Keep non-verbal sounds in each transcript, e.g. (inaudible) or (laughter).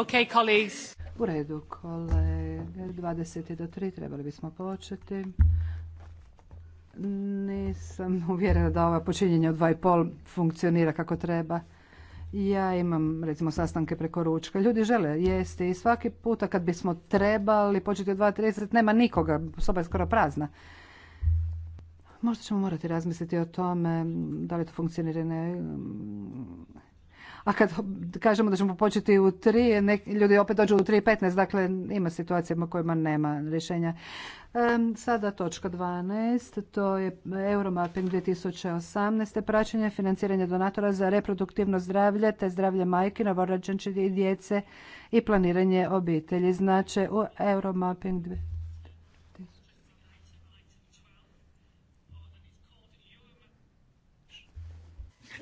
ok U redu, kolege, 20 do 3 trebali bismo početi. Nisam uvjerena da ova počinjenja od pol funkcionira kako treba. Ja imam, recimo, sastanke preko ručka. Ljudi žele jesti i svaki puta kad bismo trebali početi od 2.30 nema nikoga, soba je skoro prazna. Možda ćemo morati razmisliti o tome da li to funkcionira ne a kad kažemo da ćemo početi u tri nek, ljudi opet dođu u petnaest dakle ima situacija u kojima nema rješenja. Sada točka 12, to je Euromapping 2018. praćenje financiranja donatora za reproduktivno zdravlje te zdravlje majke, novorađenče i djece i planiranje obitelji. Znači u Euromapping 2018.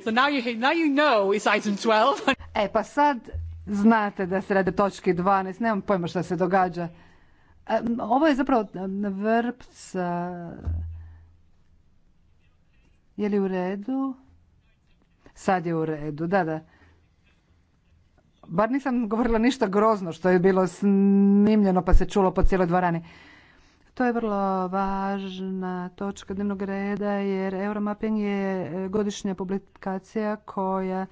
So (laughs) E pa sad znate da se radi točki 12, nemam pojma šta se događa. ovo je zapravo vrp sa... Je li u redu? Sad je u redu, da, da. Bar nisam govorila ništa grozno što je bilo snimljeno pa se čulo po cijeloj dvorani. To je vrlo važna točka dnevnog reda jer Euromapping je e, godišnja publikacija koja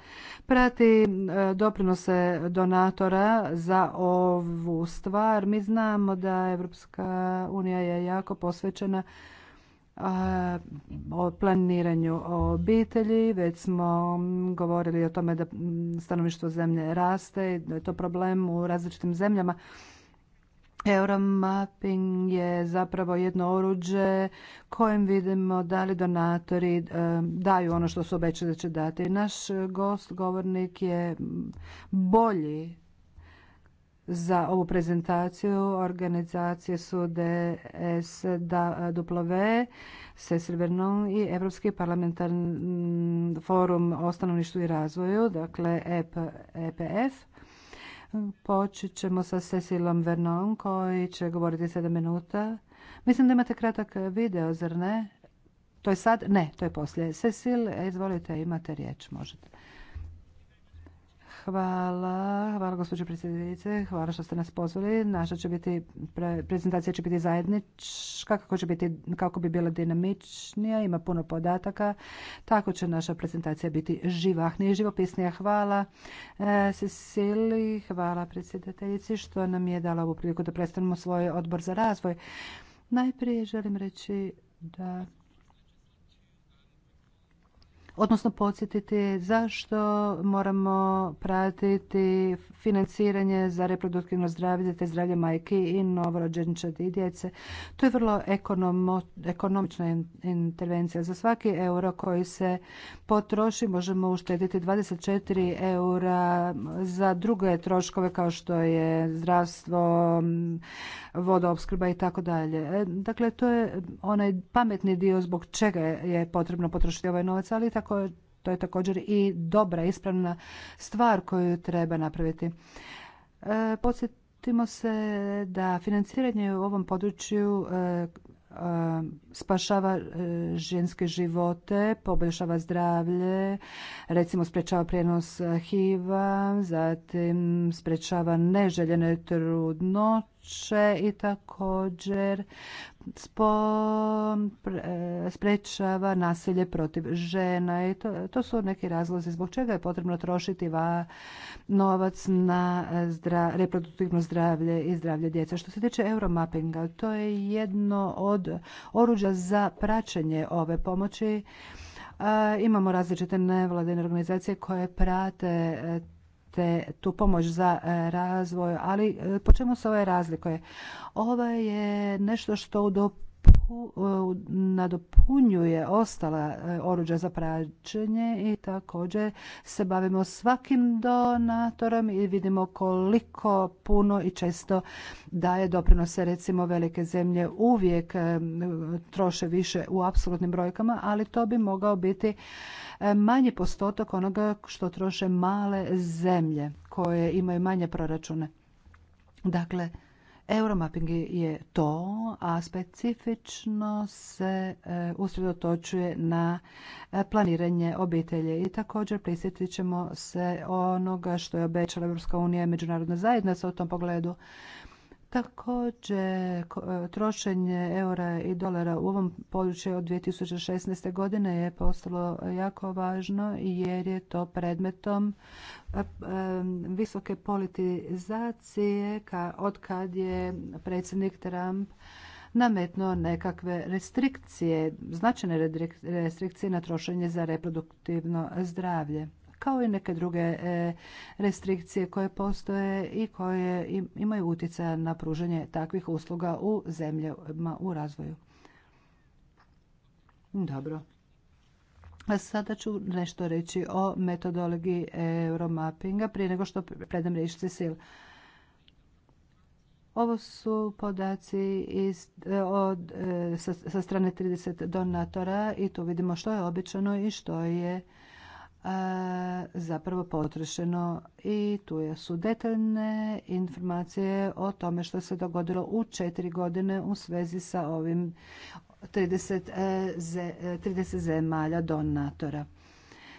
prati e, doprinose donatora za ovu stvar. Mi znamo da Evropska unija je jako posvećena o planiranju obitelji. Već smo govorili o tome da stanovništvo zemlje raste i da je to problem u različitim zemljama. Euromapping je zapravo jedno oruđe kojem vidimo da li donatori e, daju ono što su obećali da će dati. Naš gost, govornik je bolji za ovu prezentaciju organizacije su DSW, se Vernon i Europski parlamentarni forum o stanovništvu i razvoju, dakle EPF. E Počet ćemo sa Cecilom Vernon koji će govoriti 7 minuta. Mislim da imate kratak video, zar ne? To je sad? Ne, to je poslije. Cecil, izvolite, imate riječ, možete. Hvala, hvala gospođo predsjednice, hvala što ste nas pozvali. Naša će biti, prezentacija će biti zajednička, kako, će biti, kako bi bila dinamičnija, ima puno podataka, tako će naša prezentacija biti živahnija i živopisnija. Hvala e, hvala predsjedateljici što nam je dala ovu priliku da predstavimo svoj odbor za razvoj. Najprije želim reći da odnosno podsjetiti zašto moramo pratiti financiranje za reproduktivno zdravlje te zdravlje majke i novorođenčadi i djece. To je vrlo ekonomična intervencija. Za svaki euro koji se potroši možemo uštediti 24 eura za druge troškove kao što je zdravstvo, vodoopskrba i tako dalje. E, dakle, to je onaj pametni dio zbog čega je potrebno potrošiti ovaj novac, ali tako tako, to je također i dobra, ispravna stvar koju treba napraviti. E, podsjetimo se da financiranje u ovom području e, e, spašava ženske živote, poboljšava zdravlje, recimo sprečava prijenos HIV-a, zatim sprečava neželjene trudnoće i također spo, e, sprečava nasilje protiv žena i to, su neki razlozi zbog čega je potrebno trošiti novac na e, reproduktivno zdravlje i zdravlje djece. Što se tiče euromappinga, to je jedno od oruđa za praćenje ove pomoći. E, imamo različite nevladine organizacije koje prate te tu pomoć za e, razvoj, ali e, po čemu se ovaj razlikuje? Ovo je nešto što do E, nadopunjuje ostala e, oruđa za praćenje i također se bavimo svakim donatorom i vidimo koliko puno i često daje doprinose. Recimo velike zemlje uvijek e, troše više u apsolutnim brojkama, ali to bi mogao biti manji postotak onoga što troše male zemlje koje imaju manje proračune. Dakle, Euromapping je to, a specifično se e, usredotočuje na e, planiranje obitelje i također prisjetit ćemo se onoga što je obećala Europska unija i međunarodna zajednica u tom pogledu. Također, e, trošenje eura i dolara u ovom području od 2016. godine je postalo jako važno jer je to predmetom e, e, visoke politizacije od kad je predsjednik Trump nametnuo nekakve restrikcije, značajne restrikcije na trošenje za reproduktivno zdravlje kao i neke druge e, restrikcije koje postoje i koje imaju utjecaj na pružanje takvih usluga u zemljama u razvoju. Dobro. sada ću nešto reći o metodologiji euromappinga prije nego što predam riječ Cecil. Ovo su podaci iz, e, od, e, sa, sa strane 30 donatora i tu vidimo što je običano i što je E, zapravo potrošeno i tu su detaljne informacije o tome što se dogodilo u četiri godine u svezi sa ovim 30, e, e, zemalja donatora.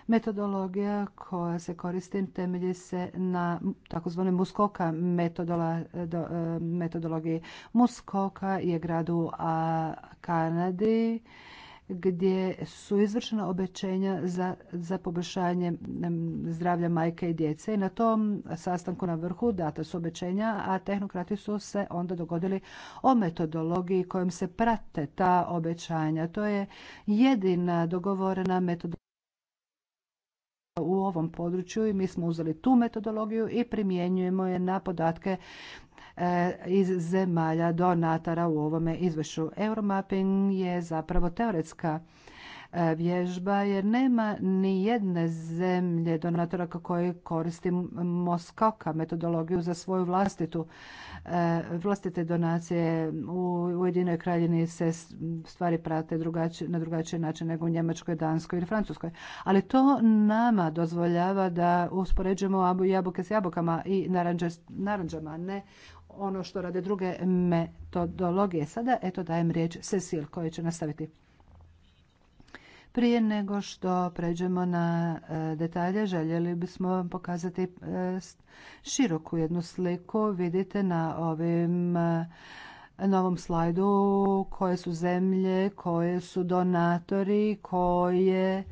Metodologija koja se koristi temelji se na tzv. muskoka metodologiji. Muskoka je grad u Kanadi gdje su izvršena obećenja za, za poboljšanje zdravlja majke i djece. I na tom sastanku na vrhu data su obećenja, a tehnokrati su se onda dogodili o metodologiji kojom se prate ta obećanja. To je jedina dogovorena metodologija u ovom području i mi smo uzeli tu metodologiju i primjenjujemo je na podatke E, iz zemalja donatara u ovome izvešu. Euromapping je zapravo teoretska e, vježba jer nema ni jedne zemlje donatora koje koristi Moskoka metodologiju za svoju vlastitu e, vlastite donacije u Ujedinoj kraljini se stvari prate drugačije, na drugačiji način nego u Njemačkoj, Danskoj ili Francuskoj. Ali to nama dozvoljava da uspoređujemo jabuke s jabukama i naranđama, ne ono što rade druge metodologije. Sada eto dajem riječ Cecil koji će nastaviti. Prije nego što pređemo na e, detalje, željeli bismo vam pokazati e, široku jednu sliku. Vidite na ovim e, novom slajdu koje su zemlje, koje su donatori, koje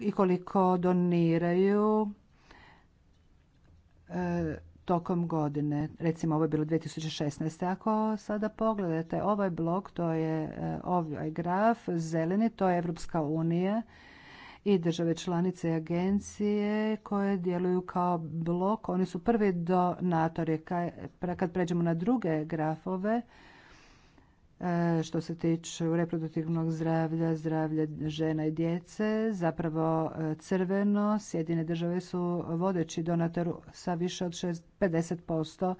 i koliko doniraju tokom godine. Recimo ovo je bilo 2016. Ako sada pogledate ovaj blok, to je e, ovaj graf, zeleni, to je Evropska unija i države članice i agencije koje djeluju kao blok. Oni su prvi donatori. Kad pređemo na druge grafove, E, što se tiče reproduktivnog zdravlja, zdravlja žena i djece. Zapravo e, crveno, Sjedine države su vodeći donator sa više od 50%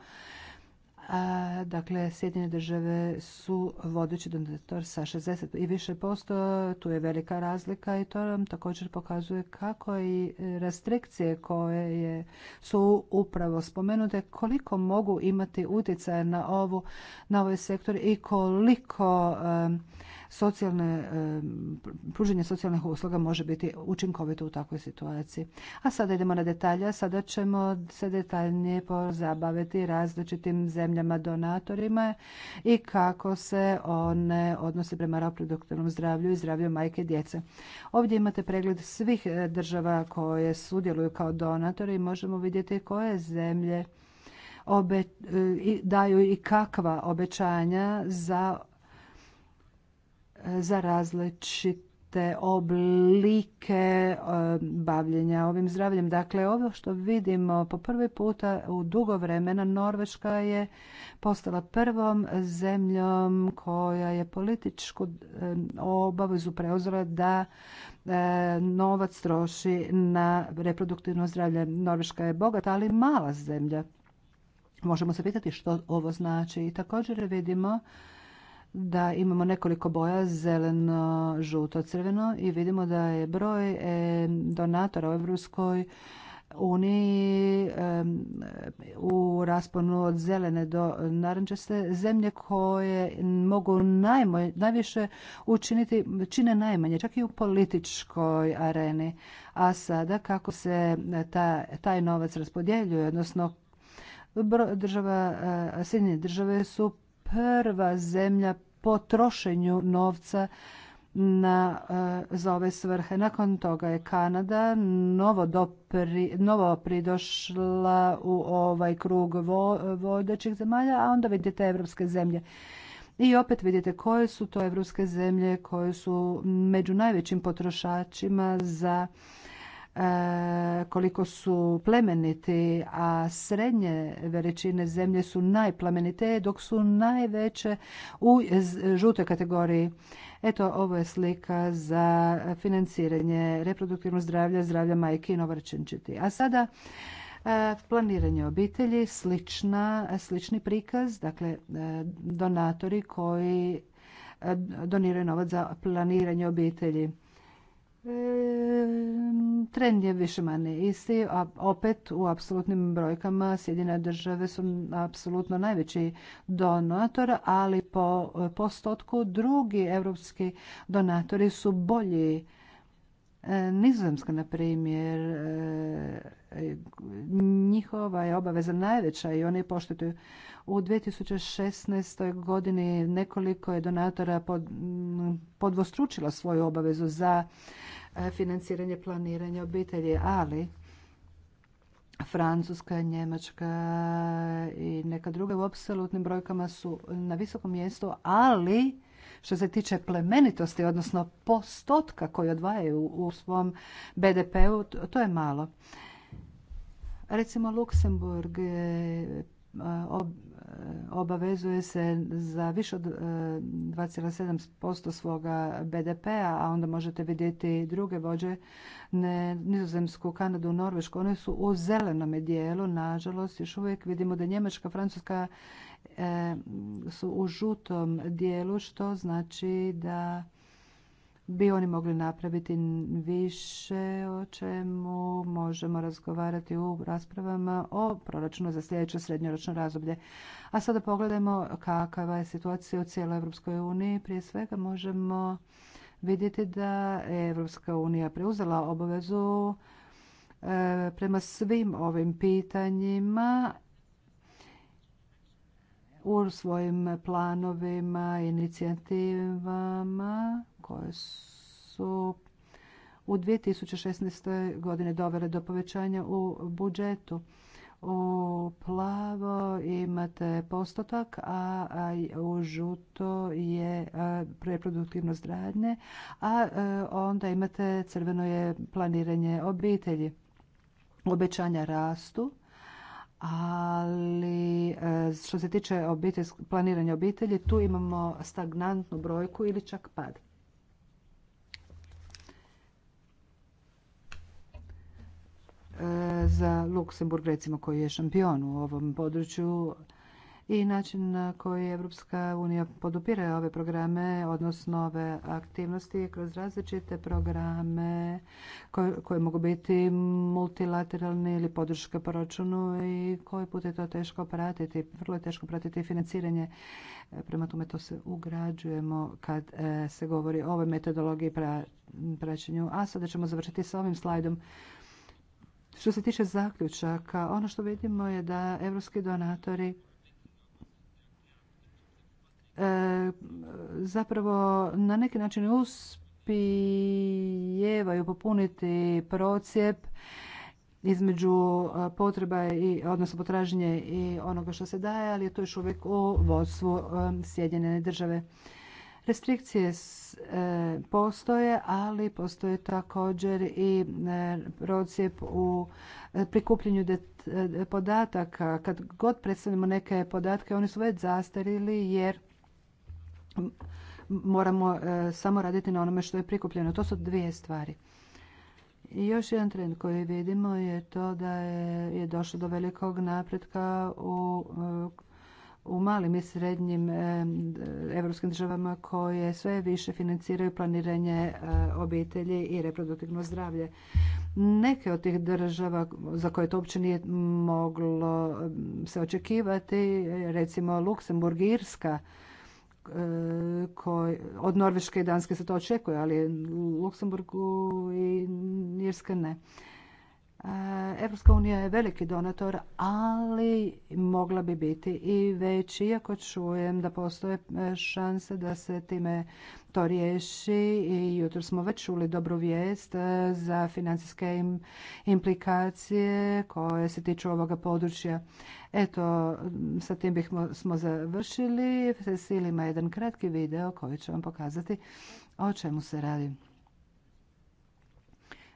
Dakle, Sjedinje države su vodeći donator sa 60 i više posto. Tu je velika razlika i to nam također pokazuje kako i restrikcije koje je, su upravo spomenute, koliko mogu imati utjecaja na, ovu, na ovaj sektor i koliko socijalne, e, pruženje socijalnih usluga može biti učinkovito u takvoj situaciji. A sada idemo na detalje. Sada ćemo se detaljnije pozabaviti različitim zemljama donatorima i kako se one odnose prema reproduktivnom zdravlju i zdravlju majke i djece. Ovdje imate pregled svih e, država koje sudjeluju kao donatori i možemo vidjeti koje zemlje e, daju i kakva obećanja za za različite oblike e, bavljenja ovim zdravljem. Dakle, ovo što vidimo po prvi puta u dugo vremena Norveška je postala prvom zemljom koja je političku e, obavezu preuzela da e, novac troši na reproduktivno zdravlje. Norveška je bogata, ali mala zemlja. Možemo se pitati što ovo znači. I također vidimo da imamo nekoliko boja, zeleno, žuto, crveno i vidimo da je broj e, donatora u Evropskoj uniji u rasponu od zelene do narančaste zemlje koje mogu najviše učiniti, čine najmanje, čak i u političkoj areni. A sada kako se taj novac raspodjeljuje, odnosno država, e, Sjedinjene države su prva zemlja po trošenju novca na, eh, za ove svrhe. Nakon toga je Kanada novo, dopri, novo pridošla u ovaj krug vo, vodećih zemalja, a onda vidite evropske zemlje. I opet vidite koje su to evropske zemlje koje su među najvećim potrošačima za koliko su plemeniti, a srednje veličine zemlje su najplamenite dok su najveće u žutoj kategoriji. Eto, ovo je slika za financiranje reproduktivnog zdravlja, zdravlja majke i novorečenčiti. A sada e, planiranje obitelji, slični prikaz, dakle e, donatori koji e, doniraju novac za planiranje obitelji trend je više manje isti, opet u apsolutnim brojkama Sjedine države su apsolutno najveći donator, ali po postotku drugi europski donatori su bolji. E, Nizozemska, na primjer, e, njihova je obaveza najveća i oni poštuju. U 2016. godini nekoliko je donatora podvostručilo svoju obavezu za E, financiranje planiranja obitelji, ali Francuska, Njemačka i neka druga u apsolutnim brojkama su na visokom mjestu, ali što se tiče plemenitosti, odnosno postotka koji odvajaju u svom BDP-u, to je malo. Recimo Luksemburg obavezuje se za više od 2,7% e, svoga BDP-a, a onda možete vidjeti druge vođe, Nizozemsku, Kanadu, Norvešku, one su u zelenom dijelu, nažalost, još uvijek vidimo da Njemačka, Francuska e, su u žutom dijelu, što znači da bi oni mogli napraviti više o čemu možemo razgovarati u raspravama o proračunu za sljedeće srednjoročno razdoblje. A sada pogledajmo kakva je situacija u cijeloj Europskoj uniji. Prije svega možemo vidjeti da je Europska unija preuzela obavezu e, prema svim ovim pitanjima u svojim planovima, inicijativama koje su u 2016. godine dovele do povećanja u budžetu. U plavo imate postotak, a u žuto je preproduktivno zdradnje a e, onda imate crveno je planiranje obitelji. Obećanja rastu, ali e, što se tiče planiranja obitelji, tu imamo stagnantnu brojku ili čak pad. za Luksemburg recimo koji je šampion u ovom području i način na koji Evropska unija podupira ove programe, odnosno ove aktivnosti kroz različite programe koje, mogu biti multilateralni ili podrška proračunu i koji put je to teško pratiti. Vrlo je teško pratiti financiranje. Prema tome to se ugrađujemo kad e, se govori o ovoj metodologiji praćenju. A sada ćemo završiti sa ovim slajdom što se tiče zaključaka, ono što vidimo je da evropski donatori e, zapravo na neki način uspijevaju popuniti procijep između e, potreba i odnosno potražnje i onoga što se daje, ali je to još uvijek u vodstvu e, Sjedinjene države. Restrikcije e, postoje, ali postoje također i e, procijep u e, prikupljenju podataka. Kad god predstavljamo neke podatke, oni su već zastarili jer moramo samo raditi na onome što je prikupljeno. To su dvije stvari. I još jedan trend koji vidimo je to da je došlo do velikog napretka u u malim i srednjim e, evropskim državama koje sve više financiraju planiranje e, obitelji i reproduktivno zdravlje. Neke od tih država za koje to uopće nije moglo se očekivati, recimo Luksemburg, Irska, e, od Norveške i Danske se to očekuje, ali Luksemburgu i Irske ne. E, Evropska unija je veliki donator, ali mogla bi biti i već, iako čujem da postoje e, šanse da se time to riješi i jutro smo već čuli dobru vijest e, za financijske implikacije koje se tiču ovoga područja. Eto, sa tim bih smo završili. Cecil jedan kratki video koji će vam pokazati o čemu se radi.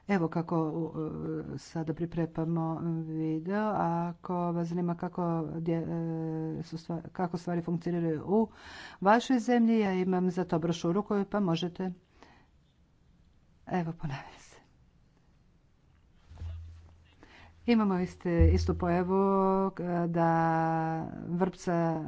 Evo kako sada priprepamo video, ako vas zanima kako, e, su stvari, kako stvari funkcioniraju u vašoj zemlji, ja imam za to brošuru koju pa možete. Evo, ponavljam se. Imamo iste, istu pojavu e, da vrpca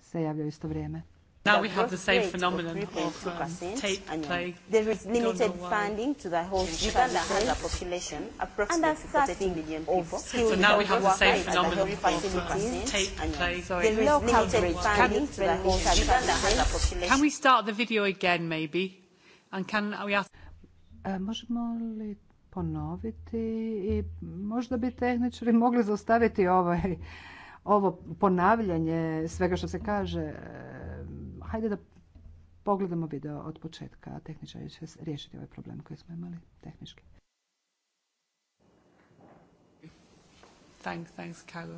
se javlja u isto vrijeme. Now we have the same phenomenon of um, tape play. There is limited funding to the whole Uganda has a population approximately 13 million people. So now we have the same phenomenon of um, tape play. There is limited funding to the whole Uganda has a population. Can we start the video again maybe? And can we ask... E, možemo li ponoviti i možda bi tehničari mogli zaustaviti ovaj, ovo ponavljanje svega što se kaže e, hajde da pogledamo video od početka. Tehničari će riješiti ovaj problem koji smo imali tehnički. Thanks, thanks, Kago.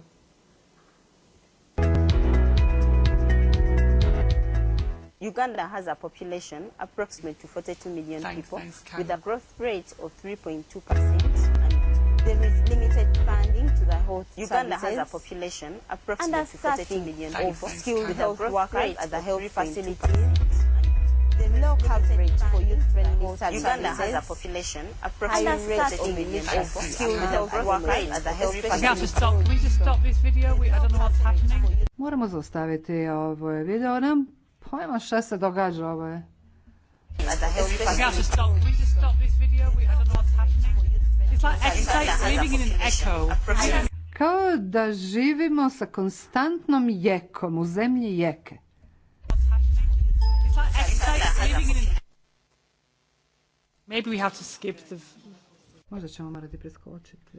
Uganda has a population approximately 42 million thanks, people thanks, with a growth rate of 3.2% and there is limited to the health Uganda services. has a population approximately 40 million of skilled health workers at the health facilities. The low coverage for youth-friendly services. Uganda has a population approximately 30 million of skilled health workers at the health facilities. Can we just stop this video? We, I don't know what's happening. Moramo zaustaviti ovo video. Nam pojma šta se događa ovo je. Can we just stop this video? Kao da živimo sa konstantnom jekom u zemlji jeke. Maybe we have to skip the... Možda ćemo morati preskočiti.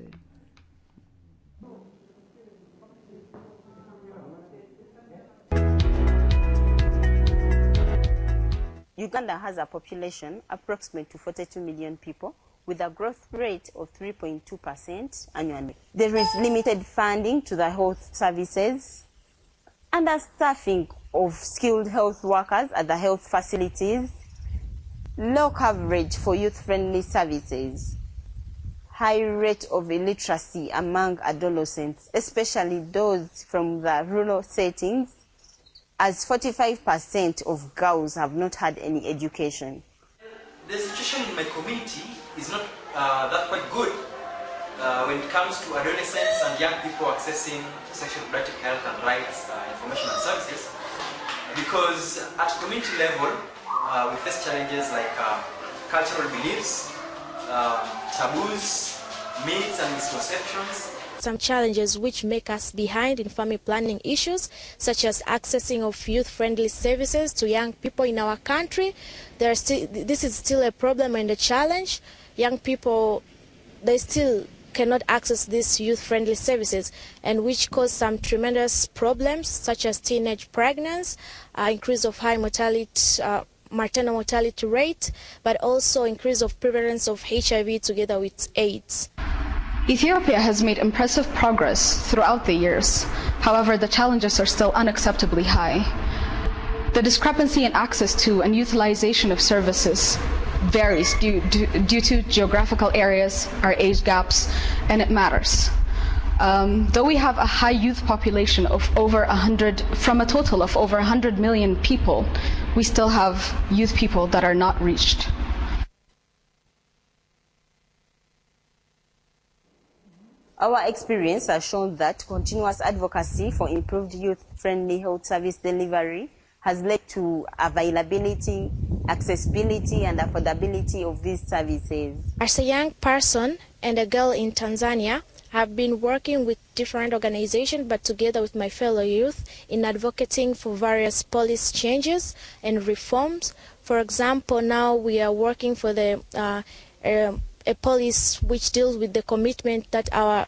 Uganda has a population approximately 42 million people with a growth rate of 3.2% annually. There is limited funding to the health services, understaffing of skilled health workers at the health facilities, low coverage for youth-friendly services, high rate of illiteracy among adolescents, especially those from the rural settings, as 45% of girls have not had any education. The situation in my community is not uh, that quite good uh, when it comes to adolescents and young people accessing sexual reproductive health and rights uh, information and services because at community level uh we face challenges like uh cultural beliefs, um, taboos, myths and misconceptions some challenges which make us behind in family planning issues, such as accessing of youth-friendly services to young people in our country. Still, this is still a problem and a challenge young people, they still cannot access these youth-friendly services and which cause some tremendous problems such as teenage pregnancy, uh, increase of high mortality, uh, maternal mortality rate, but also increase of prevalence of HIV together with AIDS. Ethiopia has made impressive progress throughout the years. However, the challenges are still unacceptably high. The discrepancy in access to and utilization of services varies due, due to geographical areas, our age gaps, and it matters. Um, though we have a high youth population of over 100, from a total of over 100 million people, we still have youth people that are not reached. Our experience has shown that continuous advocacy for improved youth-friendly health service delivery has led to availability, accessibility, and affordability of these services. As a young person and a girl in Tanzania, have been working with different organizations, but together with my fellow youth, in advocating for various policy changes and reforms. For example, now we are working for the uh, uh, a police which deals with the commitment that our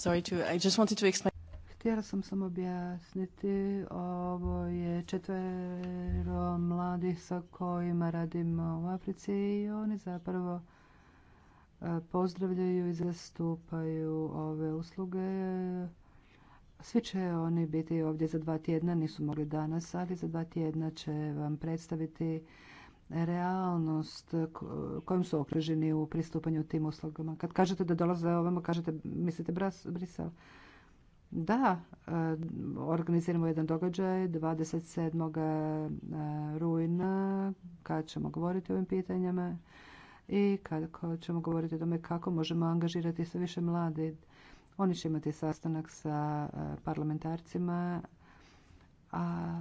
Sorry to, I Htjela sam samo objasniti, ovo je četvero mladih sa kojima radimo u Africi i oni zapravo e, pozdravljaju i zastupaju ove usluge. Svi će oni biti ovdje za dva tjedna, nisu mogli danas, ali za dva tjedna će vam predstaviti realnost kojom su okruženi u pristupanju tim uslugama. Kad kažete da dolaze ovamo, kažete, mislite Brisel? Da, e, organiziramo jedan događaj 27. E, rujna kad ćemo govoriti o ovim pitanjama i kad ćemo govoriti o tome kako možemo angažirati sve više mladi. Oni će imati sastanak sa e, parlamentarcima, a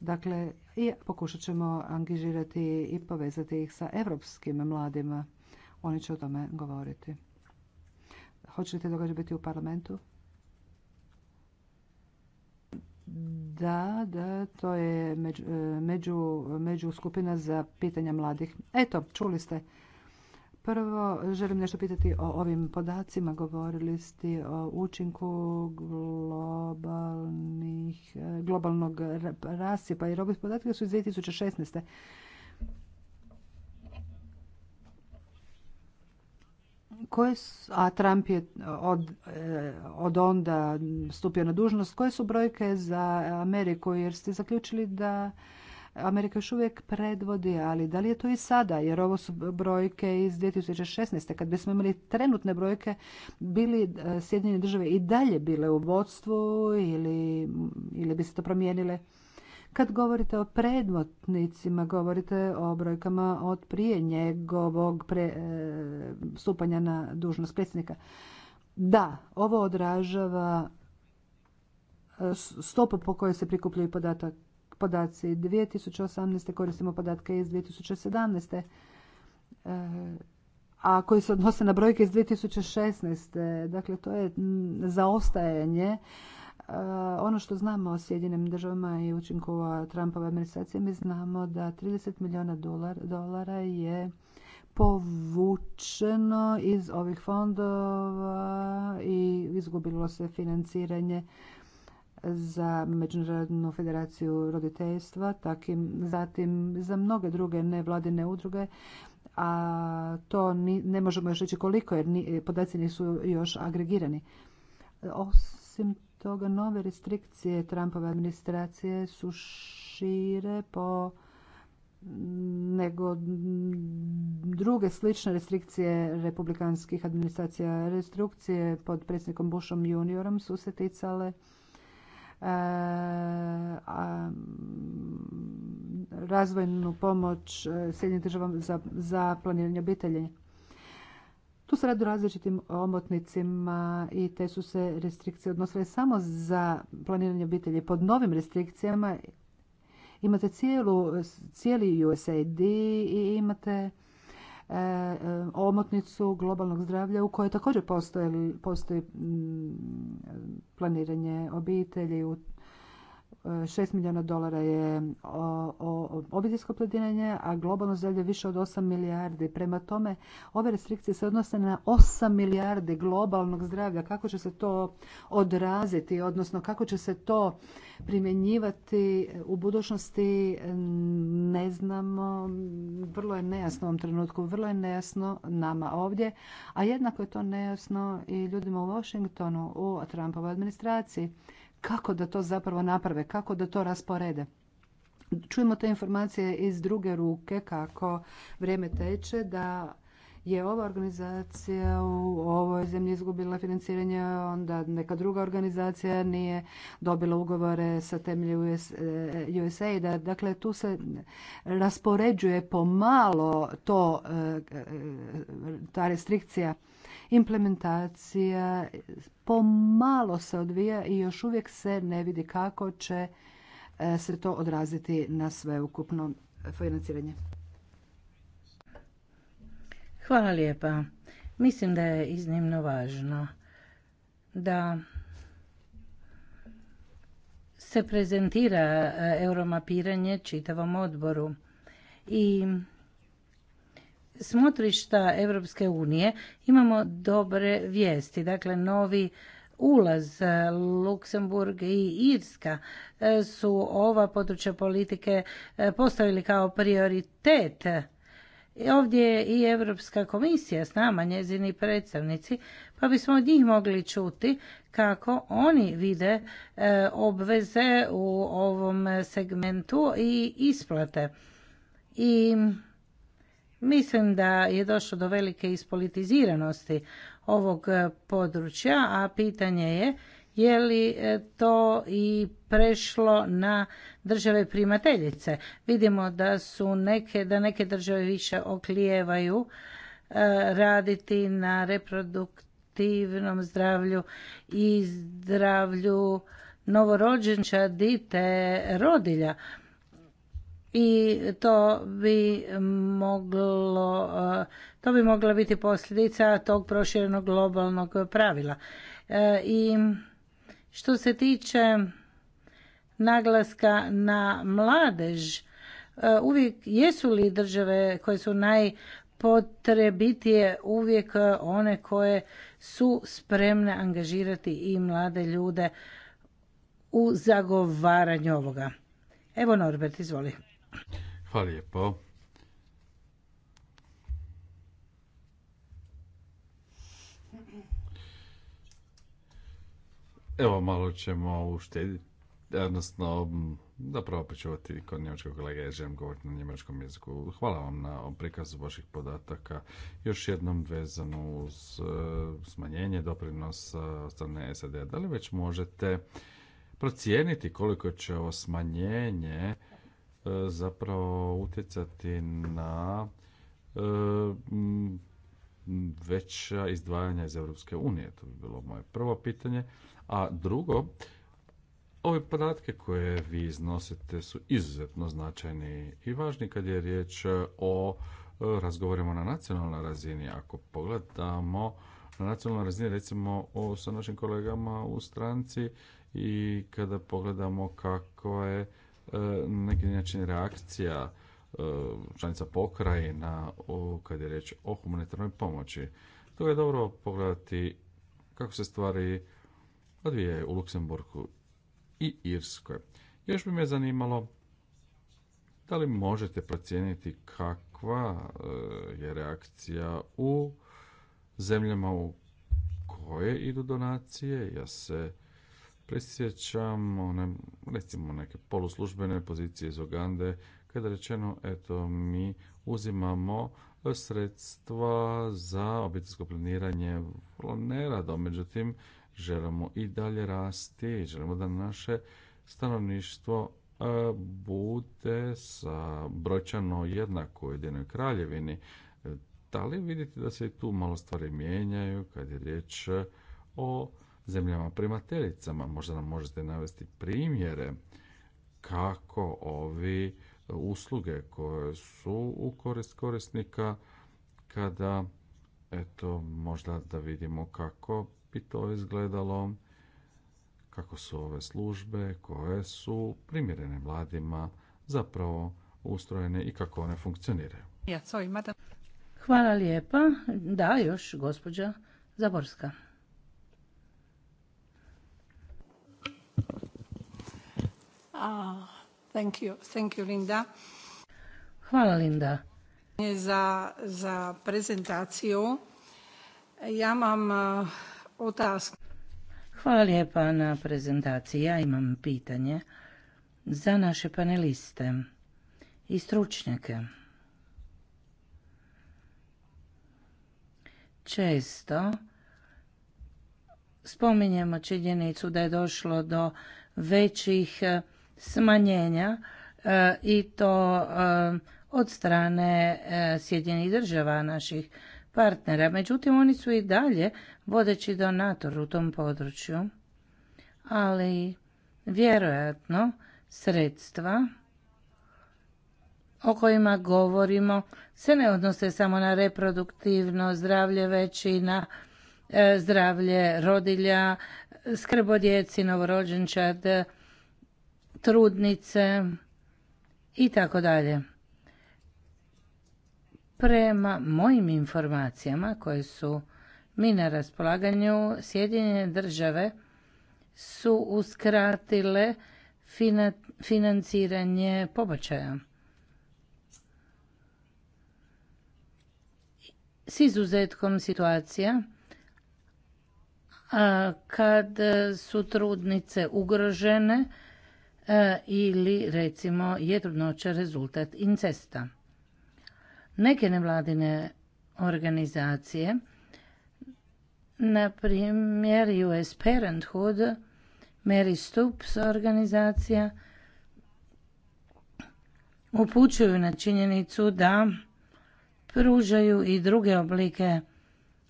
Dakle, i pokušat ćemo angažirati i povezati ih sa evropskim mladima. Oni će o tome govoriti. Hoćete događaj biti u parlamentu? Da, da, to je među, među skupina za pitanja mladih. Eto, čuli ste. Prvo, želim nešto pitati o ovim podacima. Govorili ste o učinku globalnih, globalnog rasipa, i robih podatke su iz 2016. Koje su, a Trump je od, eh, od onda stupio na dužnost. Koje su brojke za Ameriku? Jer ste zaključili da Amerika još uvijek predvodi, ali da li je to i sada? Jer ovo su brojke iz 2016. Kad bismo imali trenutne brojke, bili e, Sjedinjene države i dalje bile u vodstvu ili, ili bi se to promijenile? Kad govorite o predvodnicima, govorite o brojkama od prije njegovog e, stupanja na dužnost predsjednika. Da, ovo odražava e, stopu po kojoj se prikupljaju podatak, podaci. 2018. koristimo podatke iz 2017. E, a koji se odnose na brojke iz 2016. Dakle, to je zaostajanje. E, ono što znamo o Sjedinim državama i učinkova Trumpove administracije, mi znamo da 30 milijuna dolara je povučeno iz ovih fondova i izgubilo se financiranje za Međunarodnu federaciju roditeljstva, takim, zatim za mnoge druge nevladine udruge, a to ne možemo još reći koliko jer podaci nisu još agregirani. Osim toga, nove restrikcije Trumpove administracije su šire po nego druge slične restrikcije republikanskih administracija. Restrikcije pod predsjednikom Bushom juniorom su se ticale razvojnu pomoć e, Sjedinjenim državama za, planiranje obitelji. Tu se radi o različitim omotnicima i te su se restrikcije odnosile samo za planiranje obitelji. Pod novim restrikcijama imate cijeli USAID i imate E, e, omotnicu globalnog zdravlja u kojoj također postoji mm, planiranje obitelji, 6 milijuna dolara je obiteljsko planiranje, a globalno zdravlje više od 8 milijardi. Prema tome, ove restrikcije se odnose na 8 milijardi globalnog zdravlja. Kako će se to odraziti, odnosno kako će se to primjenjivati u budućnosti, ne znamo. Vrlo je nejasno u ovom trenutku, vrlo je nejasno nama ovdje, a jednako je to nejasno i ljudima u Washingtonu, u Trumpovoj administraciji kako da to zapravo naprave, kako da to rasporede. Čujemo te informacije iz druge ruke kako vrijeme teče da je ova organizacija u ovoj zemlji izgubila financiranje, onda neka druga organizacija nije dobila ugovore sa temelju eh, USA, da Dakle, tu se raspoređuje pomalo to, eh, eh, ta restrikcija implementacija pomalo se odvija i još uvijek se ne vidi kako će e, se to odraziti na sveukupno financiranje. Hvala lijepa. Mislim da je iznimno važno da se prezentira e, euromapiranje čitavom odboru i smotrišta Europske unije imamo dobre vijesti. Dakle, novi ulaz e, Luksemburg i Irska e, su ova područja politike e, postavili kao prioritet. Ovdje je i Europska komisija s nama, njezini predstavnici, pa bismo od njih mogli čuti kako oni vide obveze u ovom segmentu i isplate. I Mislim da je došlo do velike ispolitiziranosti ovog e, područja, a pitanje je je li e, to i prešlo na države primateljice. Vidimo da su neke, da neke države više oklijevaju e, raditi na reproduktivnom zdravlju i zdravlju novorođenča, dite, rodilja i to bi moglo e, to bi mogla biti posljedica tog proširenog globalnog pravila. E, I što se tiče naglaska na mladež, e, uvijek jesu li države koje su najpotrebitije uvijek one koje su spremne angažirati i mlade ljude u zagovaranju ovoga. Evo Norbert, izvoli. Hvala lijepo. Evo malo ćemo uštediti, odnosno zapravo počuvati kod njemačkog kolega jer želim govoriti na njemačkom jeziku. Hvala vam na prikazu vaših podataka. Još jednom vezano uz eh, smanjenje doprinosa ostane SAD. Da li već možete procijeniti koliko će ovo smanjenje E, zapravo utjecati na e, veća izdvajanja iz Europske unije? To bi bilo moje prvo pitanje. A drugo, ove podatke koje vi iznosite su izuzetno značajni i važni kad je riječ o e, razgovorima na nacionalnoj razini. Ako pogledamo na nacionalnoj razini, recimo o, sa našim kolegama u stranci i kada pogledamo kako je E, na neki način reakcija e, članica pokrajina kad je reč o humanitarnoj pomoći. To je dobro pogledati kako se stvari odvijaju u Luksemburgu i Irskoj. Još bi me zanimalo da li možete procijeniti kakva e, je reakcija u zemljama u koje idu donacije. Ja se prisjećam one, recimo neke poluslužbene pozicije iz Ugande kada je rečeno eto mi uzimamo sredstva za obiteljsko planiranje vrlo nerado, međutim želimo i dalje rasti, želimo da naše stanovništvo e, bude sa brojčano jednako u jedinoj kraljevini. E, da li vidite da se i tu malo stvari mijenjaju kad je riječ o zemljama primateljicama. Možda nam možete navesti primjere kako ovi usluge koje su u korist korisnika kada eto možda da vidimo kako bi to izgledalo kako su ove službe koje su primjerene mladima zapravo ustrojene i kako one funkcioniraju. Hvala lijepa. Da, još gospođa Zaborska. Hvala, Linda. Za, prezentaciju. Ja mam e, Hvala lijepa na prezentaciji. Ja imam pitanje za naše paneliste i stručnjake. Često spominjemo činjenicu da je došlo do većih e, smanjenja e, i to e, od strane e, Sjedinjenih država naših partnera. Međutim, oni su i dalje vodeći donator u tom području, ali vjerojatno sredstva o kojima govorimo se ne odnose samo na reproduktivno zdravlje, već i na zdravlje rodilja, skrbo djeci, novorođenčad, trudnice i tako dalje. Prema mojim informacijama koje su mi na raspolaganju, Sjedinjene države su uskratile financiranje pobačaja. S izuzetkom situacija kad su trudnice ugrožene, E, ili recimo je trudnoća rezultat incesta. Neke nevladine organizacije, na primjer US Parenthood, Mary Stoops organizacija, upućuju na činjenicu da pružaju i druge oblike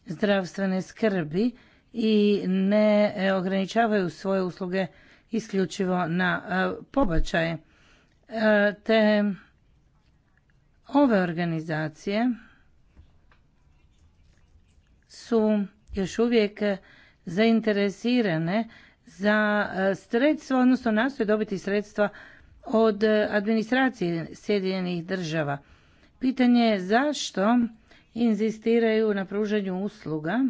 zdravstvene skrbi i ne e, ograničavaju svoje usluge isključivo na e, pobačaje. E, te ove organizacije su još uvijek zainteresirane za e, sredstva, odnosno nastoje dobiti sredstva od administracije Sjedinjenih država. Pitanje je zašto inzistiraju na pružanju usluga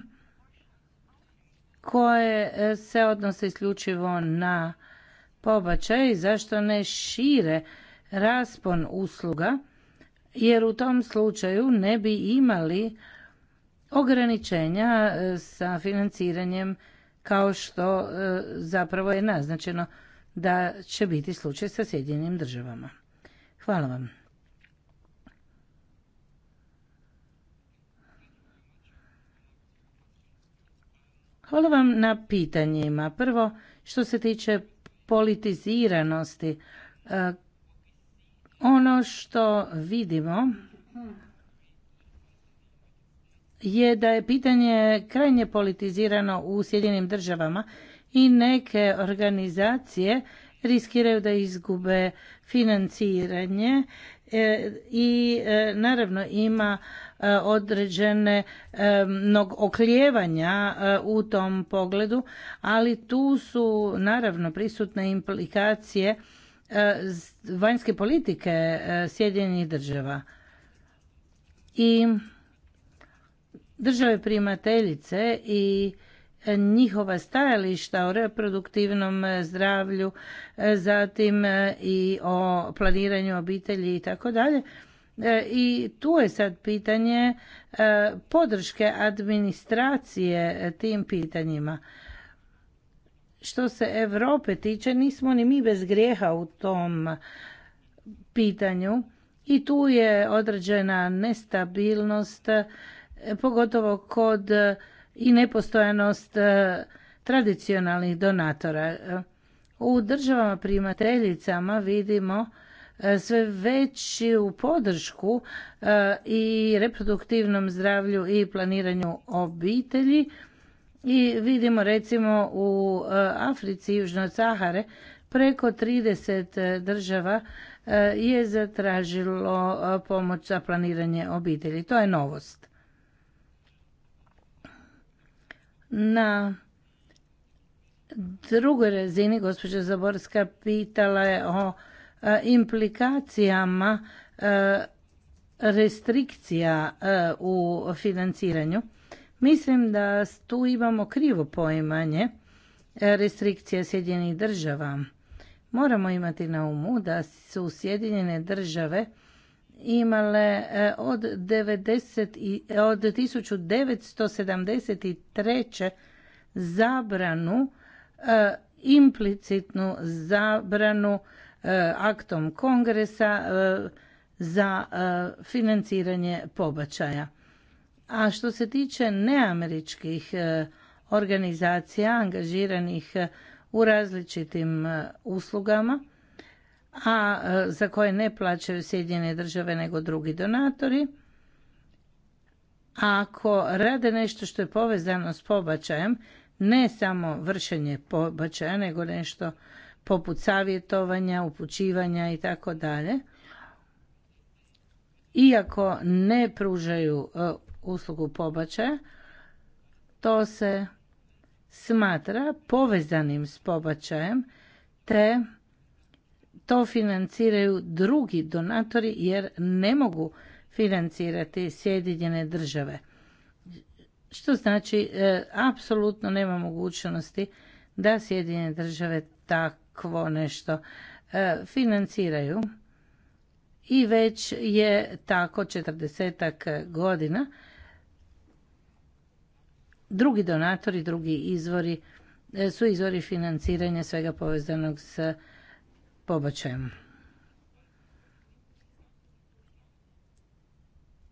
koje e, se odnose isključivo na pobačaj i zašto ne šire raspon usluga jer u tom slučaju ne bi imali ograničenja e, sa financiranjem kao što e, zapravo je naznačeno da će biti slučaj sa Sjedinjenim državama. Hvala vam. Hvala vam na pitanjima. Prvo, što se tiče politiziranosti, e, ono što vidimo je da je pitanje krajnje politizirano u Sjedinim državama i neke organizacije riskiraju da izgube financiranje e, i e, naravno ima E, određene e, mnog oklijevanja e, u tom pogledu, ali tu su naravno prisutne implikacije vanjske politike Sjedinjenih država. I države primateljice i njihova stajališta o reproduktivnom zdravlju, zatim i o planiranju obitelji i tako dalje E, I tu je sad pitanje e, podrške administracije tim pitanjima. Što se Europe tiče, nismo ni mi bez grijeha u tom pitanju i tu je određena nestabilnost, e, pogotovo kod i nepostojanost tradicionalnih donatora. U državama primateljicama vidimo E, sve u podršku e, i reproduktivnom zdravlju i planiranju obitelji. I vidimo recimo u e, Africi, Južno Sahare, preko 30 država je zatražilo pomoć za planiranje obitelji. To je novost. Na drugoj razini gospođa Zaborska pitala je o E, implikacijama e, restrikcija e, u financiranju. Mislim da tu imamo krivo poimanje restrikcija Sjedinjenih država. Moramo imati na umu da su Sjedinjene države imale od, 90, od 1973. zabranu, implicitnu zabranu E, aktom kongresa e, za e, financiranje pobačaja. A što se tiče neameričkih organizacija angažiranih u različitim uslugama, a za koje ne plaćaju Sjedinjene države nego drugi donatori, ako rade nešto što je povezano s pobačajem, ne samo vršenje pobačaja, nego nešto poput savjetovanja, upućivanja i tako dalje. Iako ne pružaju e, uslugu pobačaja, to se smatra povezanim s pobačajem, te to financiraju drugi donatori jer ne mogu financirati Sjedinjene države. Što znači, e, apsolutno nema mogućnosti da Sjedinjene države tak, takvo nešto e, financiraju i već je tako četrdesetak godina. Drugi donatori, drugi izvori e, su izvori financiranja svega povezanog s pobačajem.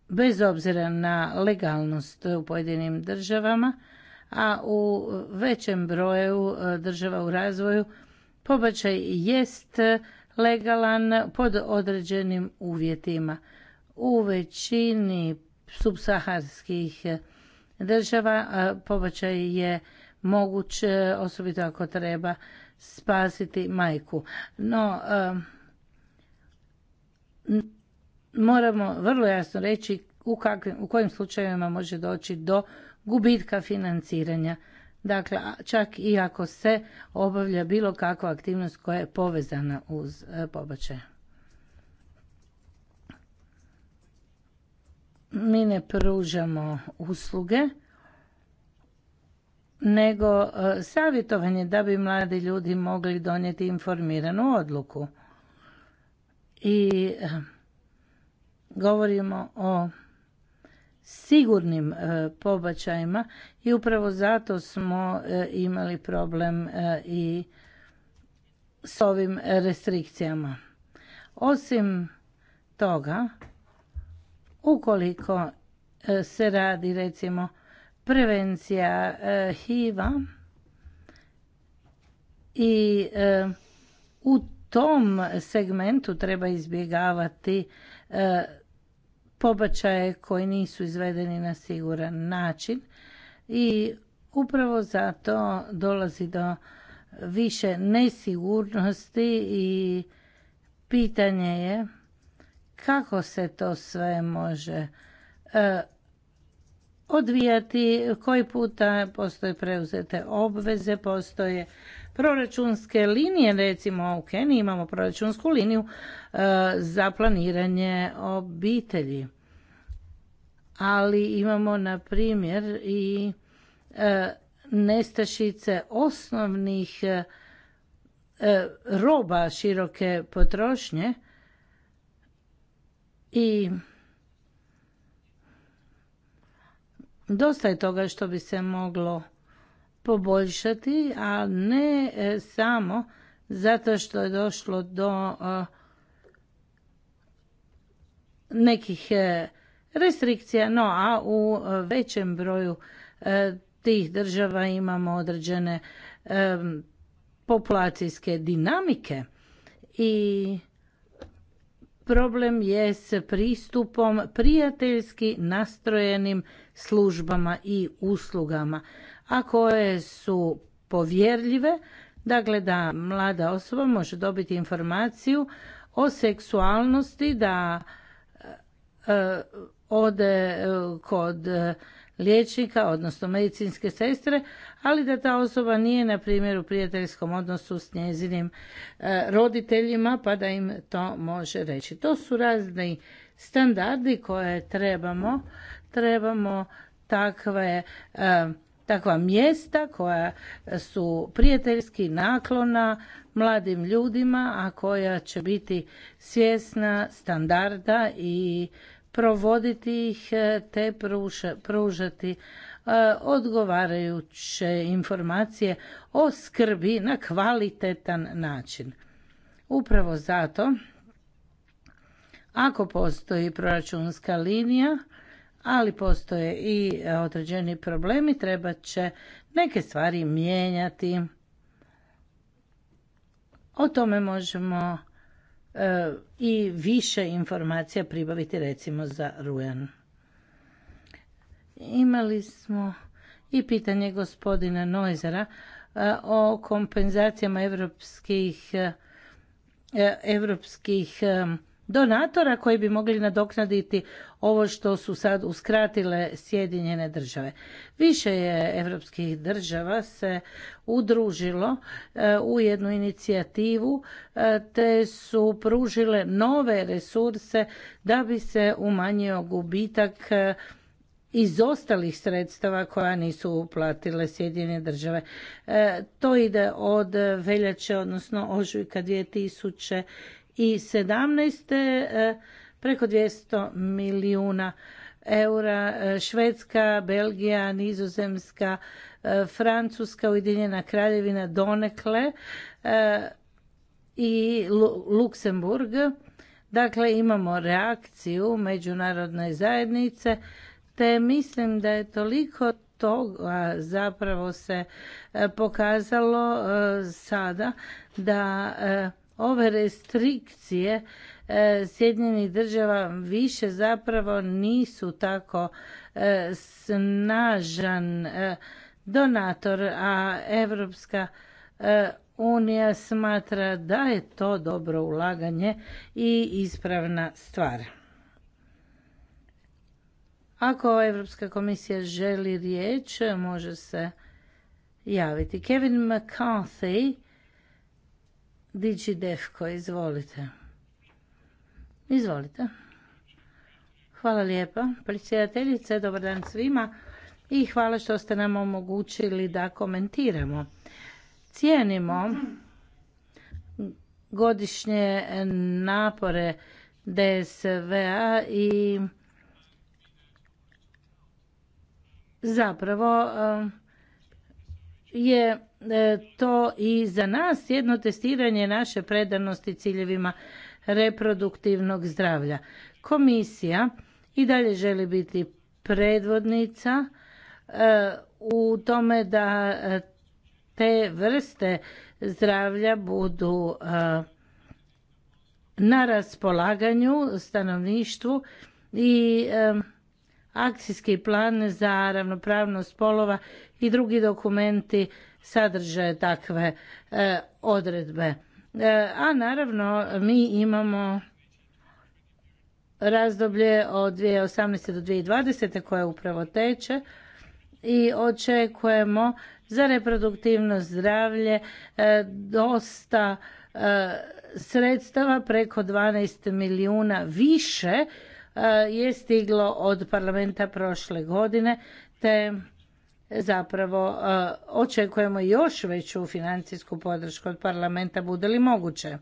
Bez obzira na legalnost u pojedinim državama, a u većem broju e, država u razvoju Pobačaj jest legalan pod određenim uvjetima. U većini subsaharskih država pobačaj je moguć, e, osobito ako treba spasiti majku. No, e, moramo vrlo jasno reći u, u kojim slučajevima može doći do gubitka financiranja Dakle, čak i ako se obavlja bilo kakva aktivnost koja je povezana uz e, pobačaj. Mi ne pružamo usluge, nego e, savjetovanje da bi mladi ljudi mogli donijeti informiranu odluku. I e, govorimo o sigurnim e, pobačajima i upravo zato smo e, imali problem e, i s ovim restrikcijama. Osim toga, ukoliko se radi recimo prevencija HIV-a i u tom segmentu treba izbjegavati pobačaje koji nisu izvedeni na siguran način i upravo zato dolazi do više nesigurnosti i pitanje je kako se to sve može e, odvijati, koji puta postoje preuzete obveze, postoje proračunske linije, recimo u Keniji imamo proračunsku liniju e, za planiranje obitelji. Ali imamo na primjer i e, nestašice osnovnih e, roba široke potrošnje i dosta je toga što bi se moglo poboljšati, a ne e, samo zato što je došlo do e, nekih e, restrikcija, no a u većem broju tih država imamo određene populacijske dinamike i problem je s pristupom prijateljski nastrojenim službama i uslugama a koje su povjerljive, dakle da mlada osoba može dobiti informaciju o seksualnosti, da e, ode e, kod liječnika, odnosno medicinske sestre, ali da ta osoba nije, na primjer, u prijateljskom odnosu s njezinim e, roditeljima, pa da im to može reći. To su razni standardi koje trebamo. Trebamo takve takva mjesta koja su prijateljski naklona mladim ljudima, a koja će biti svjesna standarda i provoditi ih e, te pružati e, odgovarajuće informacije o skrbi na kvalitetan način. Upravo zato, ako postoji proračunska linija ali postoje i e, određeni problemi, treba će neke stvari mijenjati. O tome možemo e, i više informacija pribaviti recimo za Rujan. Imali smo i pitanje gospodina Noizera e, o kompenzacijama evropskih... europskih donatora koji bi mogli nadoknaditi ovo što su sad uskratile Sjedinjene države. Više je evropskih država se udružilo e, u jednu inicijativu e, te su pružile nove resurse da bi se umanjio gubitak e, iz ostalih sredstava koja nisu uplatile Sjedinjene države. To ide od veljače, odnosno ožujka 2000 2017. E, preko 200 milijuna eura. E, Švedska, Belgija, Nizozemska, e, Francuska, Ujedinjena kraljevina donekle i Luksemburg. Dakle, imamo reakciju međunarodne zajednice, te mislim da je toliko toga zapravo se pokazalo sada da ove restrikcije e, Sjedinjenih država više zapravo nisu tako e, snažan e, donator, a Evropska unija smatra da je to dobro ulaganje i ispravna stvar. Ako Europska komisija želi riječ, može se javiti. Kevin McCarthy Diči Defko, izvolite. Izvolite. Hvala lijepa. Predsjedateljice, dobar dan svima i hvala što ste nam omogućili da komentiramo. Cijenimo godišnje napore DSVA i zapravo je e, to i za nas jedno testiranje naše predanosti ciljevima reproduktivnog zdravlja. Komisija i dalje želi biti predvodnica e, u tome da e, te vrste zdravlja budu na raspolaganju stanovništvu i akcijski plan za ravnopravnost spolova i drugi dokumenti sadrže takve e, odredbe. E, a naravno mi imamo razdoblje od 2018. do 2020. koje upravo teče i očekujemo za reproduktivno zdravlje e, dosta sredstava preko 12 milijuna više je stiglo od parlamenta prošle godine te zapravo e, očekujemo još veću financijsku podršku od parlamenta bude li moguće.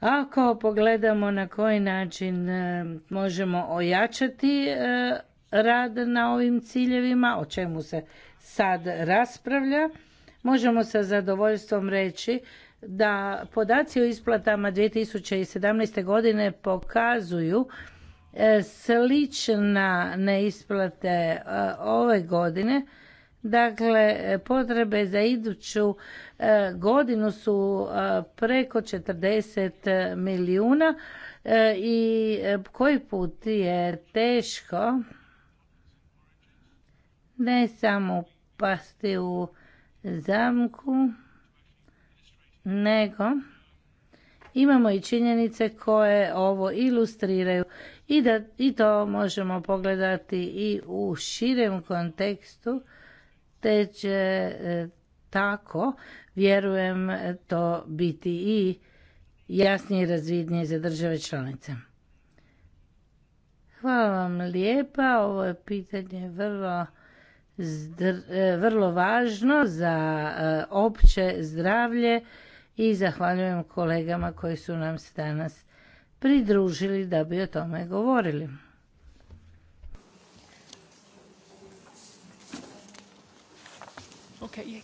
Ako pogledamo na koji način e, možemo ojačati e, rad na ovim ciljevima, o čemu se sad raspravlja, možemo sa zadovoljstvom reći da podaci o isplatama 2017. godine pokazuju E, slična isplate e, ove godine. Dakle, potrebe za iduću e, godinu su preko 40 milijuna i koji put je teško ne samo pasti u zamku, nego imamo i činjenice koje ovo ilustriraju i, da, i to možemo pogledati i u širem kontekstu, te će e, tako, vjerujem, to biti i jasnije i razvidnije za države članice. Hvala vam lijepa, ovo je pitanje vrlo, e, vrlo važno za e, opće zdravlje i zahvaljujem kolegama koji su nam se danas pridružili da bi o tome govorili. Okay.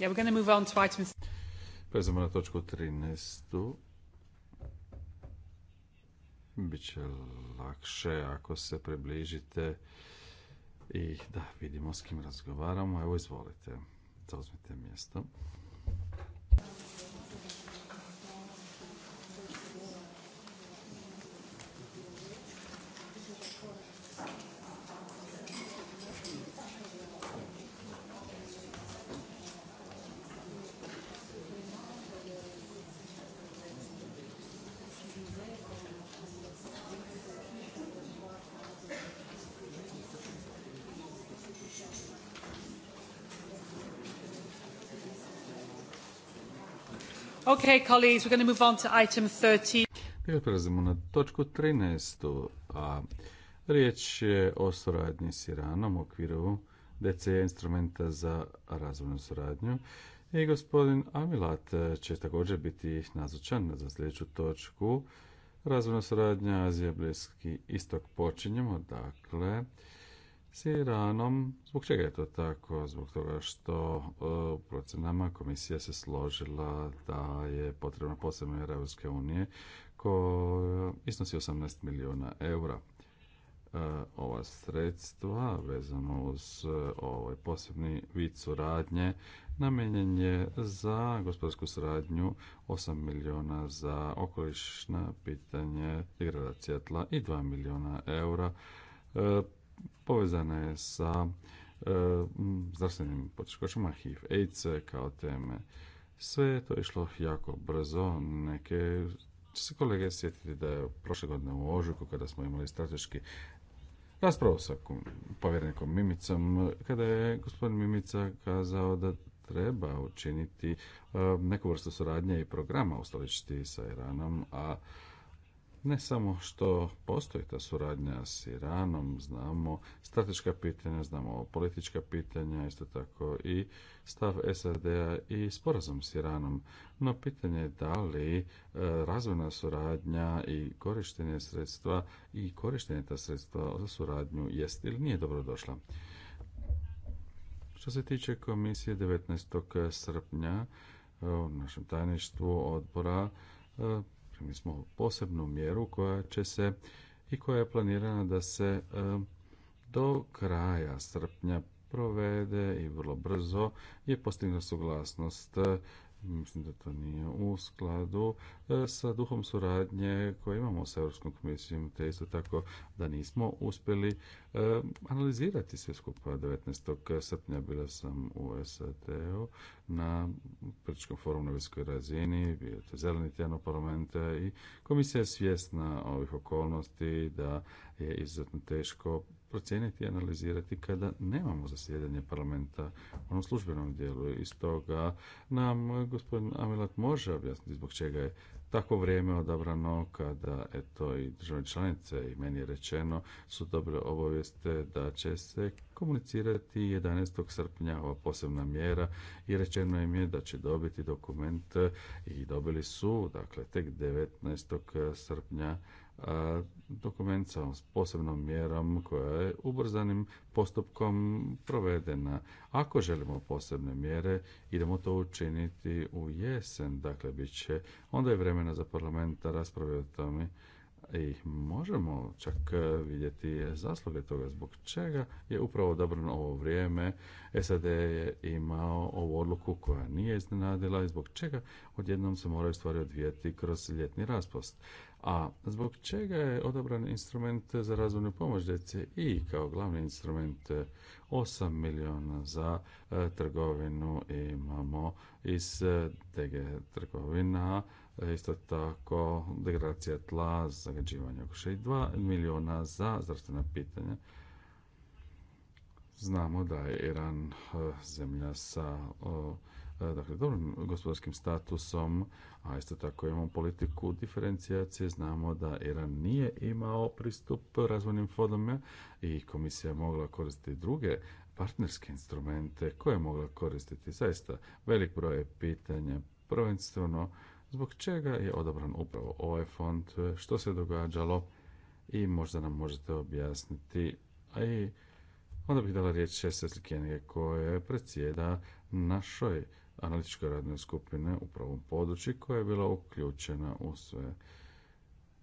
Yeah, we're move on to na točku 13. Biće lakše ako se približite i da vidimo s kim razgovaramo. Evo izvolite, zauzmite mjesto. Okay, colleagues, we're going to move on to item 13. Prelazimo na točku 13. A riječ je o suradnji s Iranom u okviru DC e instrumenta za razvojnu suradnju. I gospodin Amilat će također biti nazočan za sljedeću točku. Razvojna suradnja Azija Bliski istok počinjemo. Dakle, s Iranom. Zbog čega je to tako? Zbog toga što e, u procenama komisija se složila da je potrebna posebna mjera Europske unije koja iznosi 18 milijuna eura. E, ova sredstva vezano uz e, ovaj posebni vid suradnje namijenjen je za gospodarsku suradnju 8 milijuna za okolišna pitanje, degradacija tla i 2 milijuna eura povezana je sa e, zdravstvenim poteškoćama HIV, AIDS kao teme. Sve je to išlo jako brzo, neke će se kolege sjetiti da je prošle godine u Ožuku kada smo imali strateški raspravu sa povjerenikom Mimicom, kada je gospodin Mimica kazao da treba učiniti e, neku vrstu suradnje i programa ustoličiti sa Iranom, a ne samo što postoji ta suradnja s Iranom, znamo strateška pitanja, znamo politička pitanja, isto tako i stav SAD-a i sporazum s Iranom. No pitanje je da li e, razvojna suradnja i korištenje sredstva i korištenje ta sredstva za suradnju jest ili nije dobrodošla. Što se tiče komisije 19. srpnja e, u našem tajništvu odbora e, Dakle, mi smo posebnu mjeru koja će se i koja je planirana da se e, do kraja srpnja provede i vrlo brzo je postigna suglasnost e, Mislim da to nije u skladu e, sa duhom suradnje koje imamo sa Europskom komisijom, te isto tako da nismo uspjeli e, analizirati sve skupa 19. srpnja. Bila sam u SAD-u na političkom forumu na viskoj razini, bio je to zeleni tjedan parlamenta i komisija je svjesna ovih okolnosti da je izuzetno teško procijeniti i analizirati kada nemamo zasjedanje parlamenta u onom službenom dijelu. I stoga nam gospodin Amilat može objasniti zbog čega je takvo vrijeme odabrano kada eto i države članice i meni je rečeno su dobre obavijeste da će se komunicirati 11. srpnja ova posebna mjera i rečeno im je da će dobiti dokument i dobili su dakle tek 19. srpnja E, dokument sa posebnom mjerom koja je ubrzanim postupkom provedena. Ako želimo posebne mjere, idemo to učiniti u jesen, dakle bit će onda je vremena za parlamenta rasprave o tome i možemo čak vidjeti zasluge toga zbog čega je upravo odabrano ovo vrijeme. SAD je imao ovu odluku koja nije iznenadila i zbog čega odjednom se moraju stvari odvijeti kroz ljetni raspost. A zbog čega je odabran instrument za razvojnu pomoć djeci i kao glavni instrument 8 e, milijuna za e, trgovinu imamo iz tege trgovina, e, isto tako degradacija tla, zagađivanje okuša i 2 milijuna za zdravstvena pitanja. Znamo da je Iran zemlja sa E, dakle, dobrim gospodarskim statusom, a isto tako imamo politiku diferencijacije. Znamo da Iran nije imao pristup razvojnim fondovima i komisija mogla koristiti druge partnerske instrumente koje je mogla koristiti. Zaista velik broj je pitanja, prvenstveno zbog čega je odabran upravo ovaj fond, što se događalo i možda nam možete objasniti. A i onda bih dala riječ Šesel Kenige koje predsjeda našoj analitičkoj radne skupine u pravom području koja je bila uključena u sve.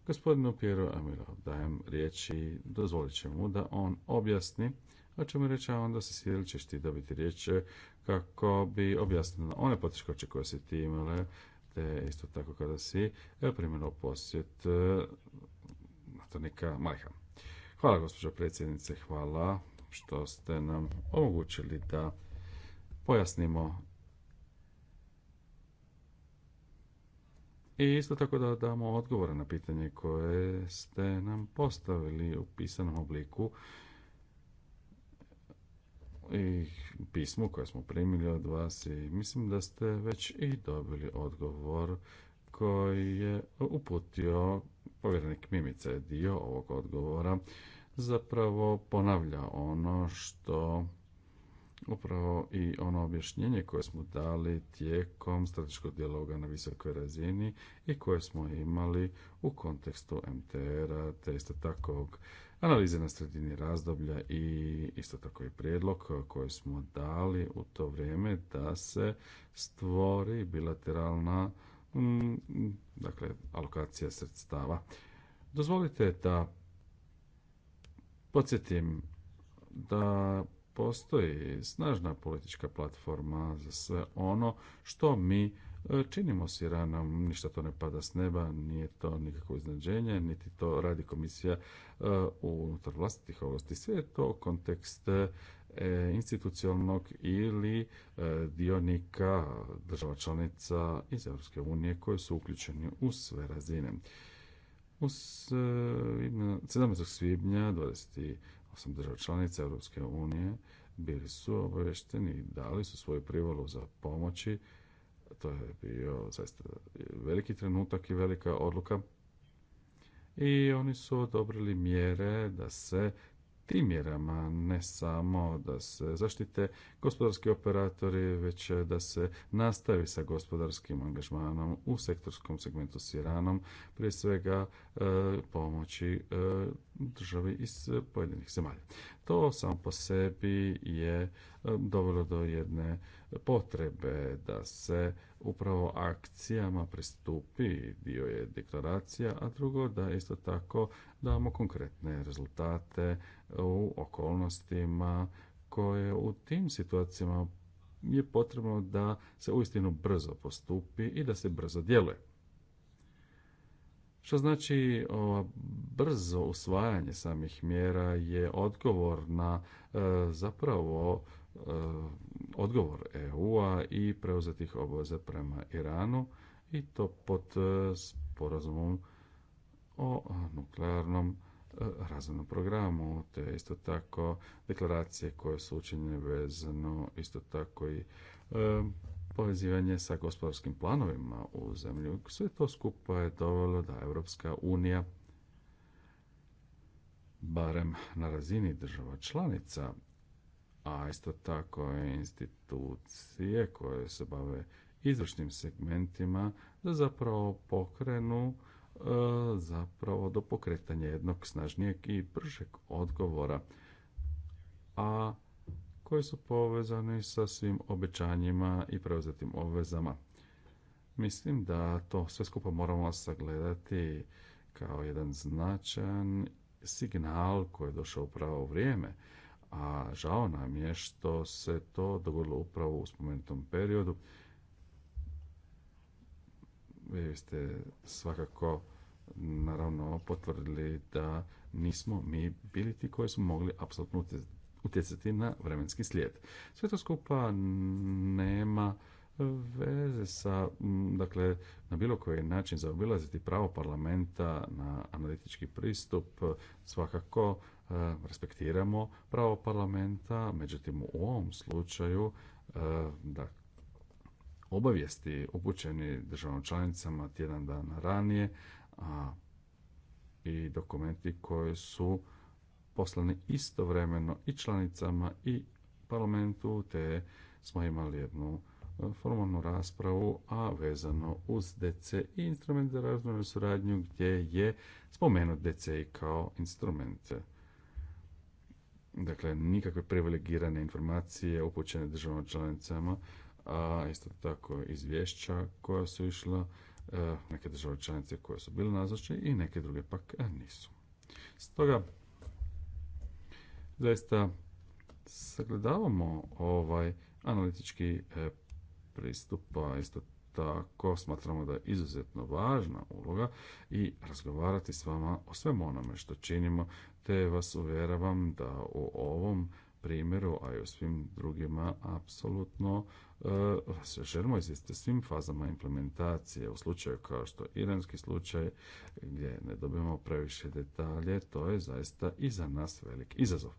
Gospodinu Piero mi dajem riječi, dozvolit će mu da on objasni, a ćemo reći a onda se sjedili ćeš ti dobiti riječ kako bi objasnila one potiškoće koje si ti imale, te isto tako kada si primjerno posjet e, nastavnika Majha. Hvala gospođo predsjednice, hvala što ste nam omogućili da pojasnimo I isto tako da damo odgovore na pitanje koje ste nam postavili u pisanom obliku i pismu koje smo primili od vas i mislim da ste već i dobili odgovor koji je uputio povjerenik Mimica je dio ovog odgovora zapravo ponavlja ono što upravo i ono objašnjenje koje smo dali tijekom strateškog dijaloga na visokoj razini i koje smo imali u kontekstu MTR-a, te isto tako analize na sredini razdoblja i isto tako i prijedlog koji smo dali u to vrijeme da se stvori bilateralna mm, dakle, alokacija sredstava. Dozvolite da podsjetim da postoji snažna politička platforma za sve ono što mi e, činimo s Iranom, ništa to ne pada s neba, nije to nikakvo iznadženje, niti to radi komisija e, unutar vlastitih ovlasti. Sve je to kontekst e, institucionalnog ili dionika država članica iz Europske unije koji su uključeni u sve razine. Uz 17. svibnja 20 osam država članica Europske unije bili su obavešteni i dali su svoju privolu za pomoći. To je bio zaista veliki trenutak i velika odluka. I oni su odobrili mjere da se tim mjerama ne samo da se zaštite gospodarski operatori, već da se nastavi sa gospodarskim angažmanom u sektorskom segmentu s Iranom, prije svega e, pomoći e, države iz e, pojedinih zemalja. To samo po sebi je e, dovelo do jedne potrebe da se upravo akcijama pristupi, dio je deklaracija, a drugo da isto tako damo konkretne rezultate u okolnostima koje u tim situacijama je potrebno da se uistinu brzo postupi i da se brzo djeluje. Što znači brzo usvajanje samih mjera je odgovor na e, zapravo e, odgovor EU-a i preuzetih obaveza prema Iranu i to pod e, sporazumom o nuklearnom razvojnom programu, te isto tako deklaracije koje su učinjene vezano isto tako i povezivanje sa gospodarskim planovima u zemlju. Sve to skupa je dovelo da Europska unija barem na razini država članica, a isto tako institucije koje se bave izvršnim segmentima, da zapravo pokrenu e, zapravo do pokretanja jednog snažnijeg i bržeg odgovora. A koji su povezani sa svim obećanjima i preuzetim obvezama. Mislim da to sve skupa moramo sagledati kao jedan značajan signal koji je došao upravo u vrijeme. A žao nam je što se to dogodilo upravo u spomenutom periodu. Vi ste svakako naravno potvrdili da nismo mi bili ti koji smo mogli apsolutno utjecati na vremenski slijed. Sve to skupa nema veze sa, dakle, na bilo koji način zaobilaziti pravo parlamenta na analitički pristup, svakako e, respektiramo pravo parlamenta, međutim u ovom slučaju, e, da obavijesti upućeni državnom članicama tjedan dana ranije i dokumenti koji su poslani istovremeno i članicama i parlamentu, te smo imali jednu e, formalnu raspravu, a vezano uz DC i instrument za razvojnu suradnju gdje je spomenut DC kao instrument. Dakle, nikakve privilegirane informacije upućene državama članicama, a isto tako izvješća koja su išla, e, neke države članice koje su bile nazočne i neke druge pak e, nisu. Stoga, zaista sagledavamo ovaj analitički e, pristup, a pa isto tako smatramo da je izuzetno važna uloga i razgovarati s vama o svem onome što činimo, te vas uvjeravam da u ovom primjeru, a i u svim drugima, apsolutno se želimo izvesti svim fazama implementacije u slučaju kao što je iranski slučaj gdje ne dobijemo previše detalje, to je zaista i za nas velik izazov.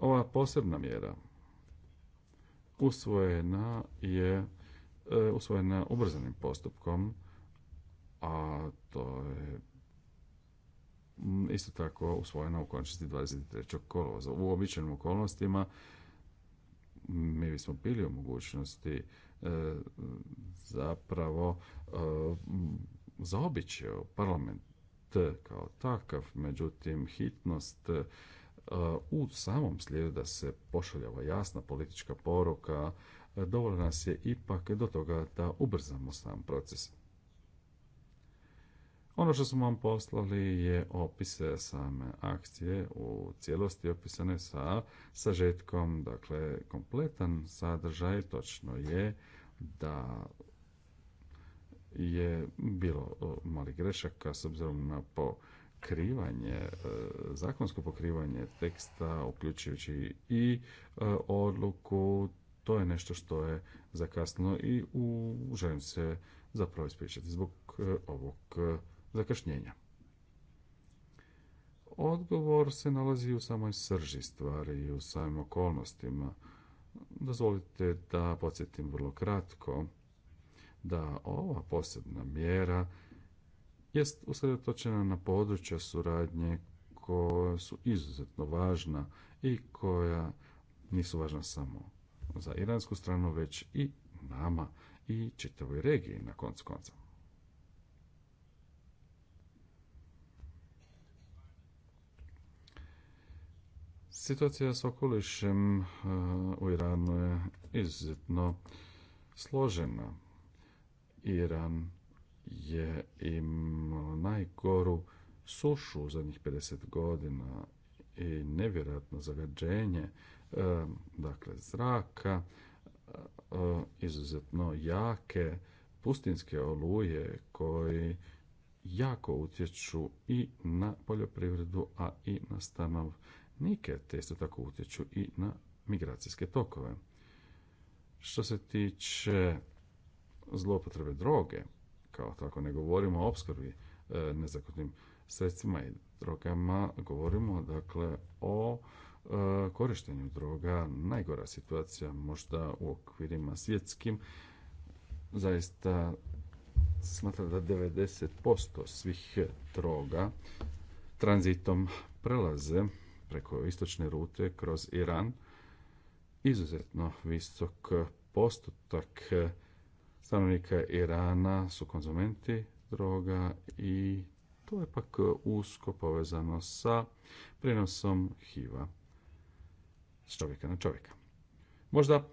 Ova posebna mjera usvojena je e, usvojena ubrzanim postupkom, a to je mm, isto tako usvojena u končnosti 23. kolovoza. U običajnim okolnostima mi bismo bili u mogućnosti e, zapravo e, zaobići parlament kao takav, međutim hitnost Eh, u samom slijedu da se pošalje ova jasna politička poruka, eh, dovoljno nas je ipak do toga da ubrzamo sam proces. Ono što smo vam poslali je opise same akcije u cijelosti opisane sa sažetkom, dakle kompletan sadržaj točno je da je bilo eh, malih grešaka s obzirom na po pokrivanje, e, zakonsko pokrivanje teksta, uključujući i e, odluku, to je nešto što je zakasno i u, želim se zapravo ispričati zbog e, ovog zakašnjenja. Odgovor se nalazi u samoj srži stvari i u samim okolnostima. Dozvolite da podsjetim vrlo kratko da ova posebna mjera jest usredotočena na područja suradnje koja su izuzetno važna i koja nisu važna samo za iransku stranu, već i nama i čitavoj regiji na koncu konca. Situacija s okolišem e, u Iranu je izuzetno složena. Iran je imalo najgoru sušu u zadnjih 50 godina i nevjerojatno zagađenje e, dakle zraka e, izuzetno jake pustinske oluje koji jako utječu i na poljoprivredu, a i na stanovnike, te isto tako utječu i na migracijske tokove. Što se tiče zlopotrebe droge, kao tako ne govorimo o opskrbi e, nezakonitim sredstvima i drogama, govorimo dakle o e, korištenju droga, najgora situacija možda u okvirima svjetskim, zaista smatra da 90% svih droga tranzitom prelaze preko istočne rute kroz Iran, izuzetno visok postotak stanovnika Irana su konzumenti droga i to je pak usko povezano sa prenosom HIV-a s čovjeka na čovjeka. Možda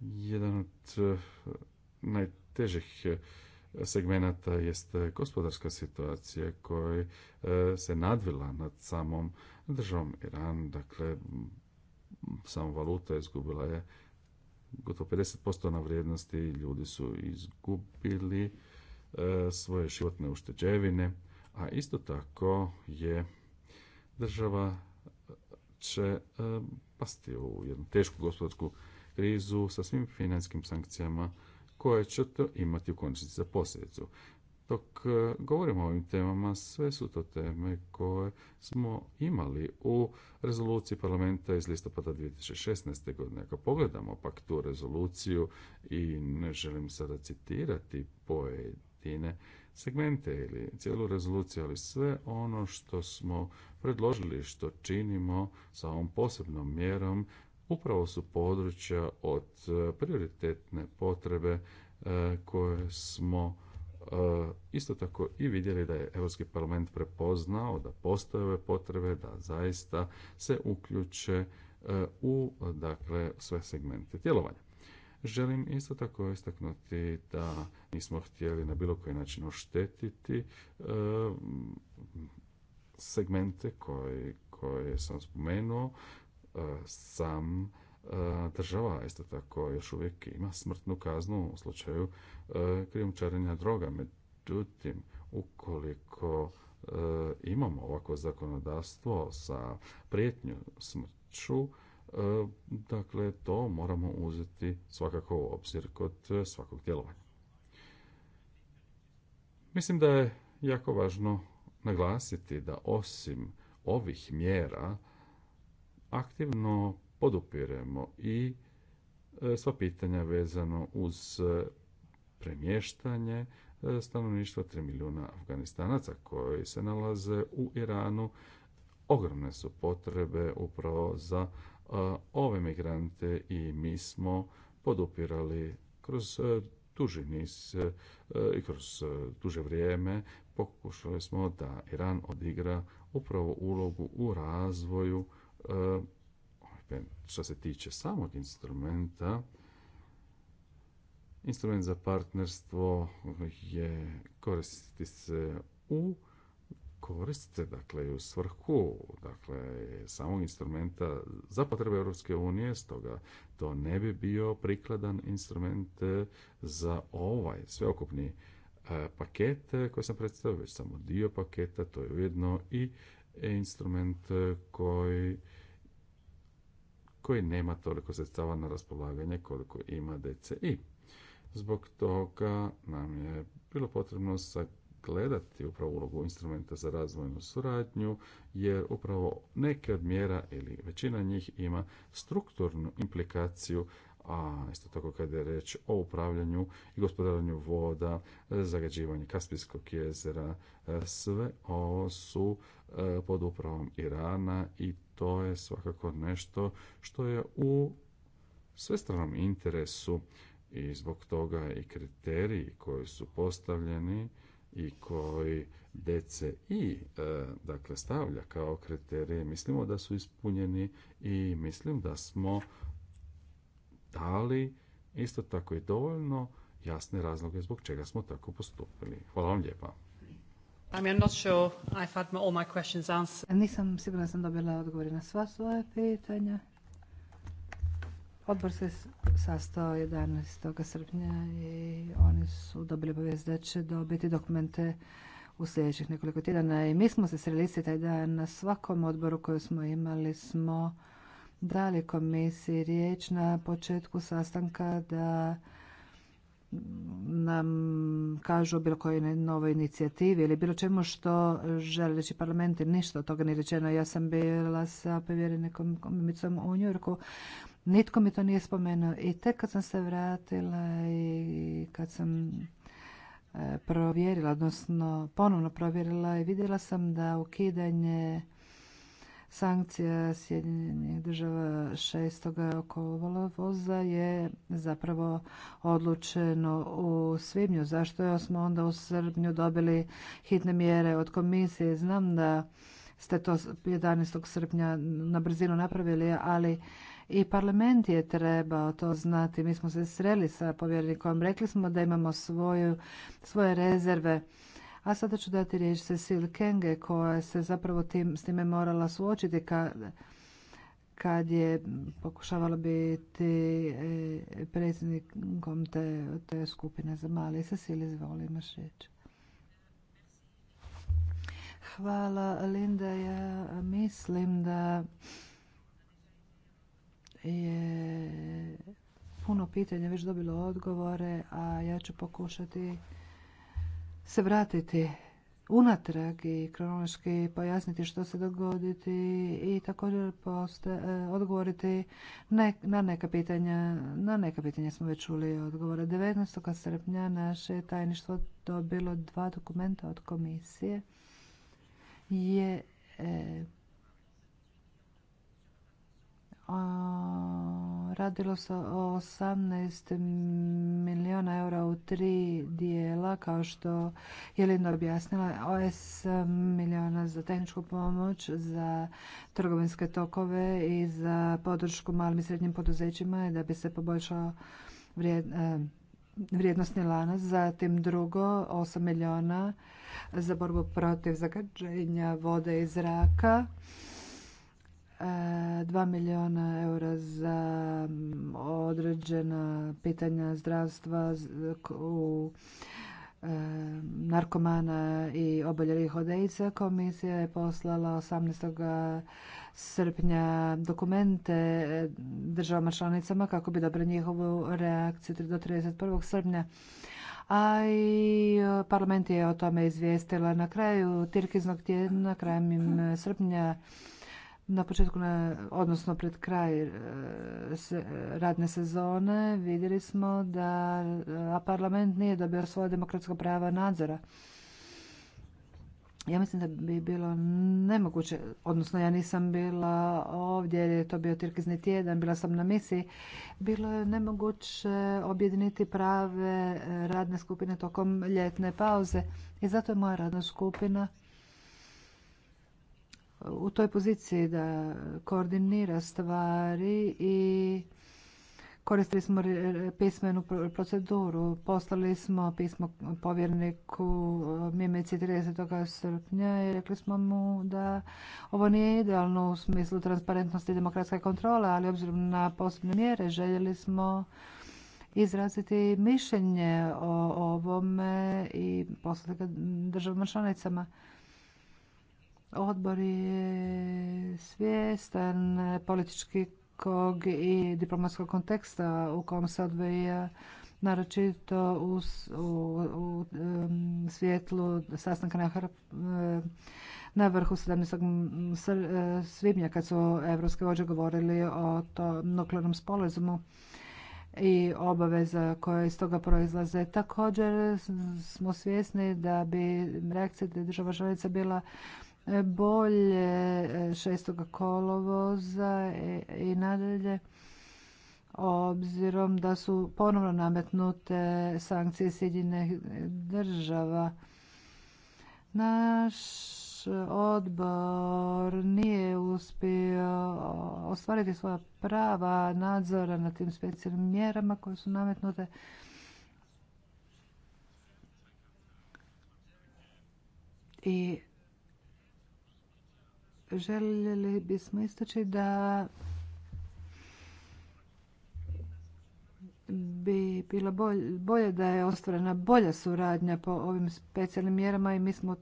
jedan od eh, najtežih eh, segmenata jeste gospodarska situacija koja eh, se nadvila nad samom državom Iran. Dakle, samo valuta izgubila je gotovo 50% na vrijednosti, ljudi su izgubili e, svoje životne ušteđevine, a isto tako je država e, će e, pasti u jednu tešku gospodarsku krizu sa svim financijskim sankcijama koje će to imati u konačnici za posljedicu. Dok e, govorimo o ovim temama, sve su to teme koje smo imali u rezoluciji parlamenta iz listopada 2016. godine. Ako pogledamo pak tu rezoluciju i ne želim sada citirati pojedine segmente ili cijelu rezoluciju, ali sve ono što smo predložili, što činimo sa ovom posebnom mjerom, upravo su područja od prioritetne potrebe e, koje smo E, isto tako i vidjeli da je Europski parlament prepoznao da postoje ove potrebe, da zaista se uključe e, u dakle, sve segmente djelovanja. Želim isto tako istaknuti da nismo htjeli na bilo koji način oštetiti e, segmente koje, koje sam spomenuo sam E, država isto tako još uvijek ima smrtnu kaznu u slučaju e, krijumčarenja droga. Međutim, ukoliko e, imamo ovako zakonodavstvo sa prijetnju smrću, dakle to moramo uzeti svakako u obzir kod svakog djelovanja. Mislim da je jako važno naglasiti da osim ovih mjera aktivno podupiremo i e, sva pitanja vezano uz e, premještanje e, stanovništva 3 milijuna Afganistanaca koji se nalaze u Iranu. Ogromne su potrebe upravo za ove migrante i mi smo podupirali kroz duži niz i kroz duže vrijeme pokušali smo da Iran odigra upravo ulogu u razvoju Dakle, što se tiče samog instrumenta, instrument za partnerstvo je koristiti se u koriste, dakle, u svrhu, dakle, samog instrumenta za potrebe Europske unije, stoga to ne bi bio prikladan instrument e, za ovaj sveokupni e, paket koji sam predstavio, već samo dio paketa, to je ujedno i instrument e, koji koji nema toliko sredstava na raspolaganje koliko ima DCI. Zbog toga nam je bilo potrebno sagledati upravo ulogu instrumenta za razvojnu suradnju, jer upravo neke od mjera ili većina njih ima strukturnu implikaciju a isto tako kada je reč o upravljanju i gospodaranju voda, zagađivanju Kaspijskog jezera, e, sve ovo su e, pod upravom Irana i to je svakako nešto što je u svestranom interesu i zbog toga i kriteriji koji su postavljeni i koji DCI e, dakle stavlja kao kriterije mislimo da su ispunjeni i mislim da smo da li isto tako je dovoljno jasne razloge zbog čega smo tako postupili. Hvala vam lijepa. I mean, not sure I've had all my questions answered. Nisam sigurna sam dobila odgovore na sva svoja pitanja. Odbor se sastao 11. srpnja i oni su dobili obavijest da će dobiti dokumente u sljedećih nekoliko tjedana. I mi smo se sreli taj dan na svakom odboru koju smo imali smo dali komisiji riječ na početku sastanka da nam kažu bilo kojoj novoj inicijativi ili bilo čemu što žele reći parlament ništa od toga nije rečeno. Ja sam bila sa povjerenikom komicom u Njurku. Nitko mi to nije spomenuo. I tek kad sam se vratila i kad sam e, provjerila, odnosno ponovno provjerila i vidjela sam da ukidanje sankcija Sjedinjenih država 6. voza je zapravo odlučeno u svibnju. Zašto smo onda u srpnju dobili hitne mjere od komisije? Znam da ste to 11. srpnja na brzinu napravili, ali i parlament je trebao to znati. Mi smo se sreli sa povjerenikom. Rekli smo da imamo svoje rezerve a sada ću dati riječ Cecil Kenge koja se zapravo tim, s time morala suočiti kad, kad je pokušavala biti e, predsjednikom te, te skupine za mali. Cecil, izvoli, imaš riječ. Hvala, Linda. Ja mislim da je puno pitanja već dobilo odgovore, a ja ću pokušati se vratiti unatrag i kronološki pojasniti što se dogoditi i također e, odgovoriti na neka pitanja. Na neka pitanja smo već čuli odgovore. 19. srpnja naše tajništvo dobilo dva dokumenta od komisije je e, Radilo se o 18 milijuna eura u tri dijela, kao što je Linda objasnila, OS milijuna za tehničku pomoć, za trgovinske tokove i za podršku malim i srednjim poduzećima da bi se poboljšao e, vrijednostni lanac. Zatim drugo, 8 milijuna za borbu protiv zagađenja vode i zraka 2 milijuna eura za određena pitanja zdravstva u e, narkomana i oboljelih od Komisija je poslala 18. srpnja dokumente e, državama članicama kako bi dobro njihovu reakciju do 31. srpnja a i e, parlament je o tome izvijestila na kraju Tirkiznog tjedna, krajem srpnja na početku, na, odnosno pred kraj e, e, radne sezone, vidjeli smo da e, parlament nije dobio svoje demokratsko prava nadzora. Ja mislim da bi bilo nemoguće, odnosno ja nisam bila ovdje jer je to bio Tirkizni tjedan, bila sam na misiji, bilo je nemoguće objediniti prave radne skupine tokom ljetne pauze i zato je moja radna skupina u toj poziciji da koordinira stvari i koristili smo pismenu proceduru. Poslali smo pismo povjerniku Mimici 30. srpnja i rekli smo mu da ovo nije idealno u smislu transparentnosti i demokratske kontrole, ali obzirom na posebne mjere željeli smo izraziti mišljenje o ovome i poslati ga državama članicama. Odbor je svjestan političkog i diplomatskog konteksta u kom se odvija naročito u, u, svjetlu sastanka na, na vrhu 17. svibnja kad su evropske vođe govorili o tom nuklearnom sporazumu i obaveza koje iz toga proizlaze. Također smo svjesni da bi reakcija država članica bila bolje 6. E, kolovoza e, i nadalje obzirom da su ponovno nametnute sankcije Sjedinjenih država. Naš odbor nije uspio ostvariti svoja prava nadzora na tim specijalnim mjerama koje su nametnute. I željeli bismo istoći da bi bilo bolje da je ostvarena bolja suradnja po ovim specijalnim mjerama i mi smo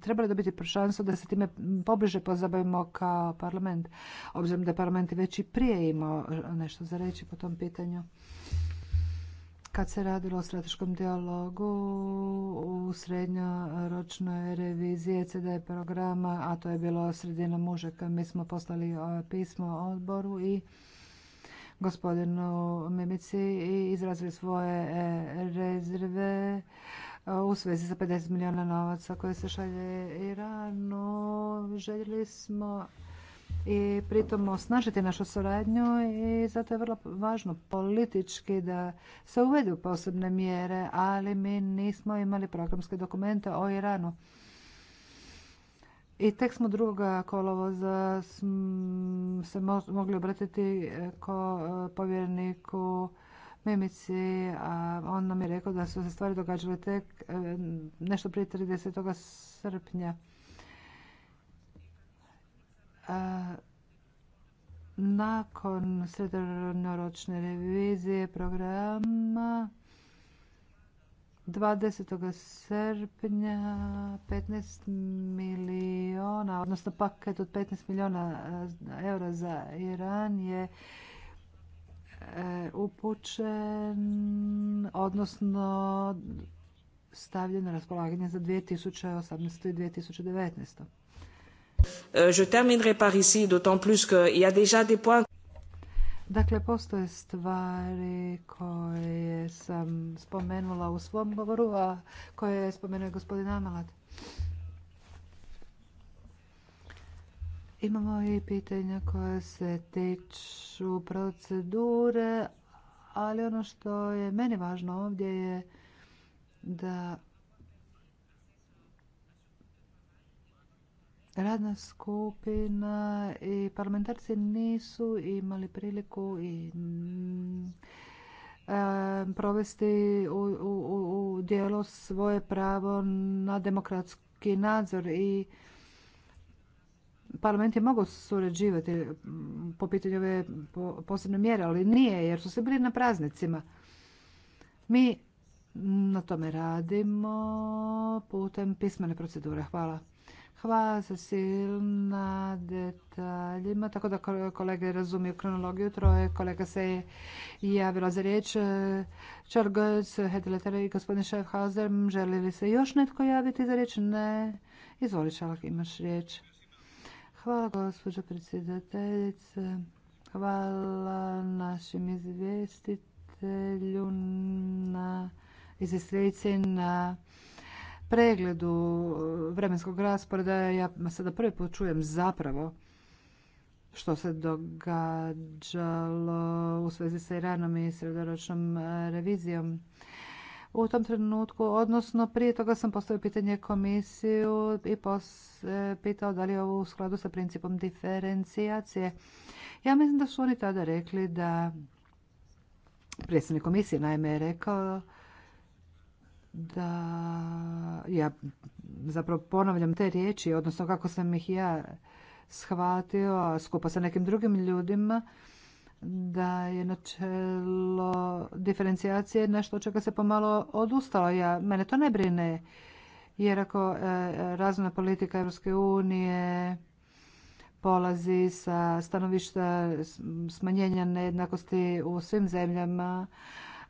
trebali dobiti šansu da se time pobliže pozabavimo kao parlament, obzirom da je parlament već i prije imao nešto za reći po tom pitanju kad se radilo o strateškom dijalogu u srednjoročnoj reviziji e CD programa, a to je bilo sredina mužaka, mi smo poslali pismo odboru i gospodinu Mimici i izrazili svoje e, rezerve u svezi sa 50 milijuna novaca koje se šalje Iranu. Željeli smo i pritom osnažiti našu suradnju i zato je vrlo važno politički da se uvedu posebne mjere, ali mi nismo imali programske dokumente o Iranu. I tek smo druga kolovoza se mogli obratiti eh, ko eh, povjereniku Mimici, a on nam je rekao da su se stvari događale tek eh, nešto prije 30. srpnja nakon srednjoročne revizije programa 20. srpnja 15 milijuna, odnosno paket od 15 milijuna eura za Iran je e, upućen, odnosno stavljen na raspolaganje za 2018. i 2019. Euh, je terminerai par ici, d'autant plus qu'il y a déjà des points. Dakle, postoje stvari koje sam spomenula u svom govoru, a koje je spomenuo gospodin Amalat. Imamo i pitanja koja se tiču procedure, ali ono što je meni važno ovdje je da radna skupina i parlamentarci nisu imali priliku i mm, e, provesti u, u, dijelo svoje pravo na demokratski nadzor i parlament je mogao surađivati mm, po pitanju ove posebne mjere, ali nije jer su se bili na praznicima. Mi na tome radimo putem pismene procedure. Hvala. Hvala se silna detaljima, tako da kolege razumiju kronologiju. Troje kolega se je javilo za riječ. E, Čorgoc, Hedeletar i gospodin Šefhauser, želi li se još netko javiti za riječ? Ne. Izvoli Čalak, imaš riječ. Hvala gospođo predsjedateljice. Hvala našim izvjestitelju na izvjestitelju na pregledu e, vremenskog rasporeda ja sada prvi put čujem zapravo što se događalo u svezi sa Iranom i sredoročnom e, revizijom u tom trenutku, odnosno prije toga sam postavio pitanje komisiju i e, pitao da li je ovo u skladu sa principom diferencijacije. Ja mislim da su oni tada rekli da predsjednik komisije naime je rekao da ja zapravo ponavljam te riječi, odnosno kako sam ih ja shvatio skupa sa nekim drugim ljudima, da je načelo diferencijacije nešto od čega se pomalo odustalo. Ja, mene to ne brine, jer ako e, razvojna politika Europske unije polazi sa stanovišta smanjenja nejednakosti u svim zemljama,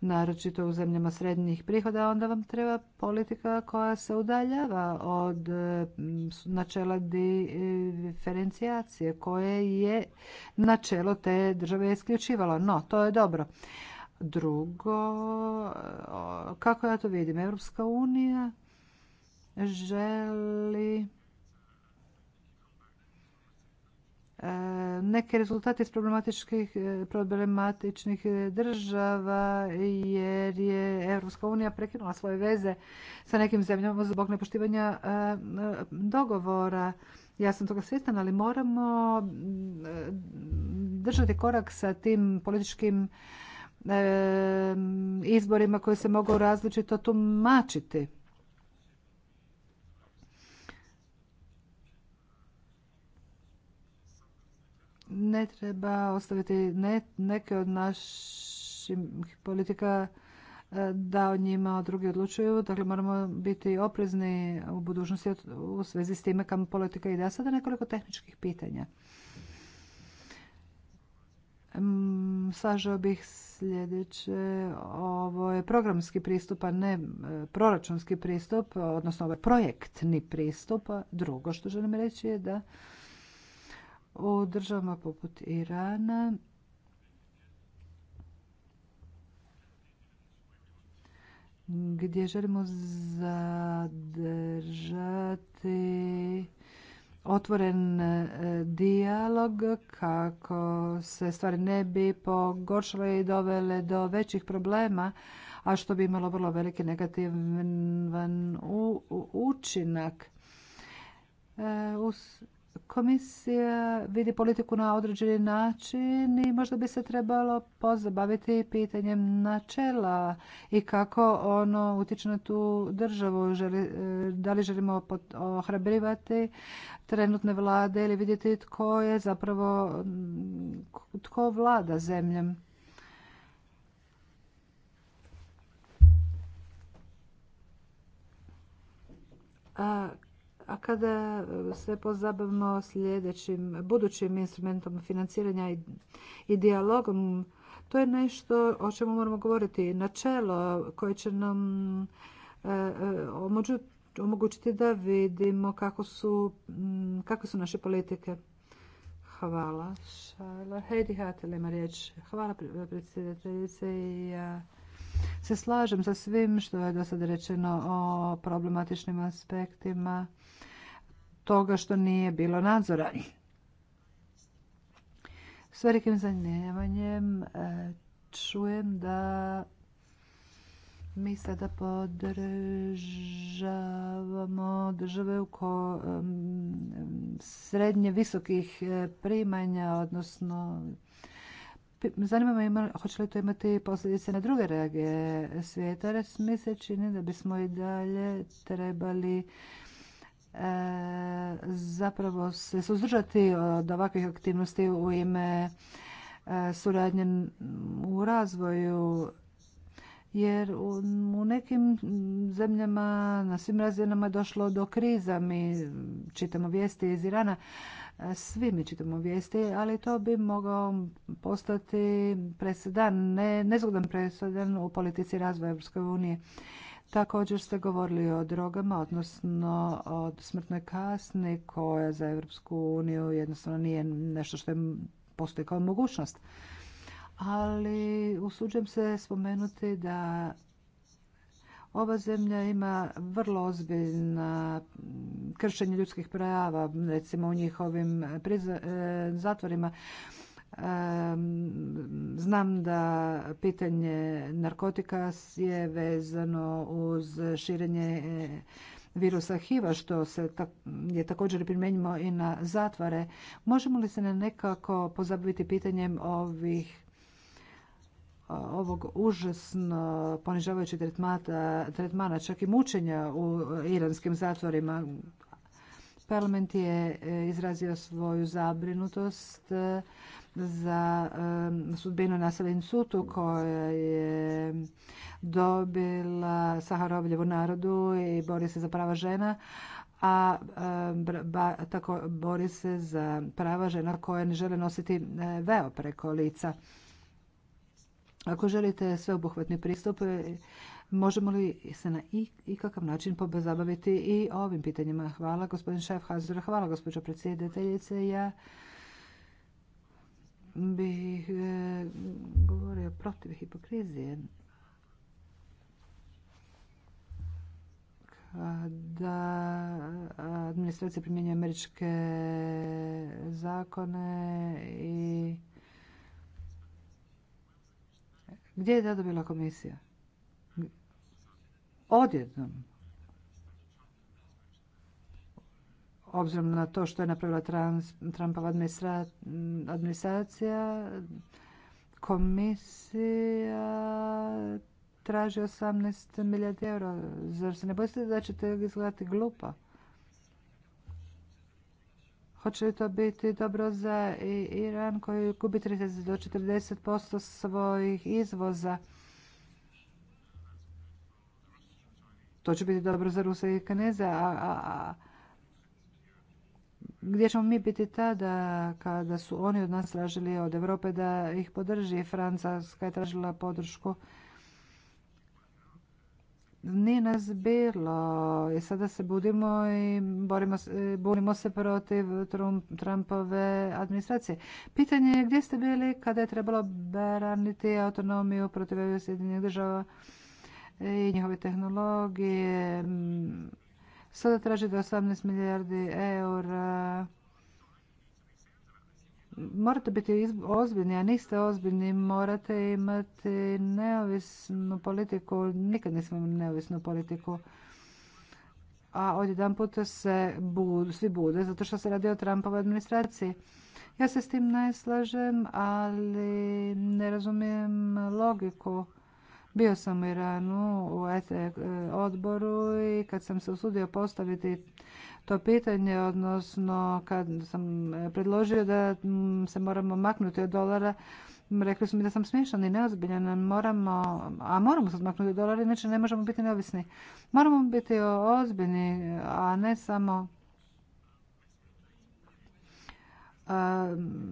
naročito u zemljama srednjih prihoda, onda vam treba politika koja se udaljava od e, načela diferencijacije koje je načelo te države isključivalo. No, to je dobro. Drugo, e, kako ja to vidim, Europska unija želi Neke rezultate iz problematičkih, e, problematičnih e, država jer je Europska unija prekinula svoje veze sa nekim zemljama zbog nepoštivanja e, dogovora. Ja sam toga svjestan, ali moramo mm, držati korak sa tim političkim izborima koji se mogu različito tumačiti. ne treba ostaviti neke od naših politika e, da o njima drugi odlučuju. Dakle, moramo biti oprezni u budućnosti u svezi s time kam politika ide. A sada nekoliko tehničkih pitanja. Mm, sažao bih sljedeće. Ovo je programski pristup, a ne e, proračunski pristup, odnosno ovaj projektni pristup. Drugo što želim reći je da u državama poput Irana. gdje želimo zadržati otvoren e, dijalog kako se stvari ne bi pogoršale i dovele do većih problema, a što bi imalo vrlo veliki negativan učinak. E, komisija vidi politiku na određeni način i možda bi se trebalo pozabaviti pitanjem načela i kako ono utječe na tu državu. E, da li želimo ohrabrivati trenutne vlade ili vidjeti tko je zapravo, tko vlada zemljem. A a kada e, se pozabavimo sljedećim budućim instrumentom financiranja i dijalogom, to je nešto o čemu moramo govoriti. Načelo koje će nam e, e, omogućiti da vidimo kako su, kakve su naše politike. Hvala. Šajla. Heidi Hatel ima riječ. Hvala predsjedateljice i ja se slažem sa svim što je do sada rečeno o problematičnim aspektima toga što nije bilo nadzora. S velikim zanimanjem e, čujem da mi sada podržavamo države u srednje visokih e, primanja, odnosno Zanima me hoće li to imati posljedice na druge reage svijeta, jer mi se čini da bismo i dalje trebali E, zapravo se suzdržati od ovakvih aktivnosti u ime e, suradnje u razvoju jer u nekim zemljama na svim razinama je došlo do kriza. Mi čitamo vijesti iz Irana, e, svi mi čitamo vijesti, ali to bi mogao postati presedan, ne, nezgodan presedan u politici razvoja Europske unije. Također ste govorili o drogama, odnosno o smrtnoj kasni koja za Europsku uniju jednostavno nije nešto što je postoji kao mogućnost. Ali usuđujem se spomenuti da ova zemlja ima vrlo ozbiljna kršenja ljudskih prava, recimo u njihovim e, zatvorima. Znam da pitanje narkotika je vezano uz širenje e, virusa HIV-a, što se je također primjenjimo i na zatvore. Možemo li se ne nekako pozabaviti pitanjem ovih ovog užasno ponižavajućeg tretmana, čak i mučenja u iranskim zatvorima Parlament je e, izrazio svoju zabrinutost e, za e, sudbinu naseljen Sutu koja je dobila Saharovljevu narodu i bori se za prava žena, a tako bori se za prava žena koje ne žele nositi veo preko lica. Ako želite sveobuhvatni pristup, Možemo li se na ikakav način pozabaviti i ovim pitanjima? Hvala gospodin hazur hvala gospođo predsjedateljice. Ja bih e, govorio protiv hipokrizije. kada administracija primjenjuje američke zakone i gdje je da dobila komisija? odjednom. Obzirom na to što je napravila Trumpova administracija, komisija traži 18 milijardi eura. Zar se ne bojite da ćete izgledati glupo? Hoće li to biti dobro za Iran koji gubi 30 do 40% svojih izvoza? To će biti dobro za Rusa i Kaneze, a, a, a gdje ćemo mi biti tada kada su oni od nas tražili od Europe da ih podrži. Francuska je tražila podršku. Nije nas bilo i sada se budimo i borimo, bunimo se protiv Trumpove administracije. Pitanje je gdje ste bili kada je trebalo braniti autonomiju protiv Sjedinjenih država i njihove tehnologije. Mm, sada tražite da 18 milijardi eura. Morate biti ozbiljni, a niste ozbiljni. Morate imati neovisnu politiku. Nikad nismo imali neovisnu politiku. A jedan puta se budu svi bude, zato što se radi o Trumpovoj administraciji. Ja se s tim ne slažem, ali ne razumijem logiku. Bio sam u Iranu u e odboru i kad sam se usudio postaviti to pitanje, odnosno kad sam e, predložio da mm, se moramo maknuti od dolara, rekli su mi da sam smiješan i neozbiljan, moramo, a moramo se maknuti od dolara, inače ne možemo biti neovisni. Moramo biti ozbiljni, a ne samo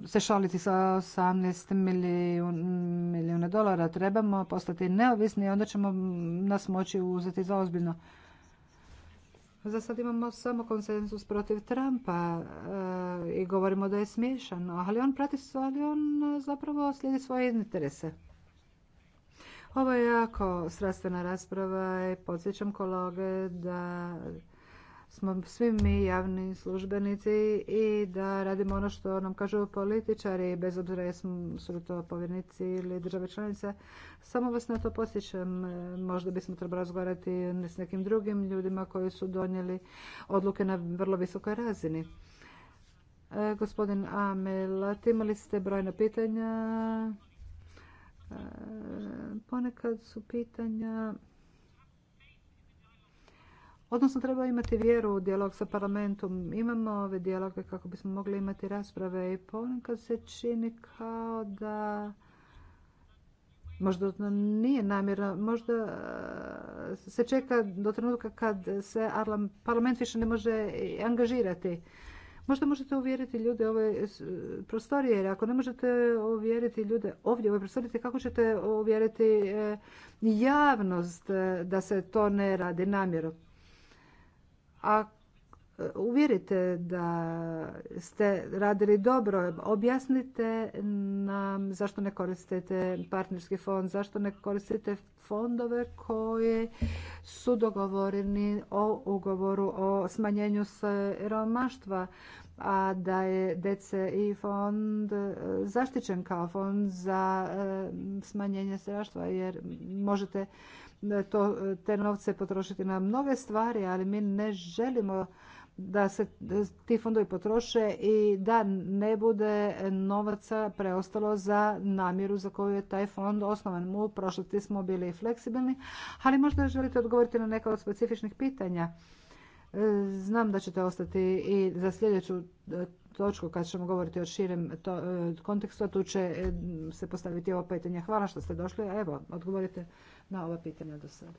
se šaliti sa 18 milijuna dolara. Trebamo postati neovisni i onda ćemo nas moći uzeti za ozbiljno. Za sad imamo samo konsenzus protiv Trumpa eh, i govorimo da je smiješan, ali on prati ali on eh, zapravo slijedi svoje interese. Ovo je jako strastvena rasprava i podsjećam kolege da smo svi mi javni službenici i da radimo ono što nam kažu političari, bez obzira jesmo su li to povjernici ili države članice. Samo vas na to posjećam. E, možda bismo trebali razgovarati s nekim drugim ljudima koji su donijeli odluke na vrlo visokoj razini. E, gospodin amel imali ste brojna pitanja. E, ponekad su pitanja Odnosno treba imati vjeru u dijalog sa parlamentom. Imamo ove dijaloge kako bismo mogli imati rasprave i ponekad se čini kao da možda nije namjera možda e, se čeka do trenutka kad se parlament više ne može angažirati. Možda možete uvjeriti ljude ove prostorije, jer ako ne možete uvjeriti ljude ovdje ove prostorije, kako ćete uvjeriti e, javnost e, da se to ne radi namjerom? a e, uvjerite da ste radili dobro, objasnite nam zašto ne koristite partnerski fond, zašto ne koristite fondove koje su dogovoreni o ugovoru o smanjenju siromaštva, a da je DCI fond e, zaštićen kao fond za e, smanjenje siromaštva jer možete to, e, te novce potrošiti na mnoge stvari, ali mi ne želimo da se e, ti fondovi potroše i da ne bude novaca preostalo za namjeru za koju je taj fond osnovan. U prošlosti smo bili fleksibilni, ali možda želite odgovoriti na neka od specifičnih pitanja. E, znam da ćete ostati i za sljedeću točku kad ćemo govoriti o širem kontekstu, a tu će se postaviti ovo pitanje. Hvala što ste došli. Evo, odgovorite na ova pitanja do sada.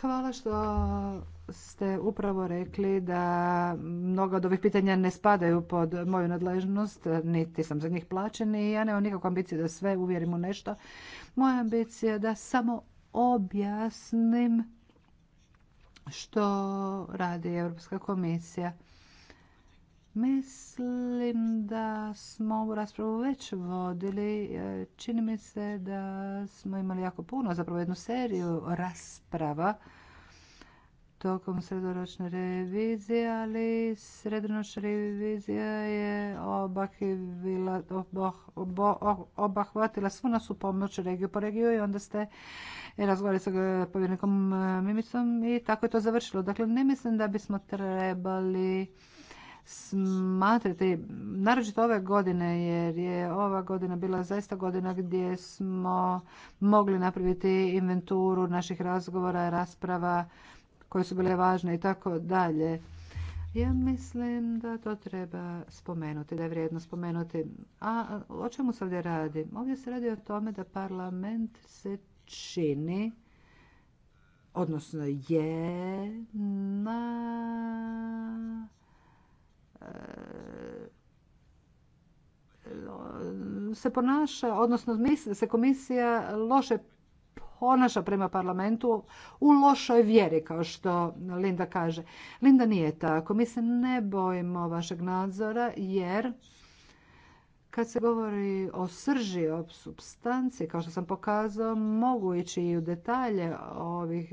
Hvala što ste upravo rekli da mnoga od ovih pitanja ne spadaju pod moju nadležnost, niti sam za njih plaćen i ja nemam nikakvu ambiciju da sve uvjerim u nešto. Moja ambicija je da samo objasnim što radi Europska komisija Mislim da smo ovu raspravu već vodili. E, čini mi se da smo imali jako puno, zapravo jednu seriju rasprava tokom sredoročne revizije, ali sredoročna revizija je obahvatila svu nas u pomoć regiju po regiju i onda ste razgovarali sa e, povjernikom e, Mimicom i tako je to završilo. Dakle, ne mislim da bismo trebali smatrati, naročito ove godine, jer je ova godina bila zaista godina gdje smo mogli napraviti inventuru naših razgovora, rasprava koje su bile važne i tako dalje. Ja mislim da to treba spomenuti, da je vrijedno spomenuti. A o čemu se ovdje radi? Ovdje se radi o tome da parlament se čini, odnosno je na E, se ponaša, odnosno se komisija loše ponaša prema parlamentu u lošoj vjeri, kao što Linda kaže. Linda nije tako. Mi se ne bojimo vašeg nadzora jer kad se govori o srži, o substanci, kao što sam pokazao, mogu ići i u detalje ovih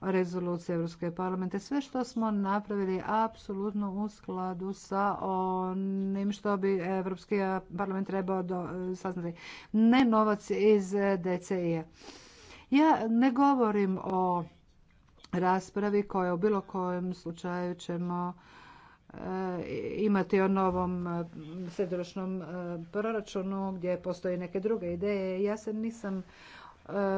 rezolucije Europske parlamente. Sve što smo napravili apsolutno u skladu sa onim što bi Europski parlament trebao e, saznati. Ne novac iz dci Ja ne govorim o raspravi koja u bilo kojem slučaju ćemo e, imati o novom e, sredoročnom proračunu gdje postoje neke druge ideje. Ja se nisam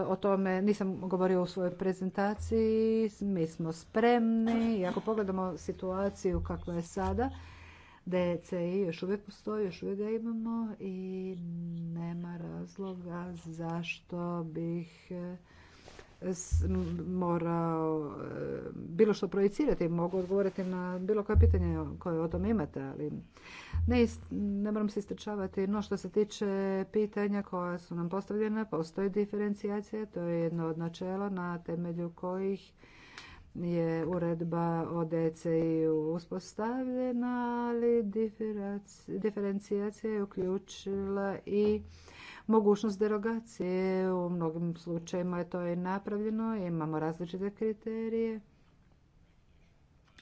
o tome nisam govorio u svojoj prezentaciji. Mi smo spremni i ako pogledamo situaciju kakva je sada, DCI još uvijek postoji, još uvijek ga imamo i nema razloga zašto bih morao e, bilo što projicirati, mogu odgovoriti na bilo koje pitanje koje o tom imate, ali ne, ne moram se istrčavati. No što se tiče pitanja koja su nam postavljena, postoji diferencijacija, to je jedno od načela na temelju kojih je uredba o DCI uspostavljena, ali diferencijacija je uključila i mogućnost derogacije. U mnogim slučajima je to i napravljeno. Imamo različite kriterije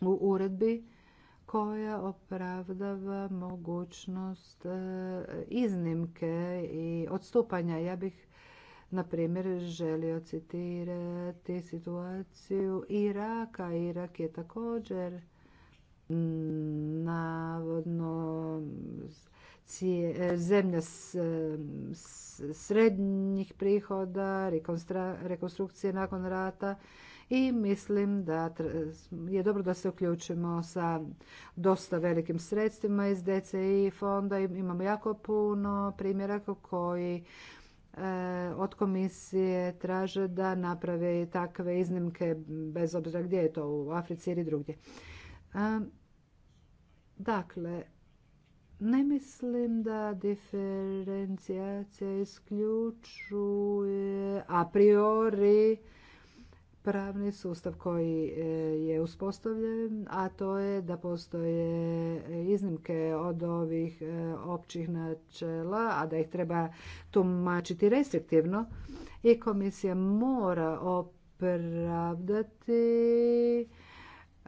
u uredbi koja opravdava mogućnost e, iznimke i odstupanja. Ja bih na primjer, želio citirati situaciju Iraka. Irak je također navodno E, zemlja e, srednjih prihoda, rekonstrukcije nakon rata i mislim da je dobro da se uključimo sa dosta velikim sredstvima iz DCI fonda. Imamo jako puno primjeraka koji e, od komisije traže da naprave takve iznimke bez obzira gdje je to u Africi ili drugdje. Dakle, ne mislim da diferencijacija isključuje a priori pravni sustav koji e, je uspostavljen, a to je da postoje iznimke od ovih e, općih načela, a da ih treba tumačiti restriktivno i komisija mora opravdati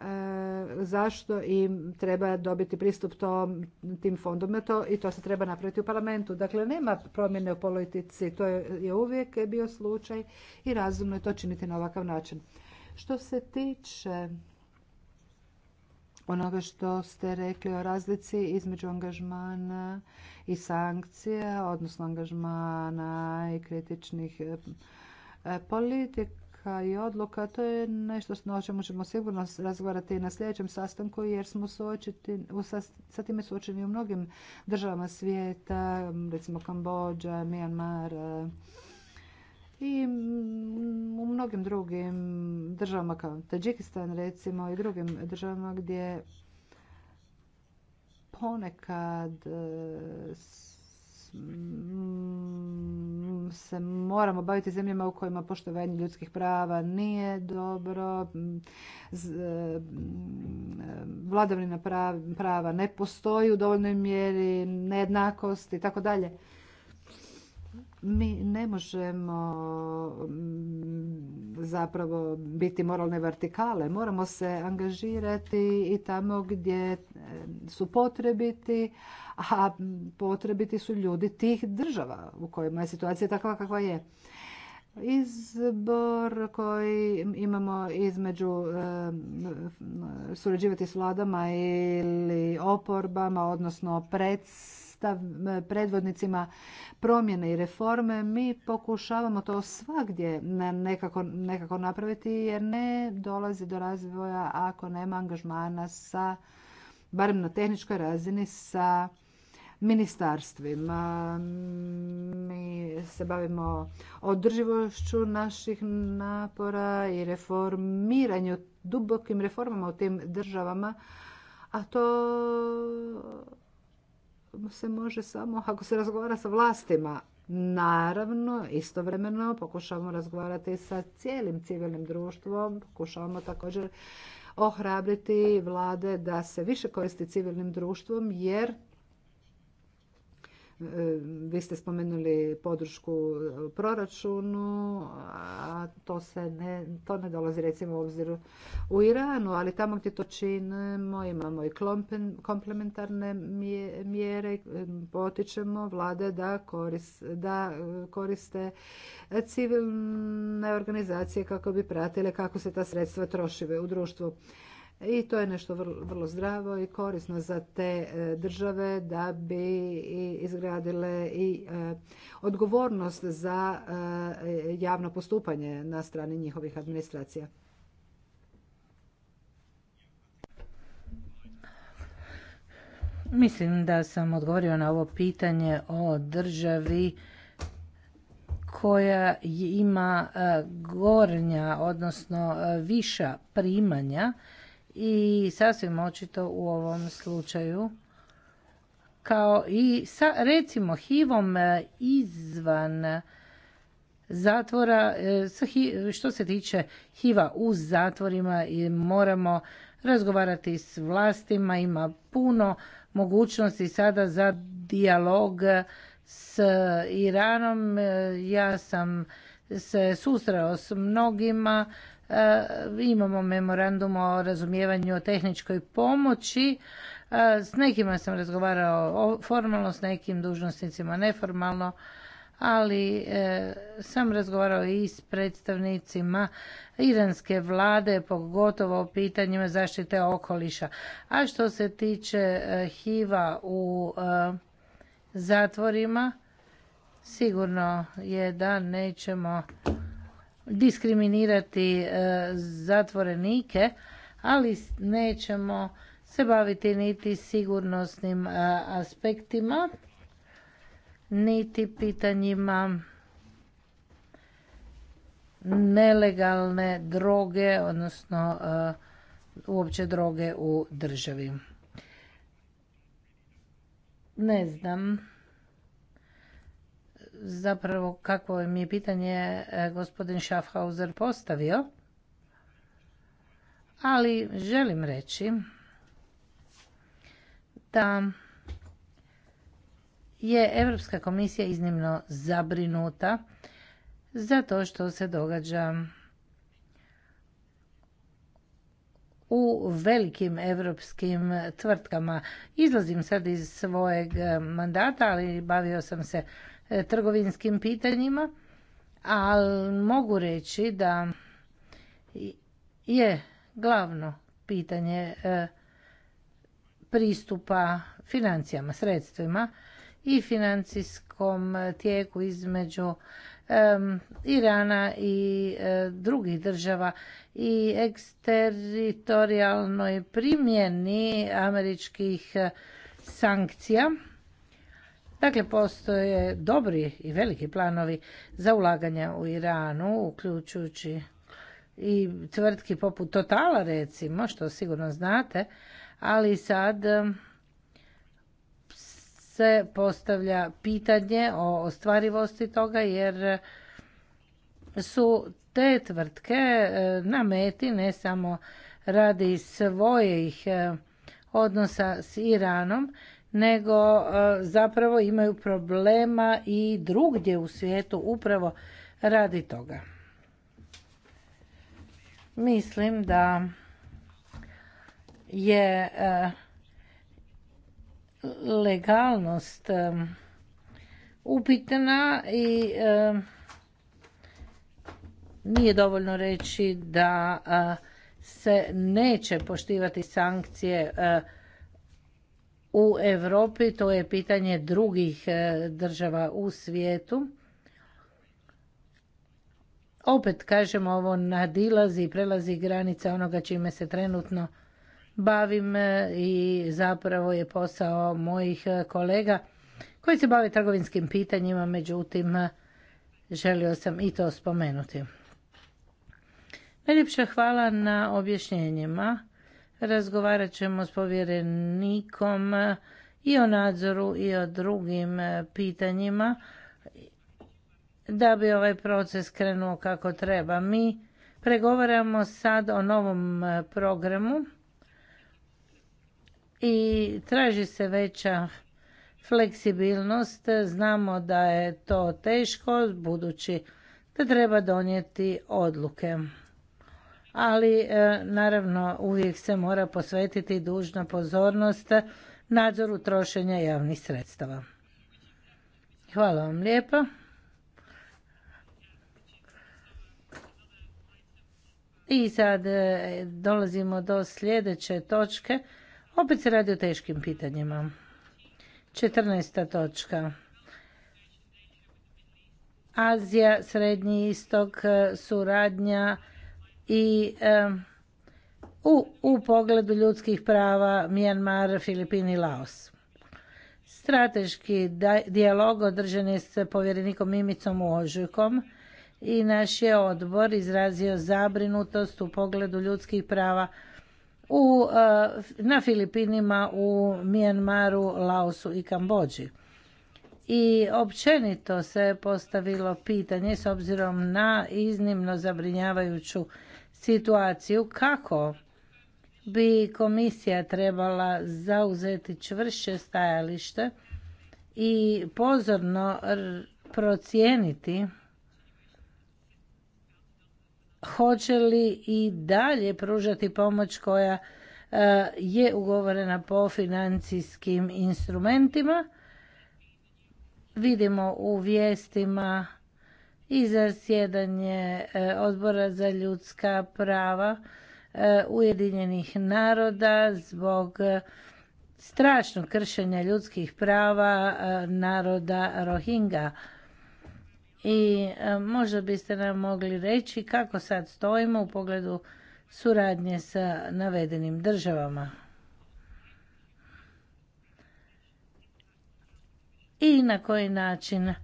E, zašto im treba dobiti pristup tom, tim fondovima e, to, i to se treba napraviti u parlamentu. Dakle, nema promjene u politici, to je, je uvijek bio slučaj i razumno je to činiti na ovakav način. Što se tiče onoga što ste rekli o razlici između angažmana i sankcija, odnosno angažmana i kritičnih e, politika, i odluka, to je nešto o čemu ćemo sigurno razgovarati na sljedećem sastanku jer smo sa time suočeni u mnogim državama svijeta, recimo Kambođa, Myanmar e, i u mnogim drugim državama kao Tadžikistan recimo i drugim državama gdje ponekad e, se moramo baviti zemljama u kojima poštovanje ljudskih prava nije dobro, e, vladavina prava ne postoji u dovoljnoj mjeri, nejednakost i tako dalje mi ne možemo mm, zapravo biti moralne vertikale. Moramo se angažirati i tamo gdje e, su potrebiti, a potrebiti su ljudi tih država u kojima je situacija takva kakva je. Izbor koji imamo između e, surađivati s vladama ili oporbama, odnosno preds E, predvodnicima promjene i reforme, mi pokušavamo to svagdje nekako, nekako napraviti jer ne dolazi do razvoja ako nema angažmana sa, barem na tehničkoj razini, sa ministarstvima. Mi se bavimo održivošću naših napora i reformiranju, dubokim reformama u tim državama, a to se može samo ako se razgovara sa vlastima. Naravno, istovremeno pokušavamo razgovarati sa cijelim civilnim društvom, pokušavamo također ohrabriti vlade da se više koristi civilnim društvom jer E, vi ste spomenuli podršku proračunu, a to, se ne, to ne dolazi recimo u obzir u Iranu, ali tamo gdje to činimo imamo i komplementarne mjere, e, potičemo vlade da, koris, da koriste civilne organizacije kako bi pratile kako se ta sredstva trošive u društvu i to je nešto vrlo zdravo i korisno za te e, države da bi izgradile i e, odgovornost za e, javno postupanje na strani njihovih administracija. Mislim da sam odgovorio na ovo pitanje o državi koja ima gornja, odnosno viša primanja i sasvim očito u ovom slučaju kao i sa recimo hivom e, izvan zatvora e, što se tiče hiva u zatvorima i moramo razgovarati s vlastima ima puno mogućnosti sada za dijalog s Iranom e, ja sam se susreo s mnogima E, imamo memorandum o razumijevanju o tehničkoj pomoći. E, s nekima sam razgovarao formalno, s nekim dužnostnicima neformalno, ali e, sam razgovarao i s predstavnicima iranske vlade, pogotovo o pitanjima zaštite okoliša. A što se tiče HIV-a u zatvorima, sigurno je da nećemo diskriminirati e, zatvorenike, ali nećemo se baviti niti sigurnosnim e, aspektima, niti pitanjima nelegalne droge, odnosno e, uopće droge u državi. Ne znam zapravo kakvo mi je pitanje e, gospodin Schaffhauser postavio. Ali želim reći da je Europska komisija iznimno zabrinuta za to što se događa u velikim europskim tvrtkama. Izlazim sad iz svojeg e, mandata, ali bavio sam se E, trgovinskim pitanjima, ali mogu reći da je glavno pitanje e, pristupa financijama, sredstvima i financijskom tijeku između Irana i e, drugih država i eksteritorijalnoj primjeni američkih sankcija Dakle, postoje dobri i veliki planovi za ulaganja u Iranu, uključujući i tvrtki poput Totala, recimo, što sigurno znate, ali sad se postavlja pitanje o ostvarivosti toga, jer su te tvrtke e, na meti ne samo radi svojih e, odnosa s Iranom, nego e, zapravo imaju problema i drugdje u svijetu upravo radi toga. Mislim da je e, legalnost e, upitana i nije dovoljno reći da se neće poštivati sankcije u Europi, to je pitanje drugih e, država u svijetu. Opet kažem ovo nadilazi i prelazi granica onoga čime se trenutno bavim e, i zapravo je posao mojih e, kolega koji se bave trgovinskim pitanjima, međutim želio sam i to spomenuti. Najljepša hvala na objašnjenjima. Razgovarat ćemo s povjerenikom i o nadzoru i o drugim e, pitanjima da bi ovaj proces krenuo kako treba. Mi pregovaramo sad o novom e, programu i traži se veća fleksibilnost. Znamo da je to teško budući da treba donijeti odluke ali e, naravno uvijek se mora posvetiti dužna pozornost nadzoru trošenja javnih sredstava. Hvala vam lijepo. I sad e, dolazimo do sljedeće točke. Opet se radi o teškim pitanjima. 14. točka. Azija, Srednji istok, e, suradnja i u, pogledu ljudskih prava Mijanmar, Filipini i Laos. Strateški dijalog održan je s povjerenikom Mimicom u Ožujkom i naš je odbor izrazio zabrinutost u pogledu ljudskih prava eh, na Filipinima, u Mijanmaru, Laosu i Kambođi. I općenito se postavilo pitanje s obzirom na iznimno zabrinjavajuću situaciju kako bi komisija trebala zauzeti čvršće stajalište i pozorno procijeniti hoće li i dalje pružati pomoć koja e, je ugovorena po financijskim instrumentima. Vidimo u vijestima i sjedanje e, odbora za ljudska prava e, Ujedinjenih naroda zbog e, strašnog kršenja ljudskih prava naroda Rohingya. I možda biste nam mogli reći kako sad stojimo u pogledu suradnje sa navedenim državama. I na koji način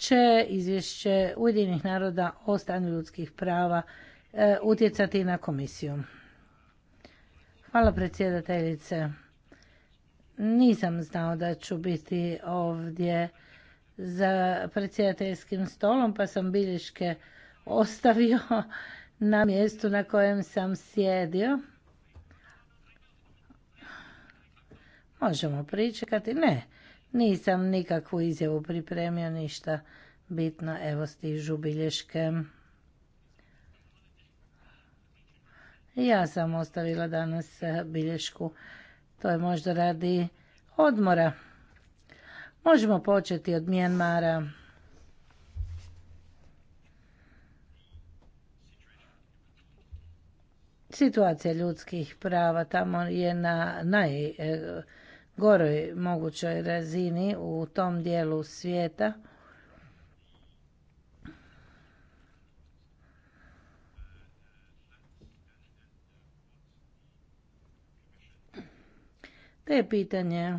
će izvješće Ujedinih naroda o stanju ljudskih prava e, utjecati na komisiju. Hvala predsjedateljice. Nisam znao da ću biti ovdje za predsjedateljskim stolom, pa sam bilješke ostavio na mjestu na kojem sam sjedio. Možemo pričekati? Ne. Nisam nikakvu izjavu pripremio, ništa bitno. Evo stižu bilješke. Ja sam ostavila danas eh, bilješku. To je možda radi odmora. Možemo početi od Mijanmara. Situacija ljudskih prava tamo je na naj eh, goroj mogućoj razini u tom dijelu svijeta. To je pitanje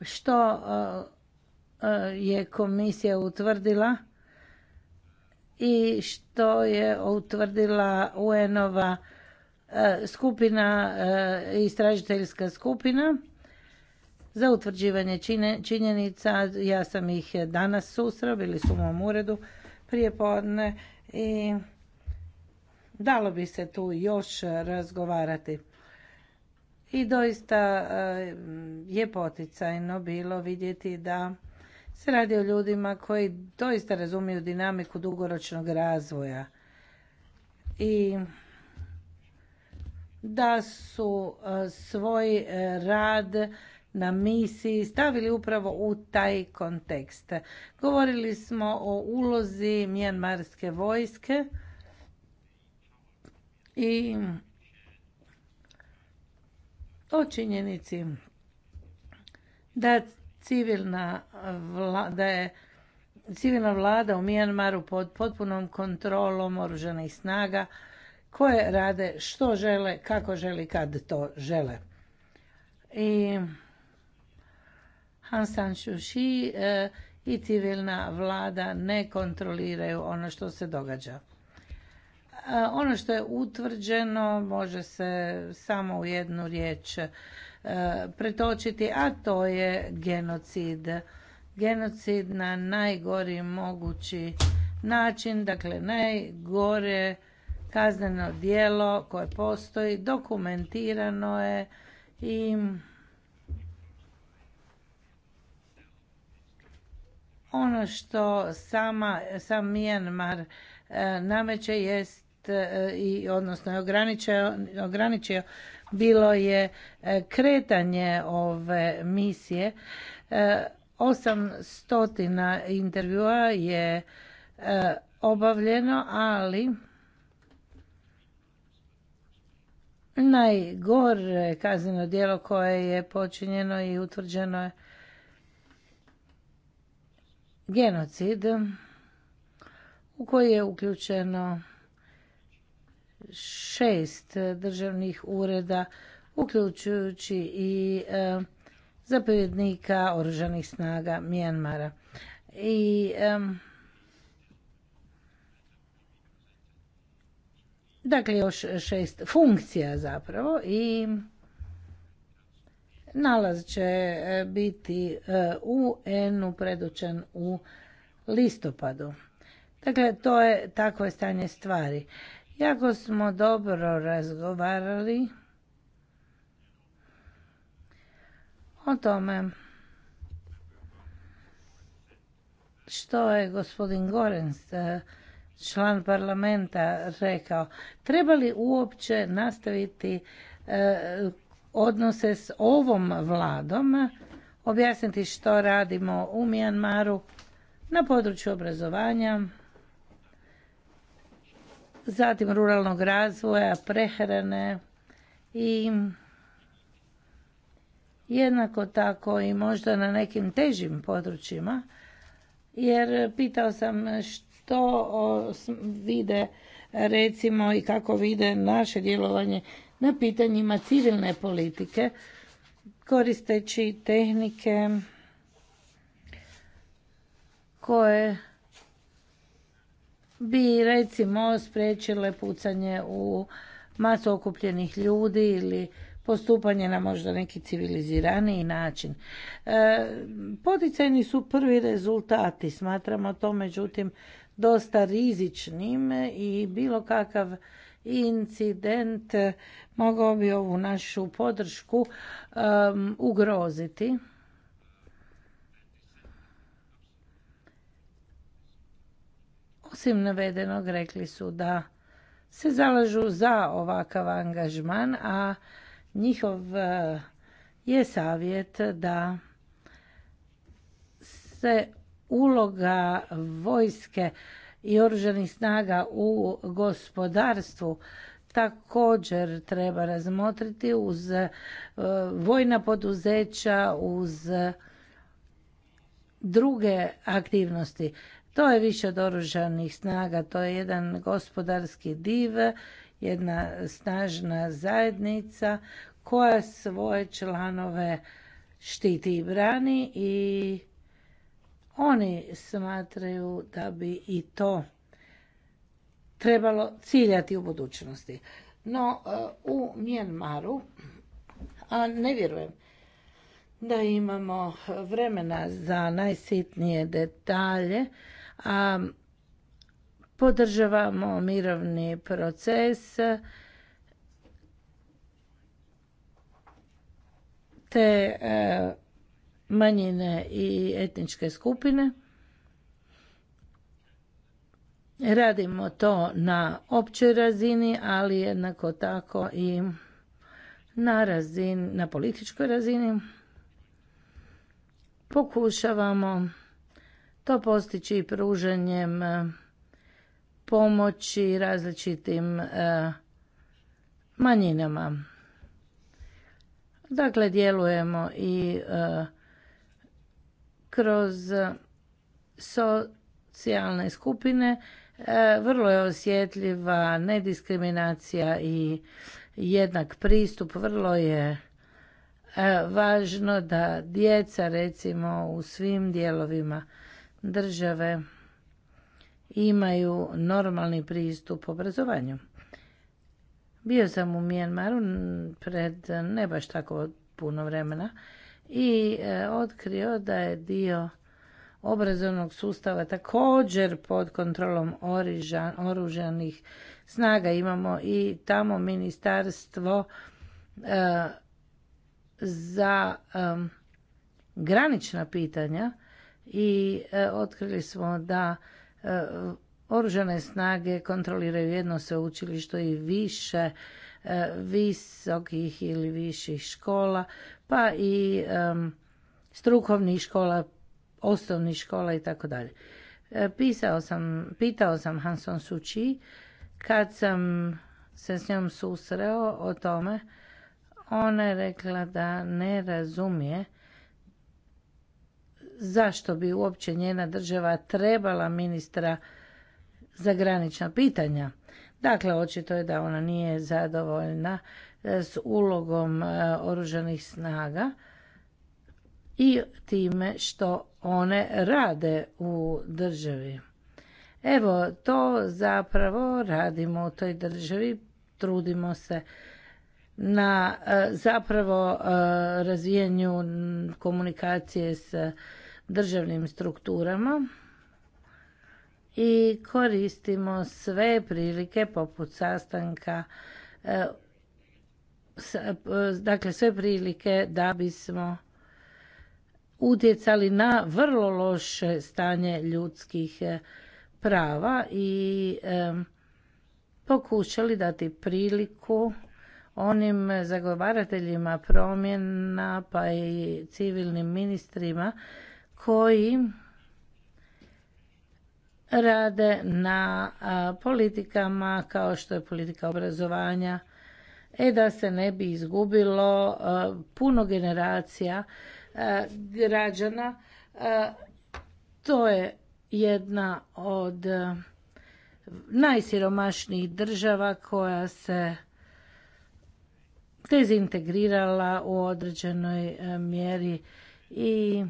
što je komisija utvrdila i što je utvrdila UN-ova skupina, istražiteljska skupina za utvrđivanje činjenica. Ja sam ih danas susreo, bili su u mom uredu prije podne i dalo bi se tu još razgovarati. I doista eh, je poticajno bilo vidjeti da se radi o ljudima koji doista razumiju dinamiku dugoročnog razvoja i da su eh, svoj eh, rad na misiji stavili upravo u taj kontekst. Govorili smo o ulozi mjenmarske vojske i o činjenici da civilna vlada je civilna vlada u Mijanmaru pod potpunom kontrolom oružanih snaga koje rade što žele, kako želi, kad to žele. I Han San eh, i civilna vlada ne kontroliraju ono što se događa. Eh, ono što je utvrđeno može se samo u jednu riječ eh, pretočiti, a to je genocid. Genocid na najgori mogući način, dakle najgore kazneno djelo koje postoji, dokumentirano je i Ono što sama, sam Mijanmar e, nameće jest e, i odnosno ograničio, ograničio bilo je e, kretanje ove misije. 800 intervjua je obavljeno, ali najgore kazneno djelo koje je počinjeno i utvrđeno je genocid u koji je uključeno šest državnih ureda, uključujući i e, zapovjednika Oružanih snaga Mijanmara. I e, dakle još šest funkcija zapravo i Nalaz će e, biti e, u UN-u predočen u listopadu. Dakle, to je takvo stanje stvari. Jako smo dobro razgovarali o tome što je gospodin Gorenc, e, član parlamenta, rekao. Treba li uopće nastaviti odnose s ovom vladom, objasniti što radimo u Mijanmaru na području obrazovanja, zatim ruralnog razvoja, prehrane i jednako tako i možda na nekim težim područjima, jer pitao sam što vide recimo i kako vide naše djelovanje na pitanjima civilne politike koristeći tehnike koje bi recimo spriječile pucanje u masu okupljenih ljudi ili postupanje na možda neki civiliziraniji način. E, poticajni su prvi rezultati, smatramo to međutim dosta rizičnim i bilo kakav incident mogao bi ovu našu podršku um, ugroziti. Osim navedenog rekli su da se zalažu za ovakav angažman, a njihov uh, je savjet da se uloga vojske i oružanih snaga u gospodarstvu također treba razmotriti uz e, vojna poduzeća, uz e, druge aktivnosti. To je više od oružanih snaga, to je jedan gospodarski div, jedna snažna zajednica koja svoje članove štiti i brani i oni smatraju da bi i to trebalo ciljati u budućnosti. No, e, u Mijenmaru, a ne vjerujem da imamo vremena za najsitnije detalje, a podržavamo mirovni proces te e, manjine i etničke skupine. Radimo to na općoj razini, ali jednako tako i na, razini, na političkoj razini. Pokušavamo to postići pruženjem e, pomoći različitim e, manjinama. Dakle, djelujemo i e, kroz e, socijalne skupine e, vrlo je osjetljiva nediskriminacija i jednak pristup vrlo je e, važno da djeca recimo u svim dijelovima države imaju normalni pristup obrazovanju. Bio sam u Mijenmaru pred ne baš tako puno vremena i e, otkrio da je dio obrazovnog sustava također pod kontrolom oružanih snaga. Imamo i tamo ministarstvo e, za e, granična pitanja i otkrili smo da oružane snage kontroliraju jedno sveučilište i više visokih ili viših škola pa i strukovnih škola, osnovnih škola i tako dalje. E, pisao sam, pitao sam Hanson Suči kad sam se s njom susreo o tome, ona je rekla da ne razumije zašto bi uopće njena država trebala ministra za granična pitanja. Dakle, očito je da ona nije zadovoljna s ulogom e, oružanih snaga i time što one rade u državi. Evo, to zapravo radimo u toj državi, trudimo se na e, zapravo e, razvijanju komunikacije s državnim strukturama i koristimo sve prilike poput sastanka E, dakle sve prilike da bismo utjecali na vrlo loše stanje ljudskih e, prava i e, pokušali dati priliku onim zagovarateljima promjena pa i civilnim ministrima koji rade na politikama kao što je politika obrazovanja e da se ne bi izgubilo e, puno generacija e, građana. E, to je jedna od najsiromašnijih država koja se dezintegrirala u određenoj mjeri i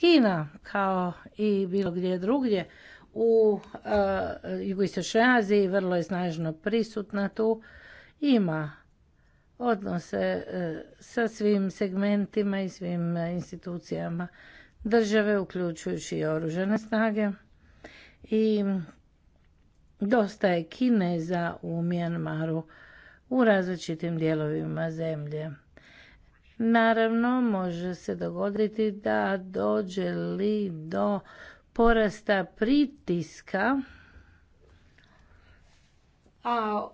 Kina kao i bilo gdje drugdje u jugoistočnoj Aziji vrlo je snažno prisutna tu ima odnose e, sa svim segmentima i svim e, institucijama države, uključujući i oružane snage. I dosta je Kineza u Mijanmaru u različitim dijelovima zemlje. Naravno, može se dogoditi da dođe li do porasta pritiska, a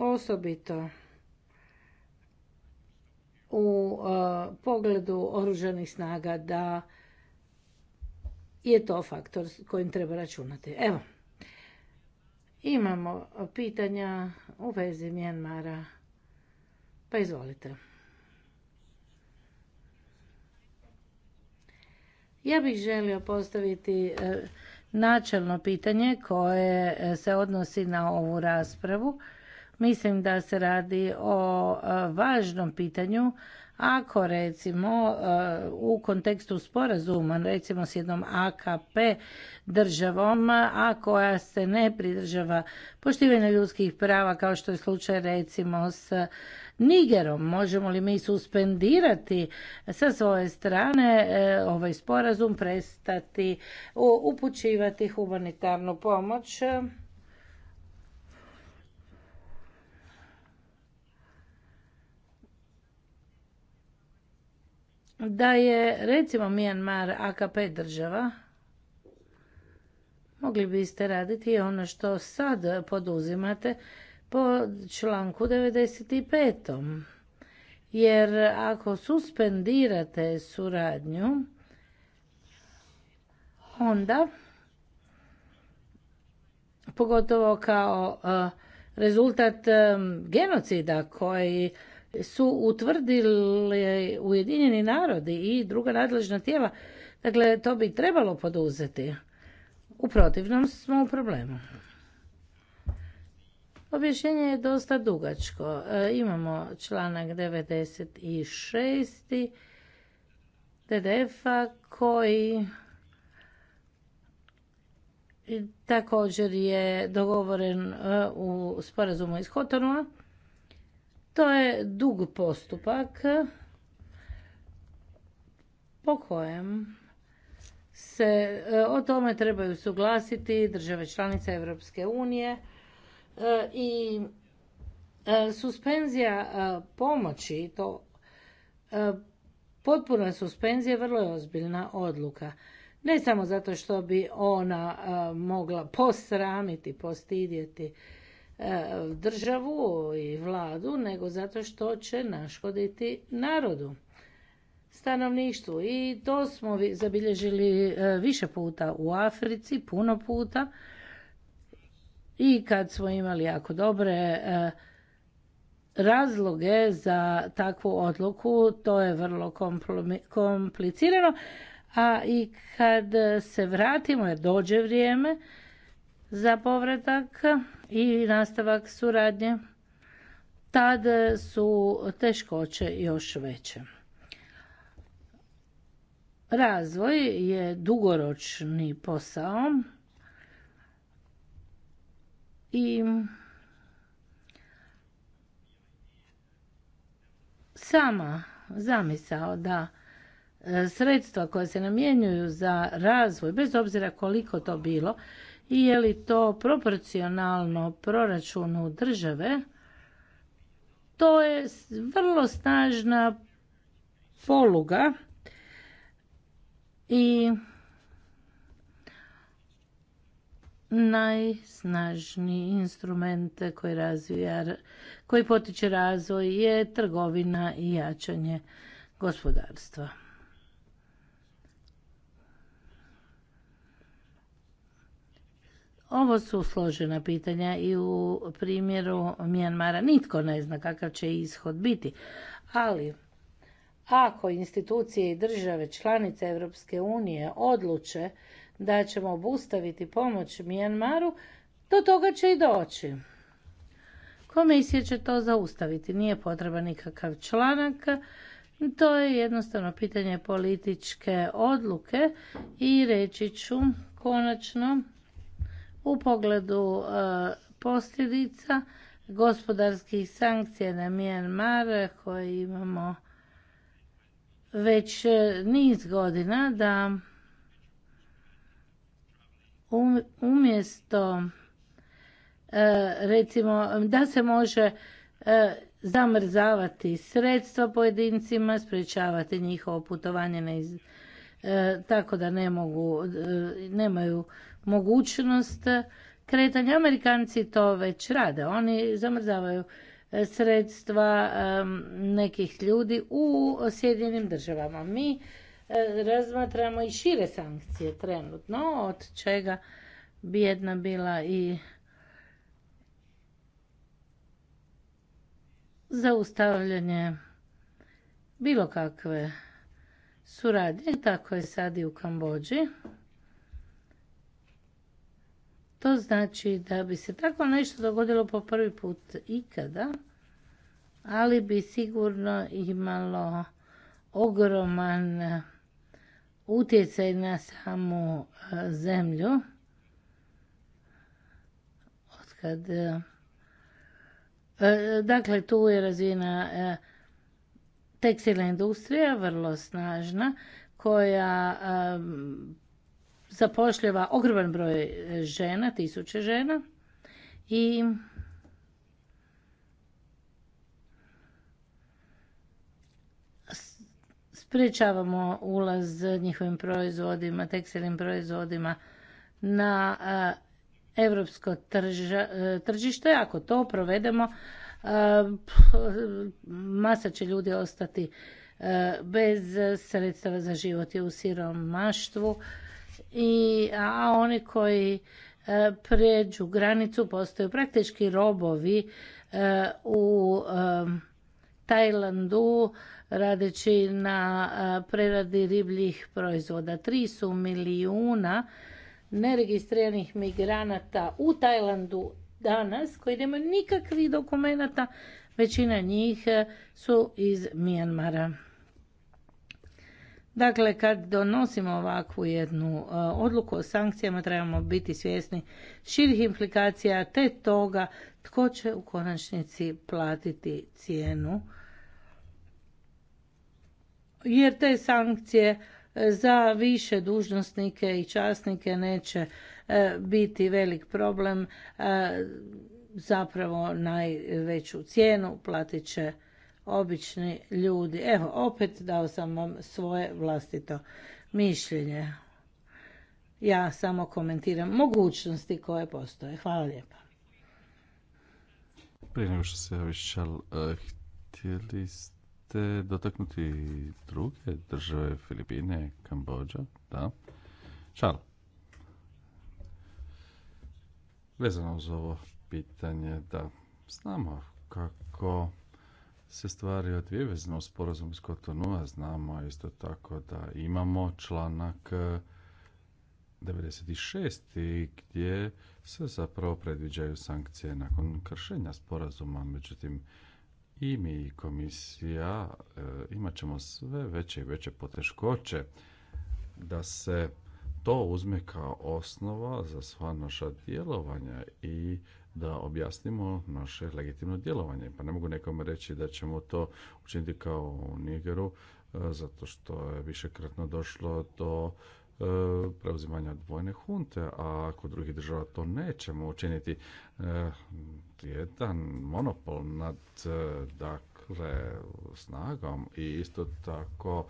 osobito u e, pogledu oružanih snaga da je to faktor s kojim treba računati. Evo, imamo pitanja u vezi Mijanmara. Pa izvolite. Ja bih želio postaviti e, načelno pitanje koje e, se odnosi na ovu raspravu. Mislim da se radi o e, važnom pitanju ako recimo e, u kontekstu sporazuma recimo s jednom AKP državom a koja se ne pridržava poštivanja ljudskih prava kao što je slučaj recimo s Nigerom možemo li mi suspendirati sa svoje strane e, ovaj sporazum prestati upućivati humanitarnu pomoć da je recimo Mijanmar AKP država, mogli biste raditi ono što sad poduzimate po članku 95. Jer ako suspendirate suradnju, onda, pogotovo kao eh, rezultat eh, genocida koji su utvrdili Ujedinjeni narodi i druga nadležna tijela. Dakle, to bi trebalo poduzeti. U protivnom smo u problemu. Objašnjenje je dosta dugačko. E, imamo članak 96. tdf a koji također je dogovoren e, u sporazumu iz Kotonua to je dug postupak po kojem se e, o tome trebaju suglasiti države članice Europske unije e, i e, suspenzija pomoći, to potpuna suspenzija vrlo je ozbiljna odluka. Ne samo zato što bi ona mogla posramiti, postidjeti E, državu i vladu, nego zato što će naškoditi narodu, stanovništvu. I to smo zabilježili e, više puta u Africi, puno puta. I kad smo imali jako dobre e, razloge za takvu odluku, to je vrlo komplicirano. A i kad se vratimo, jer dođe vrijeme, za povratak i nastavak suradnje, tad su teškoće još veće. Razvoj je dugoročni posao i sama zamisao da e, sredstva koja se namjenjuju za razvoj, bez obzira koliko to bilo, i je li to proporcionalno proračunu države, to je vrlo snažna poluga i najsnažniji instrument koji, razvija, koji potiče razvoj je trgovina i jačanje gospodarstva. Ovo su složena pitanja i u primjeru Mijanmara nitko ne zna kakav će ishod biti, ali ako institucije i države članice Europske unije odluče da ćemo obustaviti pomoć Mijanmaru, do toga će i doći. Komisija će to zaustaviti, nije potreban nikakav članak, to je jednostavno pitanje političke odluke i reći ću konačno u pogledu e, posljedica gospodarskih sankcija na Mijanmar koje imamo već e, niz godina da um, umjesto e, recimo da se može zamrzavati sredstva pojedincima, sprječavati njihovo putovanje tako da ne mogu, nemaju mogućnost kretanja. Amerikanci to već rade. Oni zamrzavaju e, sredstva e, nekih ljudi u Sjedinim državama. Mi e, razmatramo i šire sankcije trenutno, od čega bi jedna bila i zaustavljanje bilo kakve suradnje, tako je sad i u Kambođi. To znači da bi se tako nešto dogodilo po prvi put ikada, ali bi sigurno imalo ogroman uh, utjecaj na samu uh, zemlju. Otkad, uh, dakle, tu je razina tekstilna industrija, vrlo snažna, koja um, zapošljava ogroman broj e, žena, tisuće žena i sprečavamo ulaz njihovim proizvodima, tekstilnim proizvodima na europsko e, tržište. Ako to provedemo, e, masa će ljudi ostati bez sredstava za život i u siromaštvu i a oni koji e, pređu granicu postaju praktički robovi e, u e, Tajlandu radeći na preradi ribljih proizvoda. Tri su milijuna neregistriranih migranata u Tajlandu danas koji nemaju nikakvih dokumenata. Većina njih su iz Mijanmara. Dakle, kad donosimo ovakvu jednu e, odluku o sankcijama, trebamo biti svjesni širih implikacija te toga tko će u konačnici platiti cijenu. Jer te sankcije e, za više dužnosnike i časnike neće e, biti velik problem. Zapravo najveću cijenu platit će obični ljudi. Evo, opet dao sam vam svoje vlastito mišljenje. Ja samo komentiram mogućnosti koje postoje. Hvala lijepa. Prije nego što se javiš, eh, htjeli ste dotaknuti druge države, Filipine, Kambođa, da. Vezano uz ovo pitanje, da znamo kako se stvari odvijaju vezano u sporazum iz Kotonua. Znamo isto tako da imamo članak 96. E, gdje se zapravo predviđaju sankcije nakon kršenja sporazuma. Međutim, i mi i komisija e, imat ćemo sve veće i veće poteškoće da se to uzme kao osnova za sva naša djelovanja i da objasnimo naše legitimno djelovanje. Pa ne mogu nekome reći da ćemo to učiniti kao u Nigeru, e, zato što je višekratno došlo do e, preuzimanja dvojne hunte, a ako drugih država to nećemo učiniti. E, jedan monopol nad dakle, snagom i isto tako,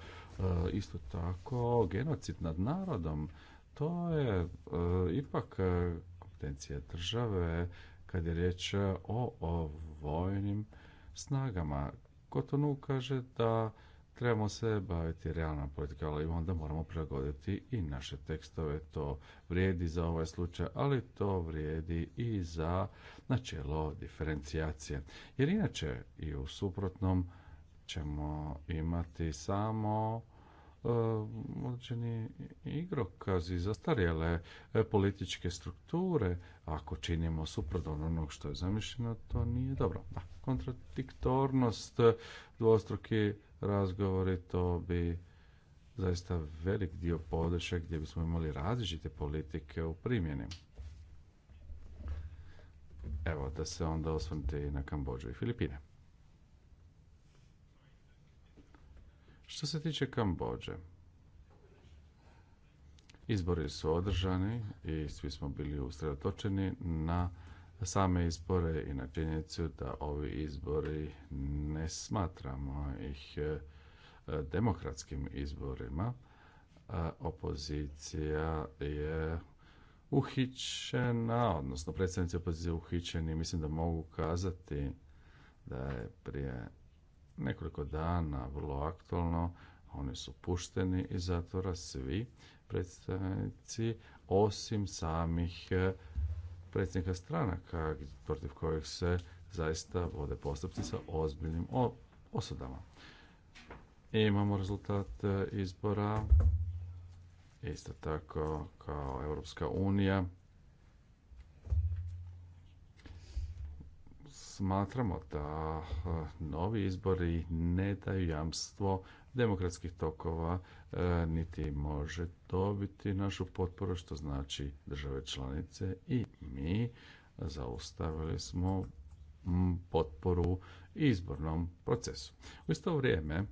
isto tako genocid nad narodom, to je ipak kompetencija države kad je riječ o, vojnim snagama. Kotonu kaže da trebamo se baviti realnom politikom, ali onda moramo prilagoditi i naše tekstove. To vrijedi za ovaj slučaj, ali to vrijedi i za načelo diferencijacije. Jer inače i u suprotnom ćemo imati samo Eh, određeni igrokazi zastarjele eh, političke strukture, ako činimo suprotno onog što je zamišljeno, to nije dobro. Da, kontradiktornost, eh, dvostruki razgovori, to bi zaista velik dio područja gdje bismo imali različite politike u primjeni. Evo, da se onda osvrnite i na Kambodžu i Filipine. Što se tiče Kambođe, izbori su održani i svi smo bili usredotočeni na same izbore i na činjenicu da ovi izbori ne smatramo ih e, demokratskim izborima. E, opozicija je uhićena, odnosno predstavnici opozicije uhićeni, mislim da mogu kazati da je prije nekoliko dana vrlo aktualno. Oni su pušteni iz zatvora, svi predstavnici, osim samih e, predsjednika stranaka protiv kojih se zaista vode postupci sa ozbiljnim osudama. Imamo rezultat e, izbora, isto tako kao Europska unija, smatramo da e, novi izbori ne daju jamstvo demokratskih tokova, e, niti može dobiti našu potporu, što znači države članice i mi zaustavili smo potporu izbornom procesu. U isto vrijeme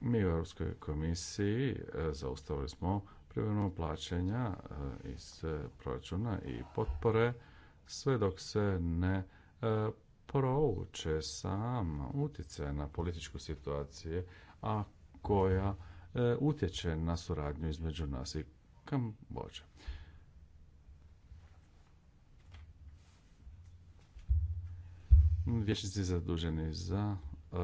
mi u Europskoj komisiji e, zaustavili smo privremeno plaćanja iz proračuna i potpore sve dok se ne e, prouče sam utjecaj na političku situaciju, a koja e, utječe na suradnju između nas i Kambođe. Vječnici zaduženi za e,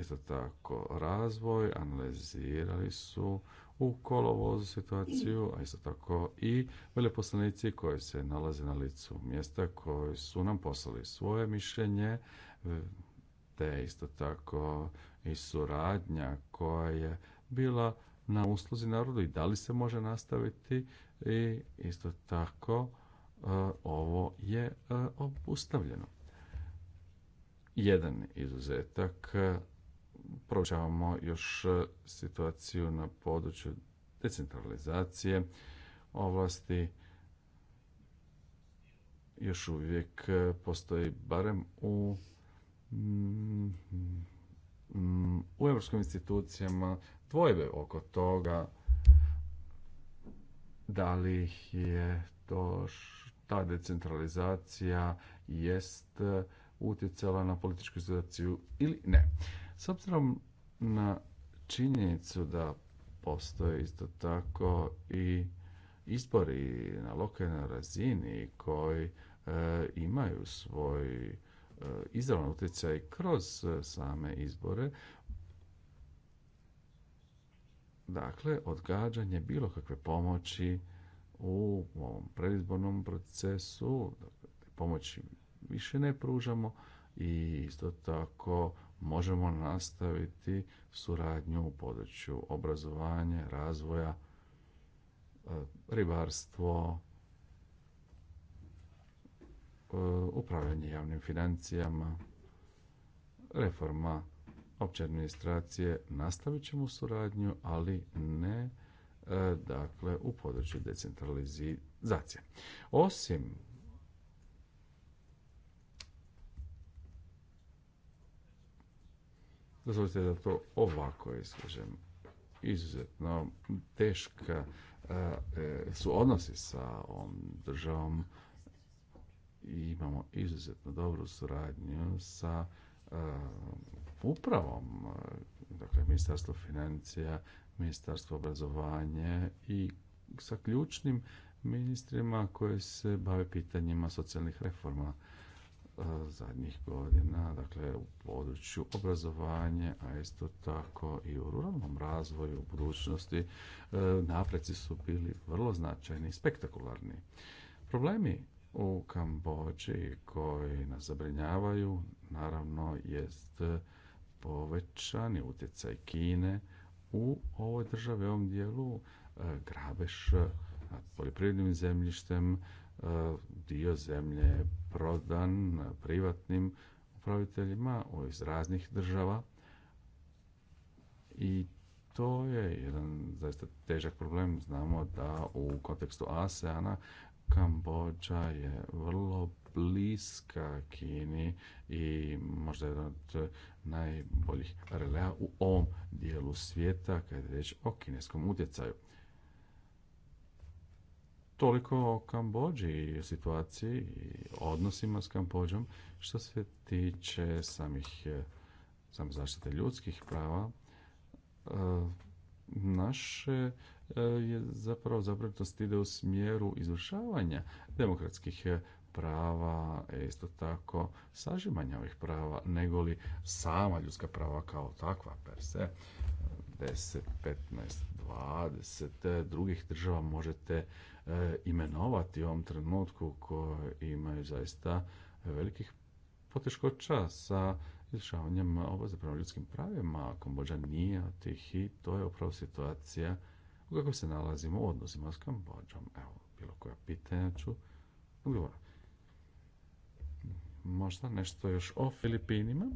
isto tako razvoj analizirali su u kolovozu situaciju, a isto tako i veljeposlanici koji se nalaze na licu mjesta, koji su nam poslali svoje mišljenje, te isto tako i suradnja koja je bila na usluzi narodu i da li se može nastaviti i isto tako e, ovo je e, obustavljeno. Jedan izuzetak proučavamo još e, situaciju na području decentralizacije ovlasti. Još uvijek e, postoji barem u mm, mm, u europskim institucijama dvojbe oko toga da li je to ta decentralizacija jest e, utjecala na političku situaciju ili ne. S obzirom na činjenicu da postoje isto tako i izbori na lokalnoj razini koji e, imaju svoj e, izravan utjecaj kroz e, same izbore dakle odgađanje bilo kakve pomoći u ovom predizbornom procesu dakle, pomoći više ne pružamo i isto tako možemo nastaviti suradnju u području obrazovanja, razvoja, e, ribarstvo, e, upravljanje javnim financijama, reforma opće administracije. Nastavit ćemo suradnju, ali ne e, dakle u području decentralizacije. Osim Dozvolite da to ovako iskažem. Izuzetno teška e, su odnosi sa ovom državom i imamo izuzetno dobru suradnju sa upravom, dakle Ministarstvo financija, Ministarstvo obrazovanja i sa ključnim ministrima koji se bave pitanjima socijalnih reforma zadnjih godina, dakle u području obrazovanja, a isto tako i u ruralnom razvoju u budućnosti e, napreci su bili vrlo značajni i spektakularni. Problemi u Kambođi koji nas zabrinjavaju naravno jest povećani utjecaj Kine u ovoj državi, u ovom dijelu e, grabeš nad poljoprivrednim zemljištem, E, dio zemlje je prodan privatnim upraviteljima iz raznih država i to je jedan zaista težak problem. Znamo da u kontekstu ASEANA Kambođa je vrlo bliska Kini i možda jedan od najboljih relea u ovom dijelu svijeta kada je riječ o kineskom utjecaju. Toliko o Kambođi i situaciji i odnosima s Kambođom. Što se tiče samih e, sam zaštite ljudskih prava, e, naše e, je zapravo zabrinutost ide u smjeru izvršavanja demokratskih prava, isto tako sažimanja ovih prava, negoli sama ljudska prava kao takva per se. 10, 15, 20 drugih država možete e, imenovati u ovom trenutku koje imaju zaista velikih poteškoća sa izvršavanjem obaveza prema ljudskim pravima. Kambođa nije od tih i to je upravo situacija u kakvoj se nalazimo u odnosima s Kambođom. Evo, bilo koja pitanja ću odgovoriti. Možda nešto još o Filipinima.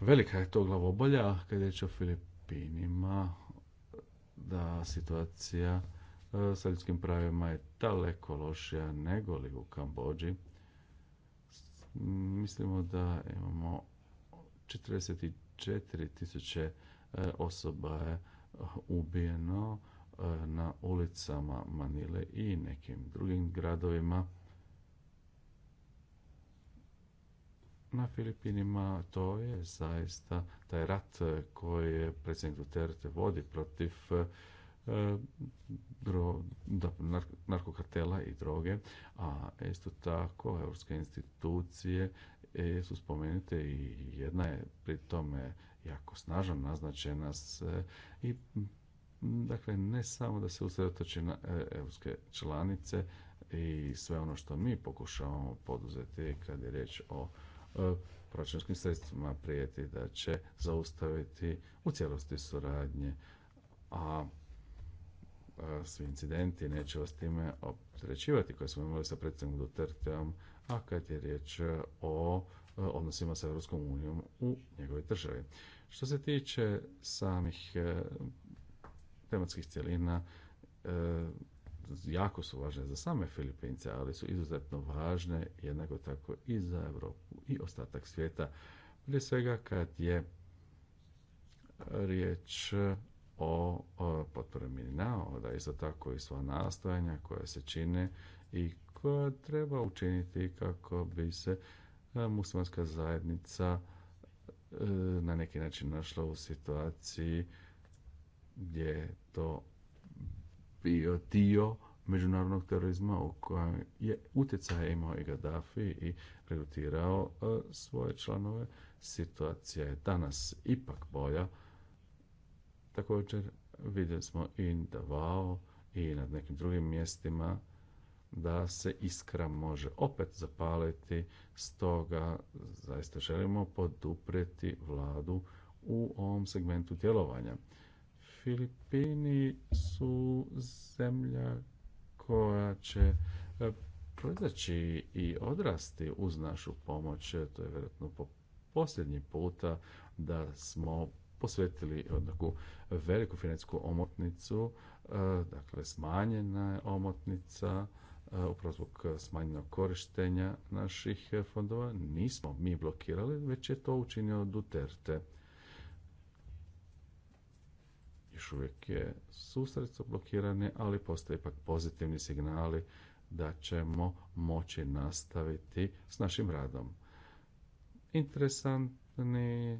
Velika je to glavobolja kada je o Filipinima, da situacija e, sa ljudskim pravima je daleko lošija nego li u Kambođi. Mislimo da imamo 44 e, osoba je e, ubijeno na ulicama Manile i nekim drugim gradovima na Filipinima to je zaista taj rat e, koji je predsjednik Duterte vodi protiv e, dro, da, narkokartela i droge, a isto tako europske institucije e, su spomenute i jedna je pri tome jako snažno naznačena se i dakle ne samo da se usredotoči na europske članice i sve ono što mi pokušavamo poduzeti kad je riječ o E, proračunskim sredstvima prijeti da će zaustaviti u cijelosti suradnje, a e, svi incidenti neće vas time opterećivati koje smo imali sa predsjednikom Duterteom, a kad je riječ o e, odnosima sa Europskom unijom u njegovoj državi. Što se tiče samih tematskih cjelina, jako su važne za same Filipince, ali su izuzetno važne jednako tako i za Europu i ostatak svijeta. Prije svega kad je riječ o, o potpore da isto tako i sva nastojanja koja se čine i koja treba učiniti kako bi se e, muslimanska zajednica e, na neki način našla u situaciji gdje to bio dio međunarodnog terorizma u kojem je utjecaj imao i Gaddafi i redutirao e, svoje članove. Situacija je danas ipak bolja. Također vidjeli smo i Davao i na nekim drugim mjestima da se iskra može opet zapaliti. Stoga zaista želimo poduprijeti vladu u ovom segmentu djelovanja. Filipini su zemlja koja će e, proizaći i odrasti uz našu pomoć. To je vjerojatno po posljednji puta da smo posvetili jednaku veliku financijsku omotnicu, e, dakle smanjena je omotnica, e, upravo zbog smanjenog korištenja naših fondova. Nismo mi blokirali, već je to učinio Duterte još uvijek je susredstvo blokirane, ali postoje ipak pozitivni signali da ćemo moći nastaviti s našim radom. Interesantni e,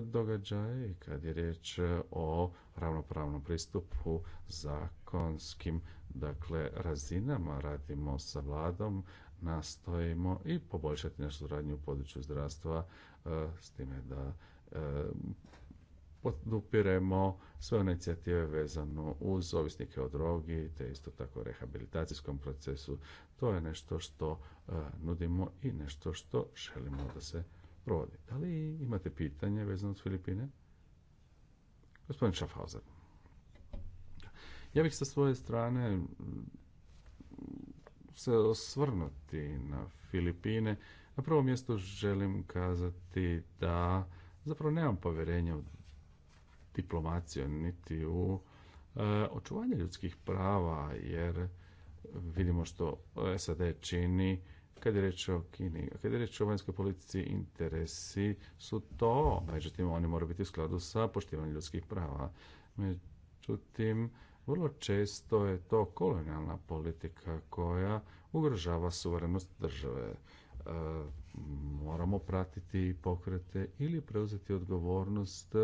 događaj kad je riječ e, o ravnopravnom pristupu zakonskim dakle razinama radimo sa vladom nastojimo i poboljšati našu suradnju u području zdravstva e, s time da podupiremo sve one inicijative vezano uz ovisnike o drogi, te isto tako rehabilitacijskom procesu. To je nešto što e, nudimo i nešto što želimo da se provodi. Da li imate pitanje vezano uz Filipine? Gospodin Schaffhauser. Ja bih sa svoje strane se osvrnuti na Filipine. Na prvom mjestu želim kazati da zapravo nemam povjerenja u diplomaciju, niti u e, očuvanje ljudskih prava, jer vidimo što SAD čini kad je reč o Kini, kad je reč o vanjskoj politici, interesi su to, međutim oni moraju biti u skladu sa poštivanjem ljudskih prava. Međutim, vrlo često je to kolonijalna politika koja ugrožava suverenost države. E, moramo pratiti pokrete ili preuzeti odgovornost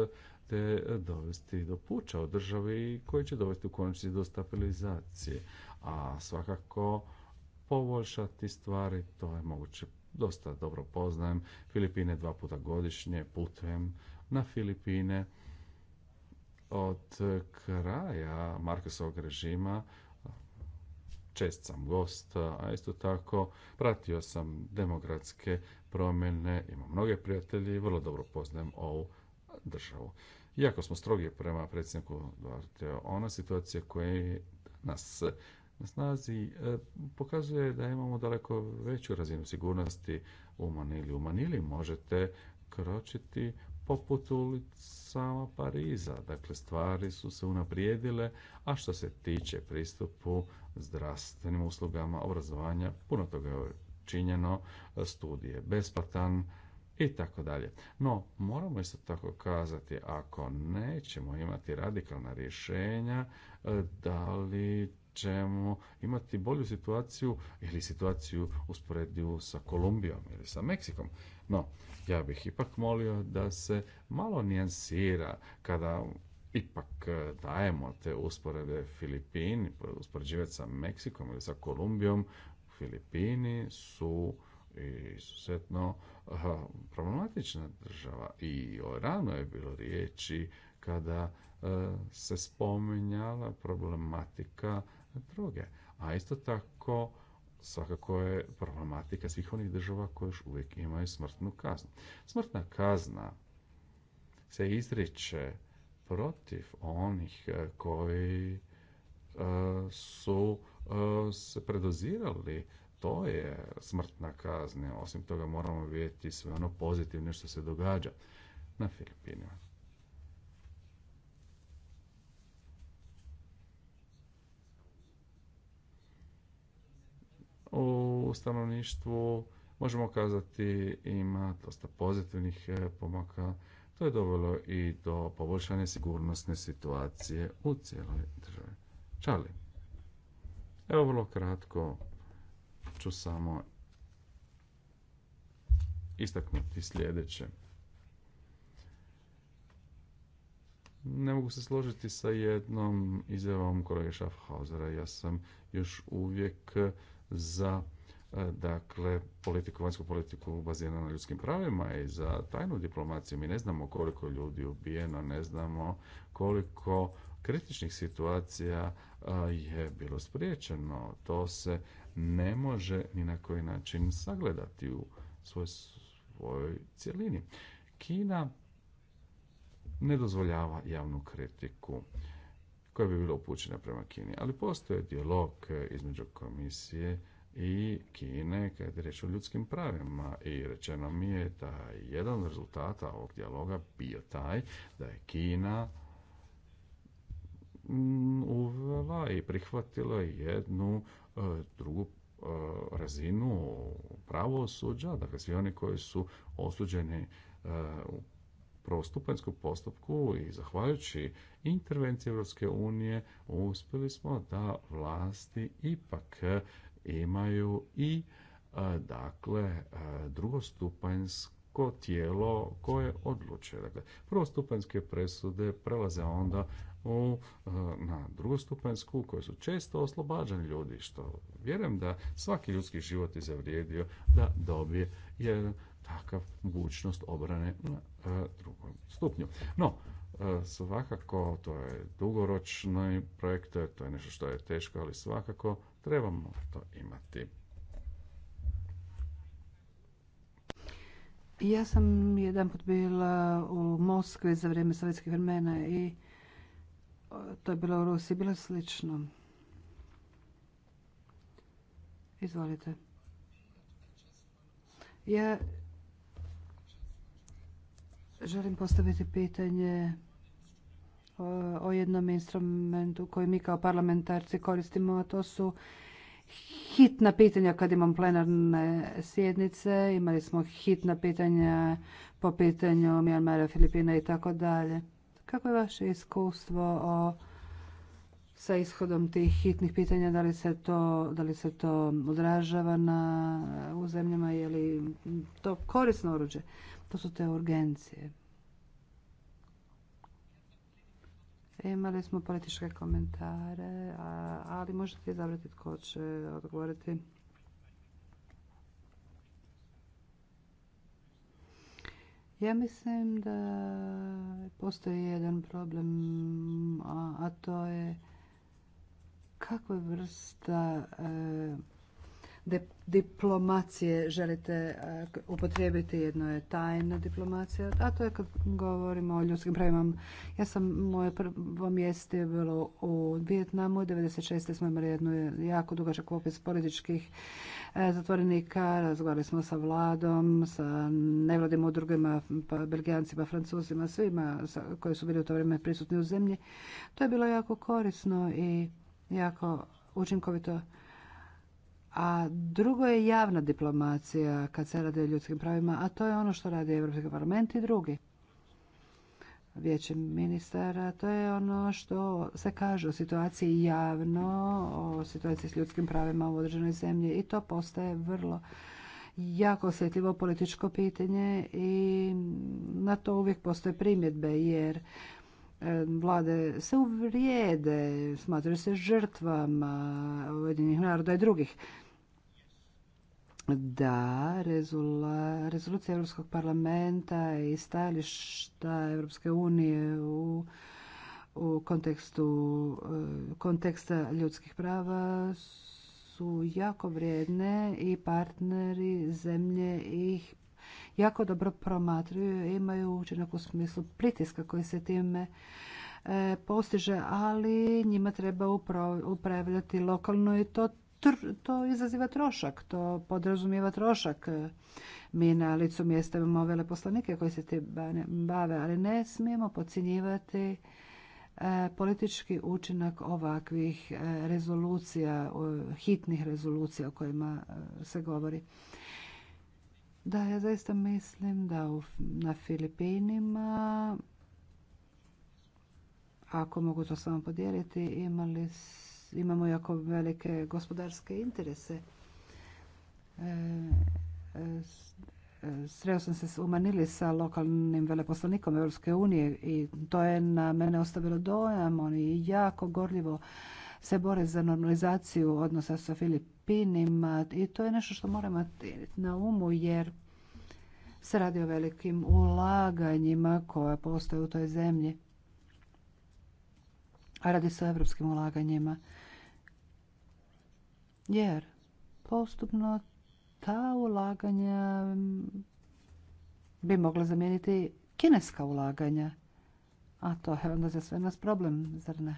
te dovesti do puča u državi koji će dovesti u konačnici do stabilizacije. A svakako poboljšati stvari, to je moguće. Dosta dobro poznajem Filipine dva puta godišnje, putujem na Filipine od kraja Markesovog režima čest sam gost, a isto tako pratio sam demokratske promjene, imam mnoge prijatelje i vrlo dobro poznajem ovu državu. Iako smo strogi prema predsjedniku Duarte, ona situacija koja nas na snazi e, pokazuje da imamo daleko veću razinu sigurnosti u Manili. U Manili možete kročiti poput ulicama Pariza. Dakle, stvari su se unaprijedile, a što se tiče pristupu zdravstvenim uslugama, obrazovanja, puno toga je činjeno, studije besplatan, i tako dalje. No, moramo isto tako kazati, ako nećemo imati radikalna rješenja, e, da li ćemo imati bolju situaciju ili situaciju usporedivu sa Kolumbijom ili sa Meksikom. No, ja bih ipak molio da se malo nijansira kada ipak e, dajemo te usporede Filipini, uspoređivati sa Meksikom ili sa Kolumbijom, Filipini su izuzetno e, problematična država i rano je bilo riječi kada e, se spominjala problematika droge. A isto tako svakako je problematika svih onih država koje još uvijek imaju smrtnu kaznu. Smrtna kazna se izriče protiv onih e, koji e, su e, se predozirali to je smrtna kazna. Osim toga moramo vidjeti sve ono pozitivno što se događa na Filipinima. u stanovništvu možemo kazati ima dosta pozitivnih e, pomaka. To je dovelo i do poboljšane sigurnosne situacije u cijeloj državi. Čali. Evo vrlo kratko ću samo istaknuti sljedeće. Ne mogu se složiti sa jednom izjavom kolege Schaffhausera. Ja sam još uvijek za e, dakle politiku, vanjsku politiku baziranu na ljudskim pravima i za tajnu diplomaciju. Mi ne znamo koliko ljudi ubijeno, ne znamo koliko kritičnih situacija e, je bilo spriječeno. To se ne može ni na koji način sagledati u svoj, svojoj cjelini. Kina ne dozvoljava javnu kritiku koje bi bilo upućena prema Kini. Ali postoje dijalog e, između komisije i Kine kada je riječ o ljudskim pravima i rečeno mi je da jedan od rezultata ovog dijaloga bio taj da je Kina mm, uvela i prihvatila jednu e, drugu e, razinu pravosuđa, dakle svi oni koji su osuđeni u prvostupanjskom postupku i zahvaljujući intervenciji Europske unije uspjeli smo da vlasti ipak imaju i dakle drugostupanjsko tijelo koje odlučuje. Dakle, prvostupanjske presude prelaze onda u, na drugostupanjsku koje su često oslobađani ljudi što vjerujem da svaki ljudski život je zavrijedio da dobije jedan takav mogućnost obrane na e, drugom stupnju. No, e, svakako to je dugoročni projekt, to je nešto što je teško, ali svakako trebamo to imati. Ja sam jedan put bila u Moskvi za vrijeme sovjetskih vremena i e, to je bilo u Rusiji, bilo slično. Izvolite. Ja Želim postaviti pitanje o jednom instrumentu koji mi kao parlamentarci koristimo, a to su hitna pitanja kad imam plenarne sjednice. Imali smo hitna pitanja po pitanju Mijanmara, Filipina i tako dalje. Kako je vaše iskustvo o, sa ishodom tih hitnih pitanja? Da li se to, da li se to odražava na, u zemljama? Je li to korisno oruđe? To su te urgencije. E, imali smo političke komentare, ali možete izabrati tko će odgovoriti. Ja mislim da postoji jedan problem, a to je kakva vrsta e, diplomacije želite eh, upotrijebiti. Jedno je tajna diplomacija, a to je kad govorimo o ljudskim pravima. Ja sam, moje prvo mjesto je bilo u Vijetnamu. 96. smo imali jednu jako dugačak opis političkih eh, zatvorenika. Razgovarali smo sa vladom, sa nevladim udrugama, pa belgijancima, francuzima, svima koji su bili u to vrijeme prisutni u zemlji. To je bilo jako korisno i jako učinkovito a drugo je javna diplomacija kad se radi o ljudskim pravima, a to je ono što radi Europski parlament i drugi. Vijeće ministara, to je ono što se kaže o situaciji javno, o situaciji s ljudskim pravima u određenoj zemlji i to postaje vrlo jako osjetljivo političko pitanje i na to uvijek postoje primjedbe jer e, vlade se uvrijede, smatraju se žrtvama Ujedinjenih naroda i drugih da rezula, rezolucija Europskog parlamenta i stajališta Europske unije u, u kontekstu e, konteksta ljudskih prava su jako vrijedne i partneri zemlje ih jako dobro promatruju i imaju učinak u smislu pritiska koji se time e, postiže, ali njima treba upravljati lokalno i to to izaziva trošak, to podrazumijeva trošak. Mi na licu mjesta imamo veleposlanike koji se te bave, ali ne smijemo podcjenjivati e, politički učinak ovakvih e, rezolucija, hitnih rezolucija o kojima e, se govori. Da, ja zaista mislim da na Filipinima, ako mogu to samo podijeliti, imali imamo jako velike gospodarske interese. E, e, sreo sam se u Manili sa lokalnim veleposlanikom Europske unije i to je na mene ostavilo dojam. Oni jako gorljivo se bore za normalizaciju odnosa sa Filipinima i to je nešto što moramo imati na umu jer se radi o velikim ulaganjima koja postoje u toj zemlji. A radi se o evropskim ulaganjima jer postupno ta ulaganja mm, bi mogla zamijeniti kineska ulaganja. A to je onda za sve nas problem, zar ne?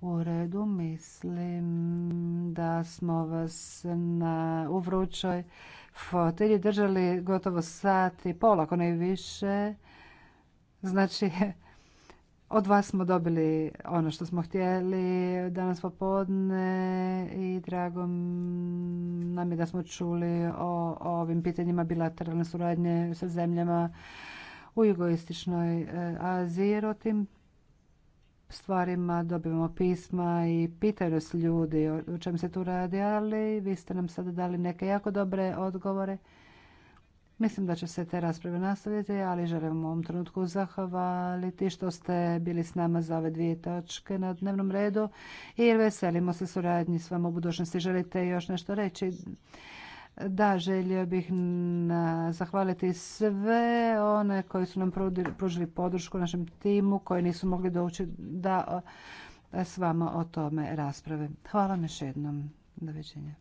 U redu, mislim da smo vas na, u vrućoj fotelji držali gotovo sat i pol, ako ne više. Znači, od vas smo dobili ono što smo htjeli danas popodne i drago nam je da smo čuli o, ovim pitanjima bilateralne suradnje sa zemljama u jugoističnoj e, Aziji jer o tim stvarima dobivamo pisma i pitaju nas ljudi o čem se tu radi, ali vi ste nam sada dali neke jako dobre odgovore Mislim da će se te rasprave nastaviti, ali želim u ovom trenutku zahvaliti što ste bili s nama za ove dvije točke na dnevnom redu i veselimo se suradnji s vama u budućnosti. Želite još nešto reći? Da, želio bih zahvaliti sve one koji su nam pružili podršku našem timu, koji nisu mogli doći da e, s vama o tome rasprave. Hvala vam još jednom. Doviđenja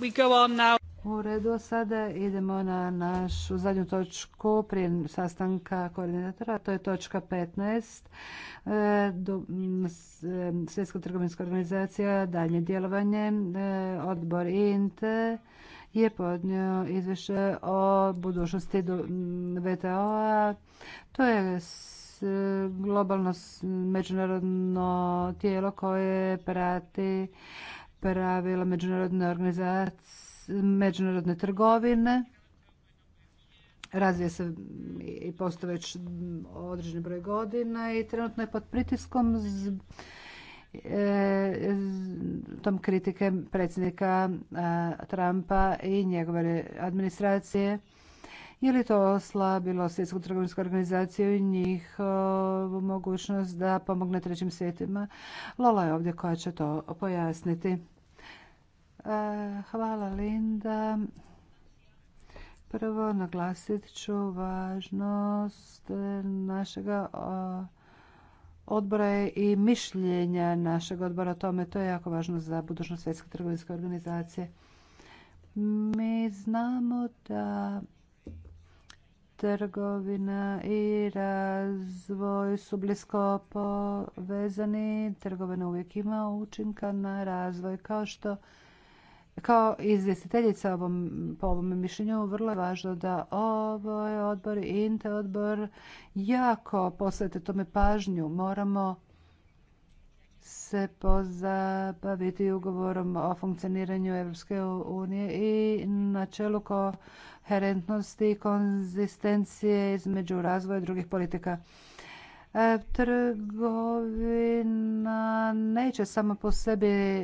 we go on U redu, sada idemo na našu zadnju točku prije sastanka koordinatora, to je točka 15. E, e, Svjetska trgovinska organizacija, daljnje djelovanje, e, odbor INTE je podnio izvješće o budućnosti VTO-a. To je globalno međunarodno tijelo koje prati pravila međunarodne organizacije, međunarodne trgovine. Razvija se i postoje već određeni broj godina i trenutno je pod pritiskom z, e, tom kritike predsjednika Trumpa i njegove administracije je li to oslabilo svjetsku trgovinsku organizaciju i njih e, mogućnost da pomogne trećim svijetima? Lola je ovdje koja će to pojasniti. E, hvala Linda. Prvo naglasit ću važnost našega e, odbora i mišljenja našeg odbora o tome. To je jako važno za budućnost svjetske trgovinske organizacije. Mi znamo da trgovina i razvoj su blisko povezani. Trgovina uvijek ima učinka na razvoj. Kao što kao izvjestiteljica ovom, po ovom mišljenju vrlo je važno da ovaj odbor i inte odbor jako posvete tome pažnju. Moramo se pozabaviti ugovorom o funkcioniranju Europske unije i čelu ko koherentnosti i konzistencije između razvoja drugih politika. E, trgovina neće samo po sebi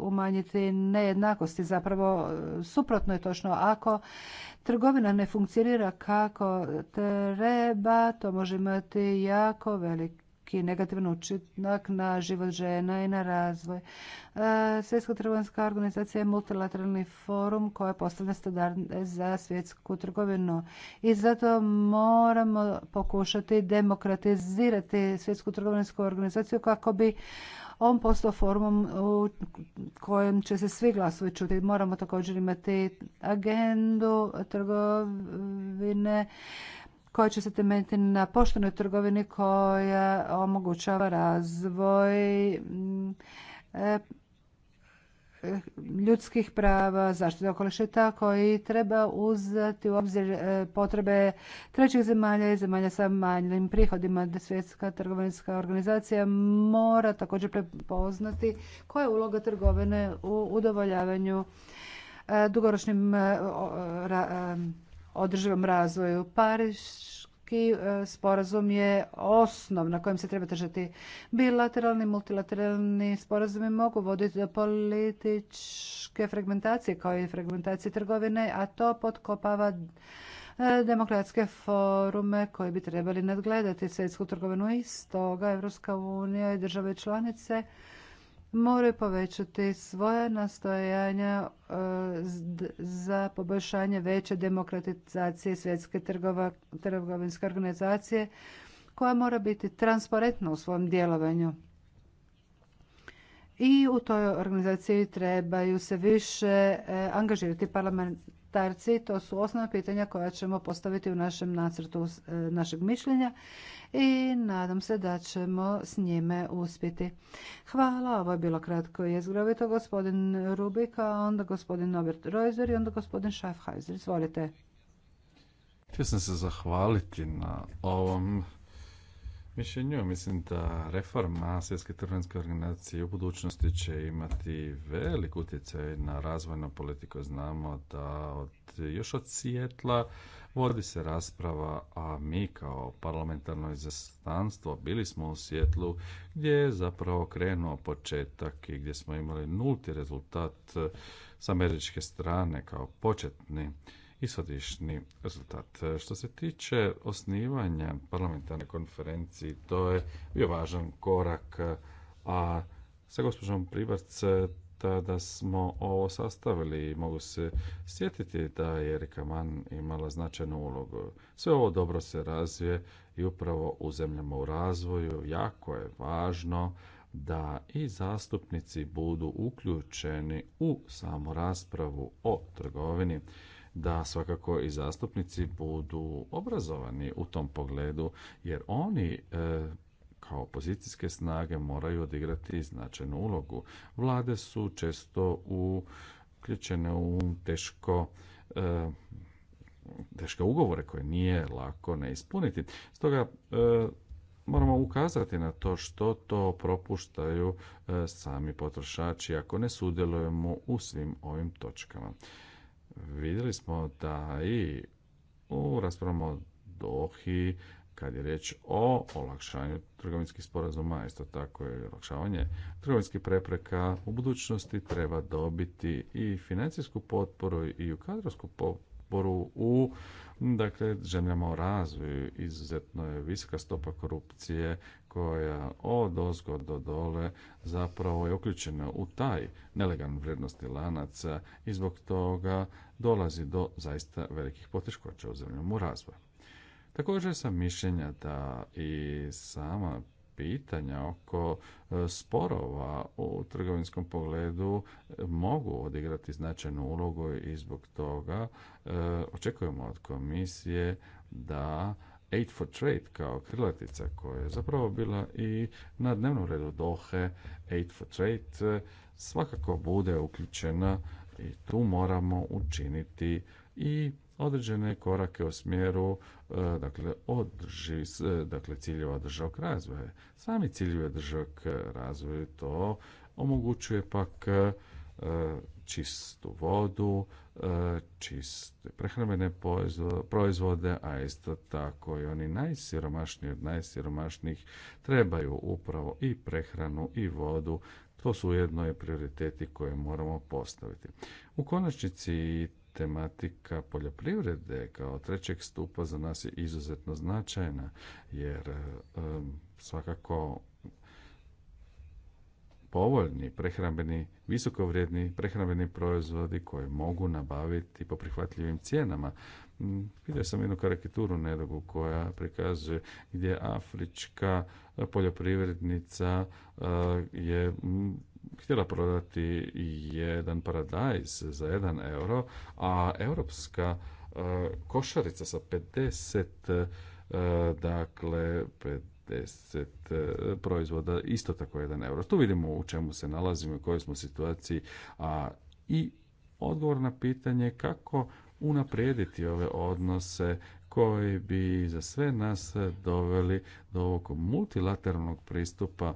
umanjiti nejednakosti, zapravo e, suprotno je točno. Ako trgovina ne funkcionira kako treba, to može imati jako velik i negativan učinak na život žena i na razvoj. E, Svjetska trgovinska organizacija je multilateralni forum koja postavlja standarde za svjetsku trgovinu i zato moramo pokušati demokratizirati svjetsku trgovinsku organizaciju kako bi on postao forumom u kojem će se svi glasovi čuti. Moramo također imati agendu trgovine koja će se temeljiti na poštenoj trgovini koja omogućava razvoj mm, eh, ljudskih prava, zaštite okoliša tako i treba uzeti u obzir eh, potrebe trećih zemalja i zemalja sa manjim prihodima. Da svjetska trgovinska organizacija mora također prepoznati koja je uloga trgovine u udovoljavanju eh, dugoročnim održivom razvoju. Pariški e, sporazum je osnov na kojem se treba držati. Bilateralni, multilateralni sporazumi mogu voditi do političke fragmentacije kao i fragmentacije trgovine, a to potkopava e, demokratske forume koji bi trebali nadgledati svjetsku trgovinu i stoga Evropska unija i države članice moraju povećati svoja nastojanja e, za poboljšanje veće demokratizacije svjetske trgovinske organizacije koja mora biti transparentna u svom djelovanju. I u toj organizaciji trebaju se više e, angažirati parlament, tarci to su osnovna pitanja koja ćemo postaviti u našem nacrtu e, našeg mišljenja i nadam se da ćemo s njime uspjeti. Hvala, ovo je bilo kratko i jezgrovito. Gospodin a onda gospodin Norbert Reuser i onda gospodin Schaffhauser. Izvolite. Htio sam se zahvaliti na ovom mišljenju mislim da reforma Svjetske trgovinske organizacije u budućnosti će imati velik utjecaj na razvojnu politiku. Znamo da od, još od Sjetla vodi se rasprava, a mi kao parlamentarno izaslanstvo bili smo u Sjetlu gdje je zapravo krenuo početak i gdje smo imali nulti rezultat s američke strane kao početni ishodišni rezultat. Što se tiče osnivanja parlamentarne konferencije, to je bio važan korak, a sa gospođom Pribac, tada smo ovo sastavili i mogu se sjetiti da je Mann imala značajnu ulogu. Sve ovo dobro se razvije i upravo u zemljama u razvoju jako je važno da i zastupnici budu uključeni u samu raspravu o trgovini da svakako i zastupnici budu obrazovani u tom pogledu, jer oni e, kao opozicijske snage moraju odigrati značajnu ulogu. Vlade su često uključene u teško e, teške ugovore koje nije lako ne ispuniti. Stoga e, moramo ukazati na to što to propuštaju sami potrošači ako ne sudjelujemo u svim ovim točkama vidjeli smo da i u raspravama o Dohi, kad je riječ o olakšanju trgovinskih sporazuma, isto tako i olakšavanje trgovinskih prepreka, u budućnosti treba dobiti i financijsku potporu i u kadrovsku potporu u dakle, zemljama o razvoju. Izuzetno je visoka stopa korupcije koja od do dole zapravo je uključena u taj nelegalni vrednosti lanaca i zbog toga dolazi do zaista velikih poteškoća u zemljama u razvoju. Također sam mišljenja da i sama pitanja oko e, sporova u trgovinskom pogledu e, mogu odigrati značajnu ulogu i zbog toga e, očekujemo od komisije da Aid for Trade kao krilatica koja je zapravo bila i na dnevnom redu Dohe, Aid for Trade svakako bude uključena i tu moramo učiniti i određene korake u smjeru e, dakle, održi, e, dakle, ciljeva državog razvoja. Sami ciljevi državog razvoja to omogućuje pak e, čistu vodu, čiste prehrambene proizvode, a isto tako i oni najsiromašniji od najsiromašnijih trebaju upravo i prehranu i vodu. To su jedno i prioriteti koje moramo postaviti. U konačnici tematika poljoprivrede kao trećeg stupa za nas je izuzetno značajna jer svakako povoljni prehrambeni, visokovrijedni prehrambeni proizvodi koje mogu nabaviti po prihvatljivim cijenama. Mm, vidio sam jednu karikaturu nedogu koja prikazuje gdje afrička poljoprivrednica eh, je mm, htjela prodati jedan paradajz za jedan euro, a europska e, košarica sa 50 e, dakle 50 e, proizvoda isto tako jedan euro. Tu vidimo u čemu se nalazimo i u kojoj smo situaciji, a i odgovor na pitanje kako unaprijediti ove odnose koji bi za sve nas doveli do ovog multilateralnog pristupa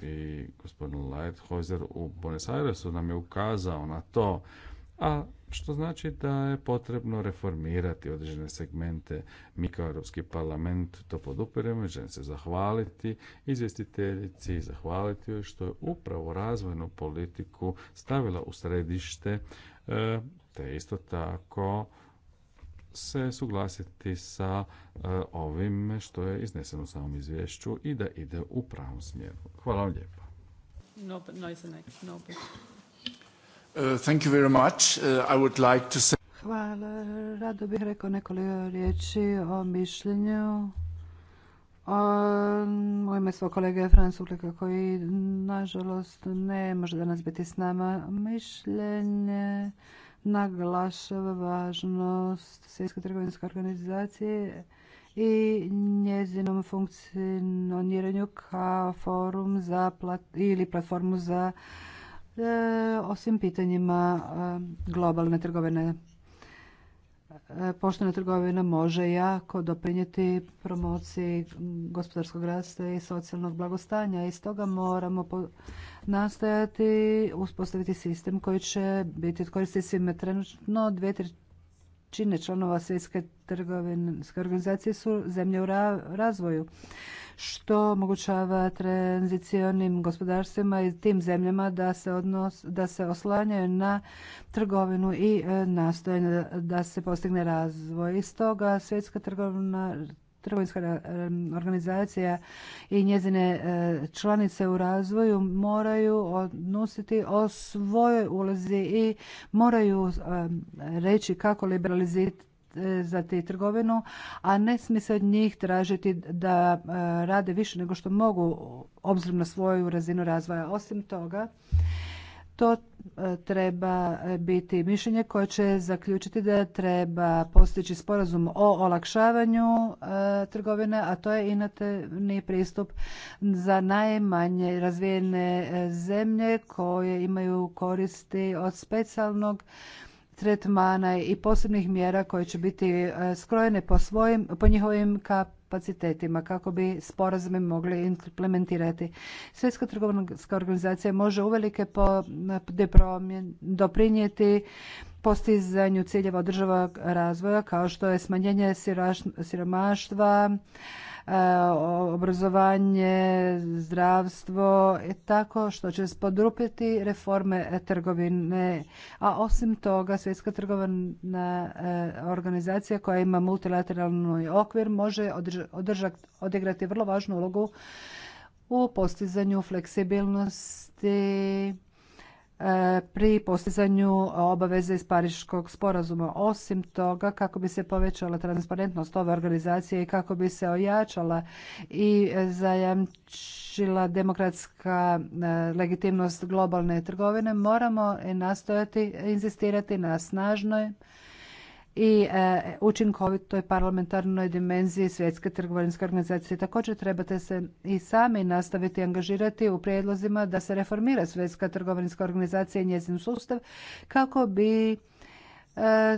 i gospodin Lighthäuser u Buenos Airesu nam je ukazao na to, a što znači da je potrebno reformirati određene segmente. Mi kao Europski parlament to podupiremo i želim se zahvaliti izvjestiteljici, zahvaliti joj što je upravo razvojnu politiku stavila u središte, e, te isto tako se suglasiti sa e, ovim što je izneseno u samom izvješću i da ide u pravom smjeru. Hvala vam lijepa. No, uh, uh, Hvala. Rado bih rekao nekoliko riječi o mišljenju u ime svog kolege Uklika koji nažalost ne može danas biti s nama mišljenje naglašava važnost Svjetske trgovinske organizacije i njezinom funkcioniranju kao forum za plat, ili platformu za e, osim pitanjima e, globalne trgovine. E, poštena trgovina može jako doprinijeti promociji gospodarskog rasta i socijalnog blagostanja i stoga moramo nastojati uspostaviti sistem koji će biti od koristi svime trenutno dvije trećine članova svjetske trgovinske organizacije su zemlje u razvoju što omogućava tranzicionim gospodarstvima i tim zemljama da se, odnos, da se oslanjaju na trgovinu i e, nastojenje da se postigne razvoj. Iz toga svjetska trgovina trgovinska e, organizacija i njezine e, članice u razvoju moraju odnositi o svojoj ulozi i moraju reći kako liberalizirati za te trgovinu, a ne smije se od njih tražiti da e, rade više nego što mogu obzirom na svoju razinu razvoja. Osim toga, to e, treba biti mišljenje koje će zaključiti da treba postići sporazum o olakšavanju e, trgovine, a to je inativni pristup za najmanje razvijene zemlje koje imaju koristi od specijalnog tretmana i posebnih mjera koje će biti e, skrojene po, po njihovim kapacitetima kako bi sporazume mogli implementirati. Svjetska trgovinska organizacija može uvelike doprinijeti postizanju ciljeva održavog razvoja kao što je smanjenje siromaštva, E, obrazovanje, zdravstvo, e, tako što će spodrupiti reforme e, trgovine. A osim toga, Svjetska trgovina organizacija koja ima multilateralni okvir može odigrati vrlo važnu ulogu u postizanju fleksibilnosti E, pri postizanju obaveze iz Pariškog sporazuma. Osim toga, kako bi se povećala transparentnost ove organizacije i kako bi se ojačala i zajamčila demokratska e, legitimnost globalne trgovine, moramo nastojati inzistirati na snažnoj i e, učinkovitoj parlamentarnoj dimenziji svjetske trgovinske organizacije. Također trebate se i sami nastaviti angažirati u prijedlozima da se reformira svjetska trgovinska organizacija i njezin sustav kako bi e,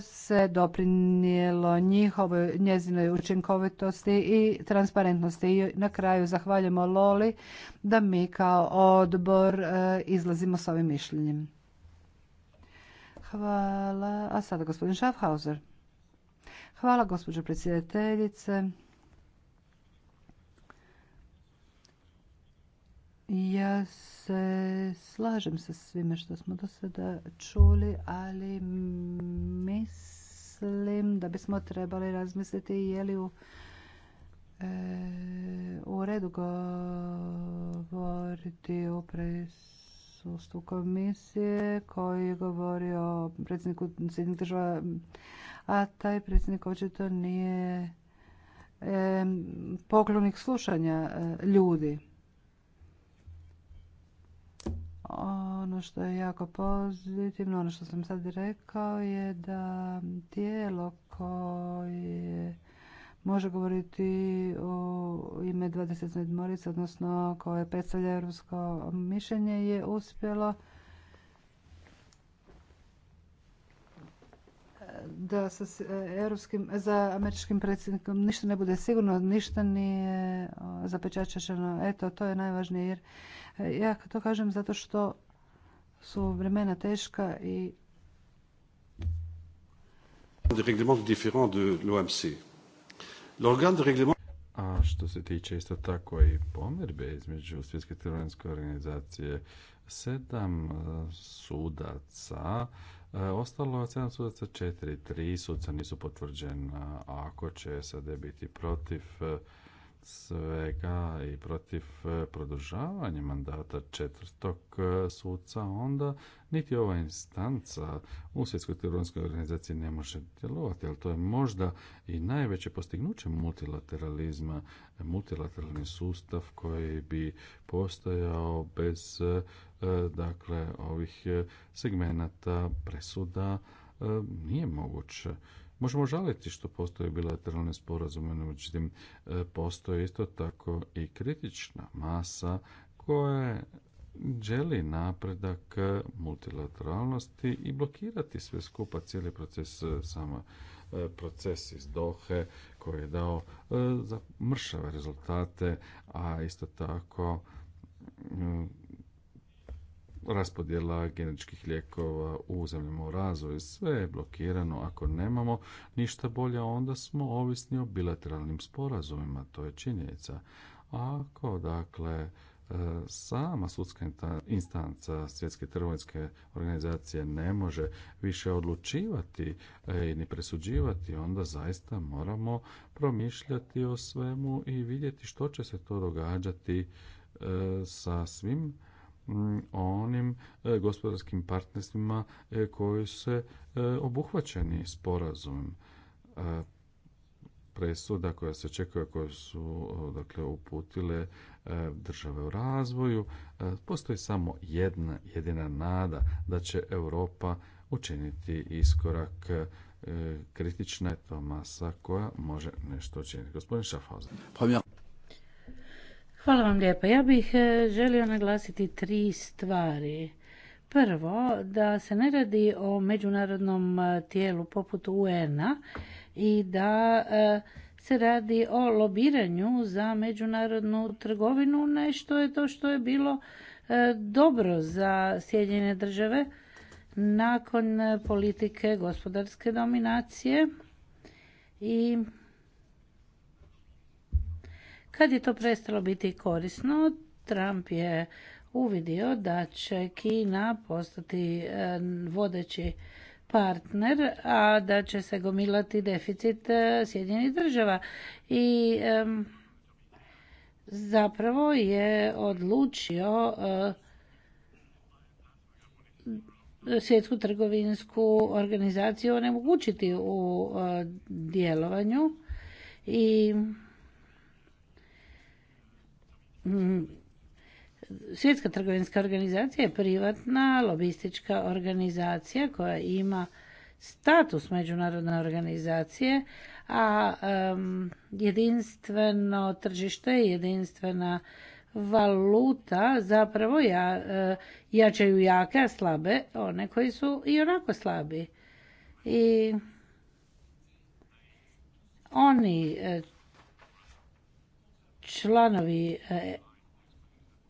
se doprinijelo njihovoj njezinoj učinkovitosti i transparentnosti. I na kraju zahvaljujemo Loli da mi kao odbor e, izlazimo s ovim mišljenjem. Hvala. A sada gospodin Schaffhauser. Hvala gospođo predsjedateljice. Ja se slažem sa svime što smo do sada čuli, ali mislim da bismo trebali razmisliti je li u, e, u redu govoriti o pres odsustu komisije koji je govorio o predsjedniku Sjedinjenih država, a taj predsjednik očito nije e, poklonik slušanja e, ljudi. Ono što je jako pozitivno, ono što sam sad rekao je da tijelo koje može govoriti u ime 20 morica, odnosno koje predstavlja europsko mišljenje, je uspjelo da sa e, za američkim predsjednikom ništa ne bude sigurno, ništa nije zapečačeno. Eto, to je najvažnije jer e, ja to kažem zato što su vremena teška i des règlements différents de a što se tiče isto tako i pomerbe između Svjetske trgovinske organizacije, sedam e, sudaca e, Ostalo je sedam sudaca, četiri, tri sudca nisu potvrđena, ako će SAD biti protiv e, svega i protiv e, produžavanja mandata četvrtog e, suca, onda niti ova instanca u Svjetskoj teronskoj organizaciji ne može djelovati, ali to je možda i najveće postignuće multilateralizma, multilateralni sustav koji bi postojao bez e, dakle ovih segmenata presuda nije moguće Možemo žaliti što postoje bilateralne sporazume, međutim e, postoje isto tako i kritična masa koja želi napredak e, multilateralnosti i blokirati sve skupa cijeli proces e, sama proces iz Dohe koji je dao mršave rezultate, a isto tako raspodjela genetičkih lijekova u zemljama u razvoju. Sve je blokirano. Ako nemamo ništa bolje, onda smo ovisni o bilateralnim sporazumima. To je činjenica. Ako, dakle, e, sama sudska instanca svjetske trgovinske organizacije ne može više odlučivati e, i ni presuđivati, onda zaista moramo promišljati o svemu i vidjeti što će se to događati e, sa svim onim e, gospodarskim partnerstvima e, koji se e, obuhvaćeni sporazumom presuda koja se očekuje koje su dakle uputile države u razvoju postoji samo jedna jedina nada da će Europa učiniti iskorak kritična je to masa koja može nešto učiniti. Gospodin Schaffhauser. Pa Hvala vam lijepa. Ja bih e, želio naglasiti tri stvari. Prvo, da se ne radi o međunarodnom e, tijelu poput UN-a i da e, se radi o lobiranju za međunarodnu trgovinu, nešto je to što je bilo dobro za Sjedinjene države nakon politike gospodarske dominacije i kad je to prestalo biti korisno, Trump je uvidio da će Kina postati e, vodeći partner, a da će se gomilati deficit e, Sjedinjenih država. I zapravo je odlučio e, svjetsku trgovinsku organizaciju onemogućiti u djelovanju i Mm. Svjetska trgovinska organizacija je privatna lobistička organizacija koja ima status međunarodne organizacije, a jedinstveno tržište i jedinstvena valuta zapravo ja, e, jačaju jake, a slabe one koji su i onako slabi. I oni e, članovi e,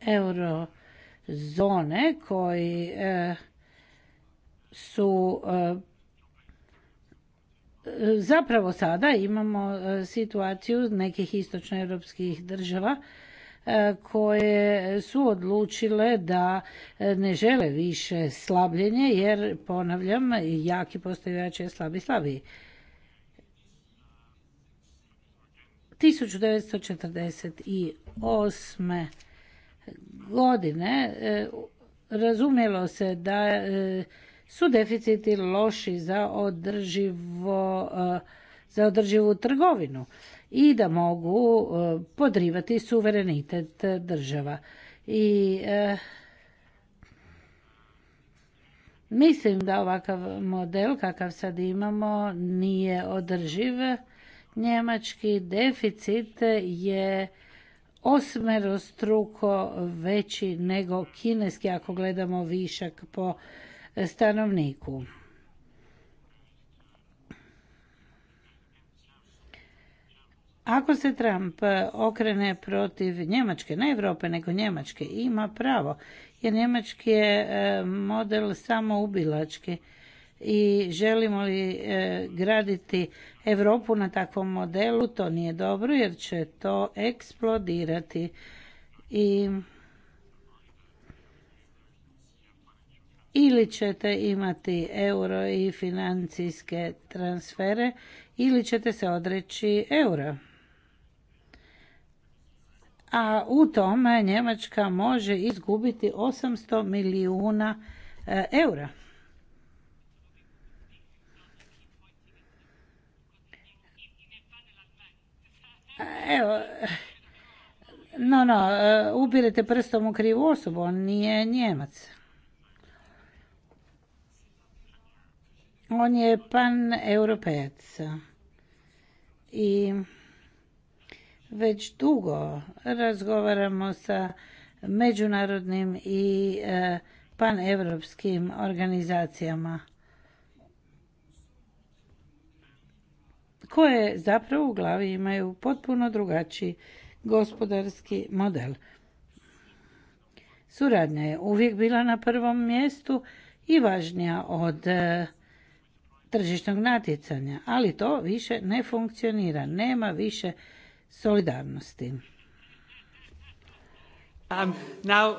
eurozone koji e, su e, zapravo sada imamo situaciju nekih istočnoeuropskih država koje su odlučile da ne žele više slabljenje jer ponavljam jaki postaju jači a slabi slabiji 1948. godine e, razumjelo se da e, su deficiti loši za održivo e, za održivu trgovinu i da mogu podrivati suverenitet država. I mislim da ovakav model kakav sad imamo nije održiv njemački deficit je struko veći nego kineski ako gledamo višak po stanovniku. Ako se Trump okrene protiv Njemačke, ne Europe nego Njemačke, ima pravo jer Njemački je e, model samoubilački i želimo li e, graditi Europu na takvom modelu, to nije dobro jer će to eksplodirati. I ili ćete imati euro i financijske transfere ili ćete se odreći eura. A u tome Njemačka može izgubiti 800 milijuna e, eura. Evo, no, no, e, ubirete prstom u krivu osobu, on nije Njemac. On je pan-europejac. I već dugo razgovaramo sa međunarodnim i e, paneuropskim organizacijama koje zapravo u glavi imaju potpuno drugačiji gospodarski model. Suradnja je uvijek bila na prvom mjestu i važnija od e, tržišnog natjecanja, ali to više ne funkcionira, nema više solidarnosti. now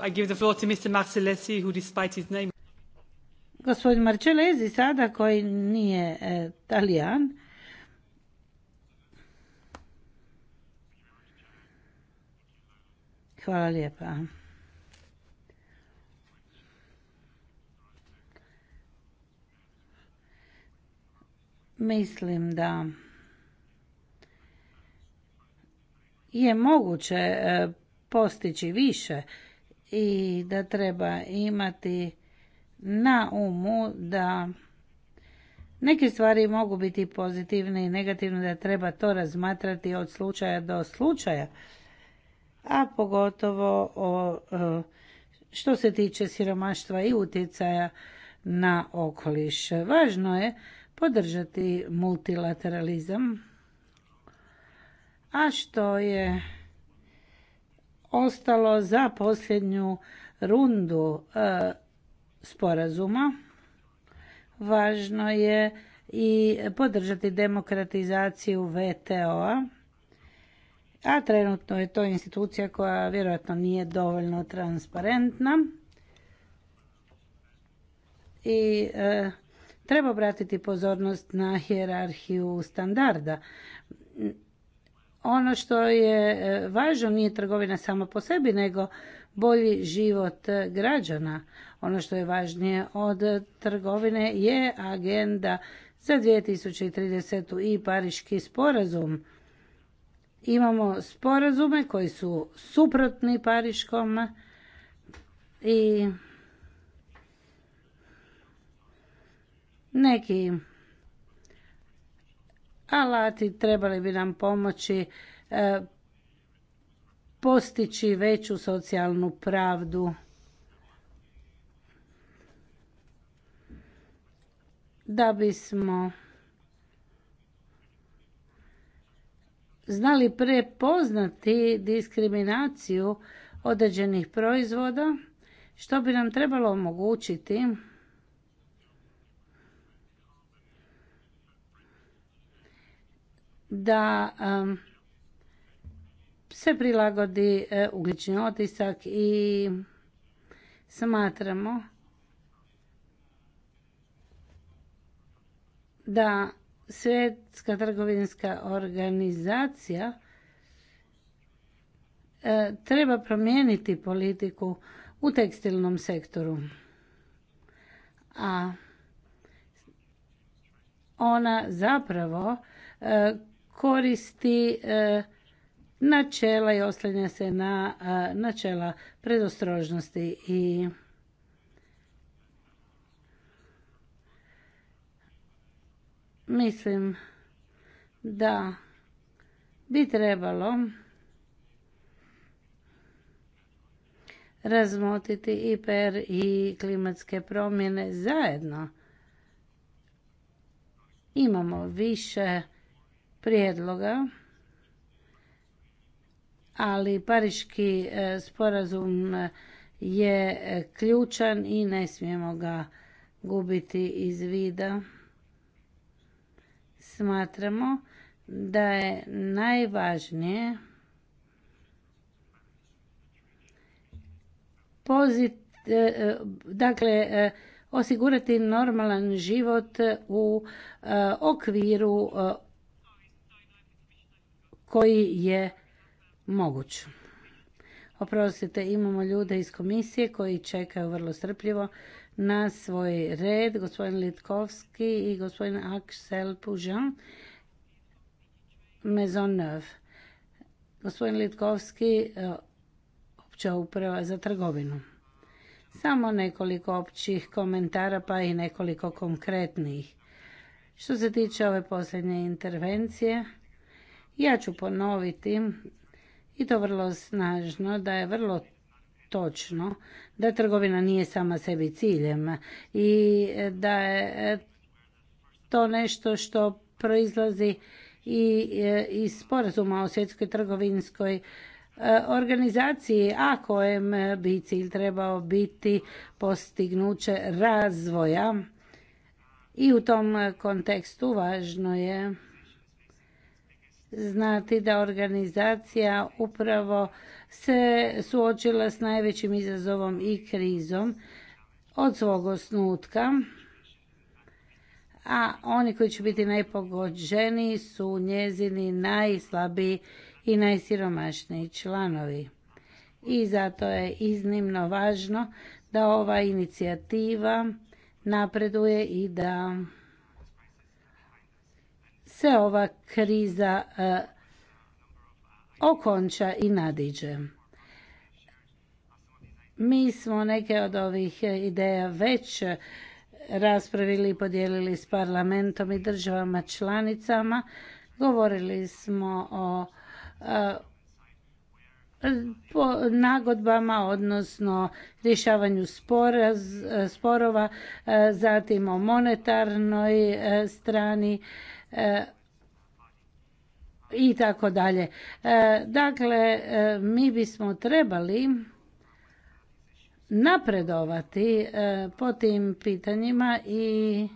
Gospodin Marcellesi sada koji nije e, talijan, Hvala lijepa. Mislim da je moguće e, postići više i da treba imati na umu da neke stvari mogu biti pozitivne i negativne, da treba to razmatrati od slučaja do slučaja a pogotovo o, e, što se tiče siromaštva i utjecaja na okoliš. Važno je podržati multilateralizam, a što je ostalo za posljednju rundu e, sporazuma. Važno je i podržati demokratizaciju VTO-a a trenutno je to institucija koja vjerojatno nije dovoljno transparentna i e, treba obratiti pozornost na hijerarhiju standarda. Ono što je e, važno nije trgovina sama po sebi, nego bolji život građana. Ono što je važnije od trgovine je agenda za 2030. i Pariški sporazum imamo sporazume koji su suprotni Pariškom i neki alati trebali bi nam pomoći e, postići veću socijalnu pravdu. Da bismo znali prepoznati diskriminaciju određenih proizvoda, što bi nam trebalo omogućiti da se prilagodi e, ugljični otisak i smatramo da Svjetska trgovinska organizacija e, treba promijeniti politiku u tekstilnom sektoru. A ona zapravo e, koristi e, načela i oslanja se na načela predostrožnosti i mislim da bi trebalo razmotiti per i klimatske promjene zajedno. Imamo više prijedloga, ali Pariški e, sporazum je ključan i ne smijemo ga gubiti iz vida smatramo da je najvažnije e, e, dakle, e, osigurati normalan život u okviru koji je moguć. Oprostite, imamo ljude iz komisije koji čekaju vrlo strpljivo na svoj red gospodin Litkovski i gospodin Axel Pujan Neuf. Gospodin Litkovski, eh, opća uprava za trgovinu. Samo nekoliko općih komentara pa i nekoliko konkretnih. Što se tiče ove posljednje intervencije, ja ću ponoviti i to vrlo snažno da je vrlo točno da trgovina nije sama sebi ciljem i da je e, to nešto što proizlazi i e, iz sporazuma o svjetskoj trgovinskoj e, organizaciji, a kojem bi cilj trebao biti postignuće razvoja. I u tom kontekstu važno je znati da organizacija upravo se suočila s najvećim izazovom i krizom od svog osnutka, a oni koji će biti najpogođeni su njezini najslabiji i najsiromašniji članovi. I zato je iznimno važno da ova inicijativa napreduje i da se ova kriza e, okonča i nadiđe. Mi smo neke od ovih ideja već raspravili i podijelili s parlamentom i državama članicama. Govorili smo o nagodbama, odnosno rješavanju sporova, zatim o monetarnoj strani i tako dalje. E, dakle, e, mi bismo trebali napredovati e, po tim pitanjima i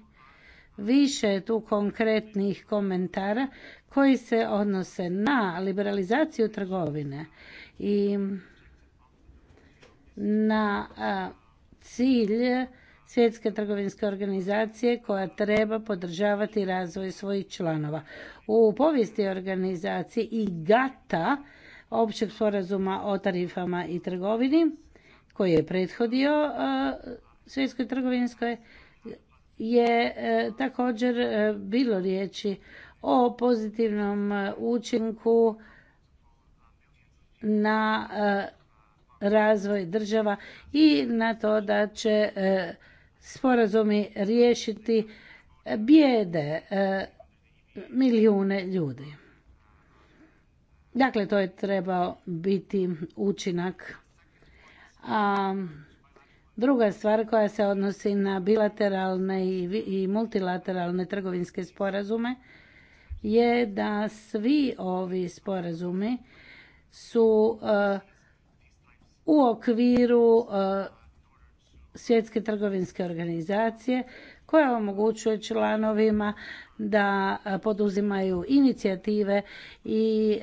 više tu konkretnih komentara koji se odnose na liberalizaciju trgovine i na cilj svjetske trgovinske organizacije koja treba podržavati razvoj svojih članova. U povijesti organizacije i GATA, općeg sporazuma o tarifama i trgovini, koji je prethodio e, svjetskoj trgovinskoj, je e, također e, bilo riječi o pozitivnom učinku na razvoj država i na to da će sporazumi riješiti bijede e, milijune ljudi. Dakle, to je trebao biti učinak. A druga stvar koja se odnosi na bilateralne i multilateralne trgovinske sporazume je da svi ovi sporazumi su e, u okviru e, svjetske trgovinske organizacije koja omogućuje članovima da e, poduzimaju inicijative i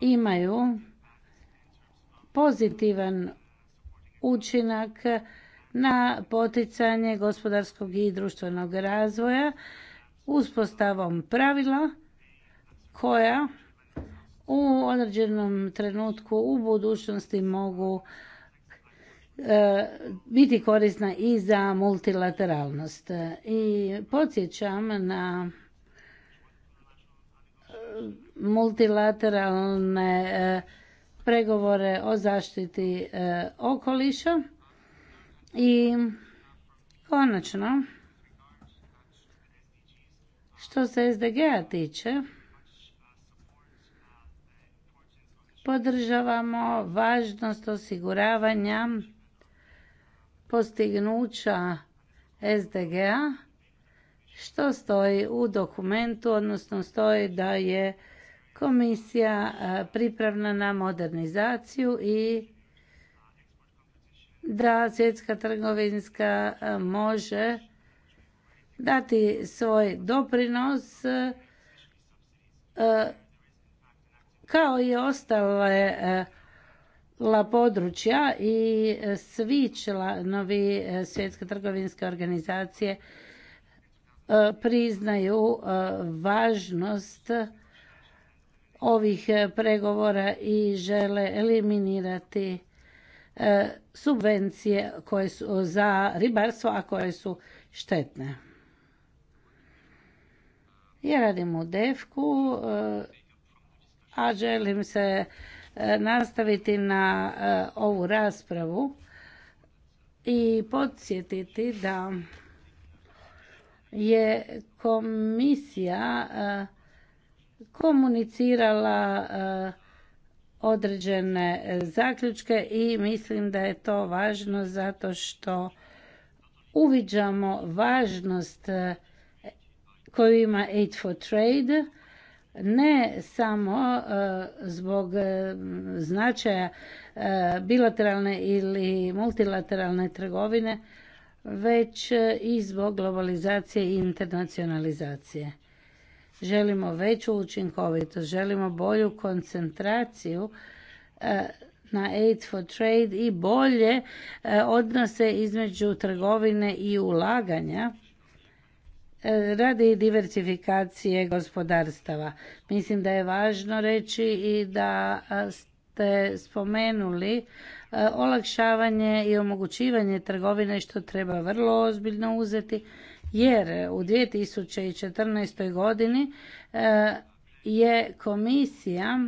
imaju pozitivan učinak na poticanje gospodarskog i društvenog razvoja uspostavom pravila koja u određenom trenutku u budućnosti mogu E, biti korisna i za multilateralnost. E, I podsjećam na e, multilateralne pregovore o zaštiti okoliša i konačno što se SDG-a tiče podržavamo važnost osiguravanja postignuća SDG-a što stoji u dokumentu, odnosno stoji da je komisija e, pripravna na modernizaciju i da svjetska trgovinska e, može dati svoj doprinos e, kao i ostale la područja i e, svi članovi e, Svjetske trgovinske organizacije e, priznaju važnost ovih pregovora i žele eliminirati subvencije koje su za ribarstvo, a koje su štetne. Ja radim u Defku, a želim se nastaviti na e, ovu raspravu i podsjetiti da je komisija e, komunicirala e, određene zaključke i mislim da je to važno zato što uviđamo važnost koju ima Aid for Trade ne samo e, zbog e, značaja e, bilateralne ili multilateralne trgovine, već i zbog globalizacije i internacionalizacije. Želimo veću učinkovitost, želimo bolju koncentraciju na Aid for Trade i bolje odnose između trgovine i ulaganja E, radi diversifikacije gospodarstava. Mislim da je važno reći i da ste spomenuli e, olakšavanje i omogućivanje trgovine što treba vrlo ozbiljno uzeti jer u 2014. godini e, je komisija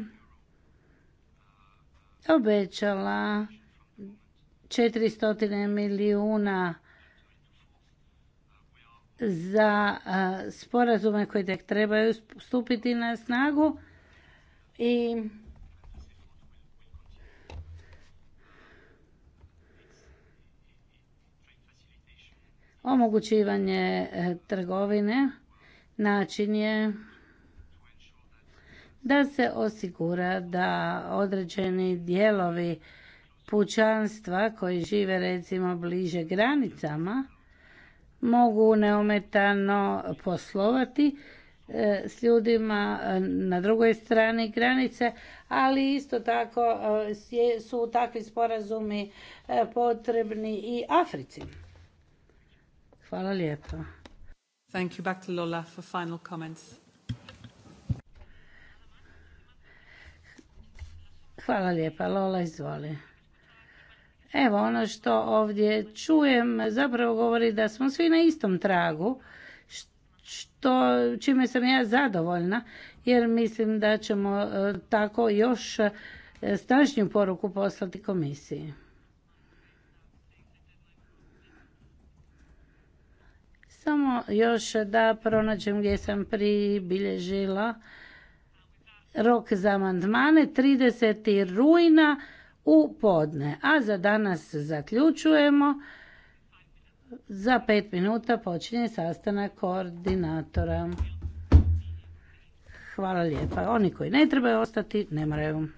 obećala 400 milijuna za sporazume koji tek trebaju stupiti na snagu i omogućivanje e, trgovine način je da se osigura da određeni dijelovi pučanstva koji žive recimo bliže granicama mogu neometano poslovati e, s ljudima e, na drugoj strani granice, ali isto tako e, su takvi sporazumi potrebni i Africi. Hvala lijepo. Thank you. Back to Lola for final comments. Hvala lijepa. Lola, izvoli. Evo, ono što ovdje čujem zapravo govori da smo svi na istom tragu, što, čime sam ja zadovoljna, jer mislim da ćemo e, tako još e, snažnju poruku poslati komisiji. Samo još da pronađem gdje sam pribilježila rok za amandmane 30. rujna u podne. A za danas zaključujemo. Za pet minuta počinje sastanak koordinatora. Hvala lijepa. Oni koji ne trebaju ostati, ne moraju.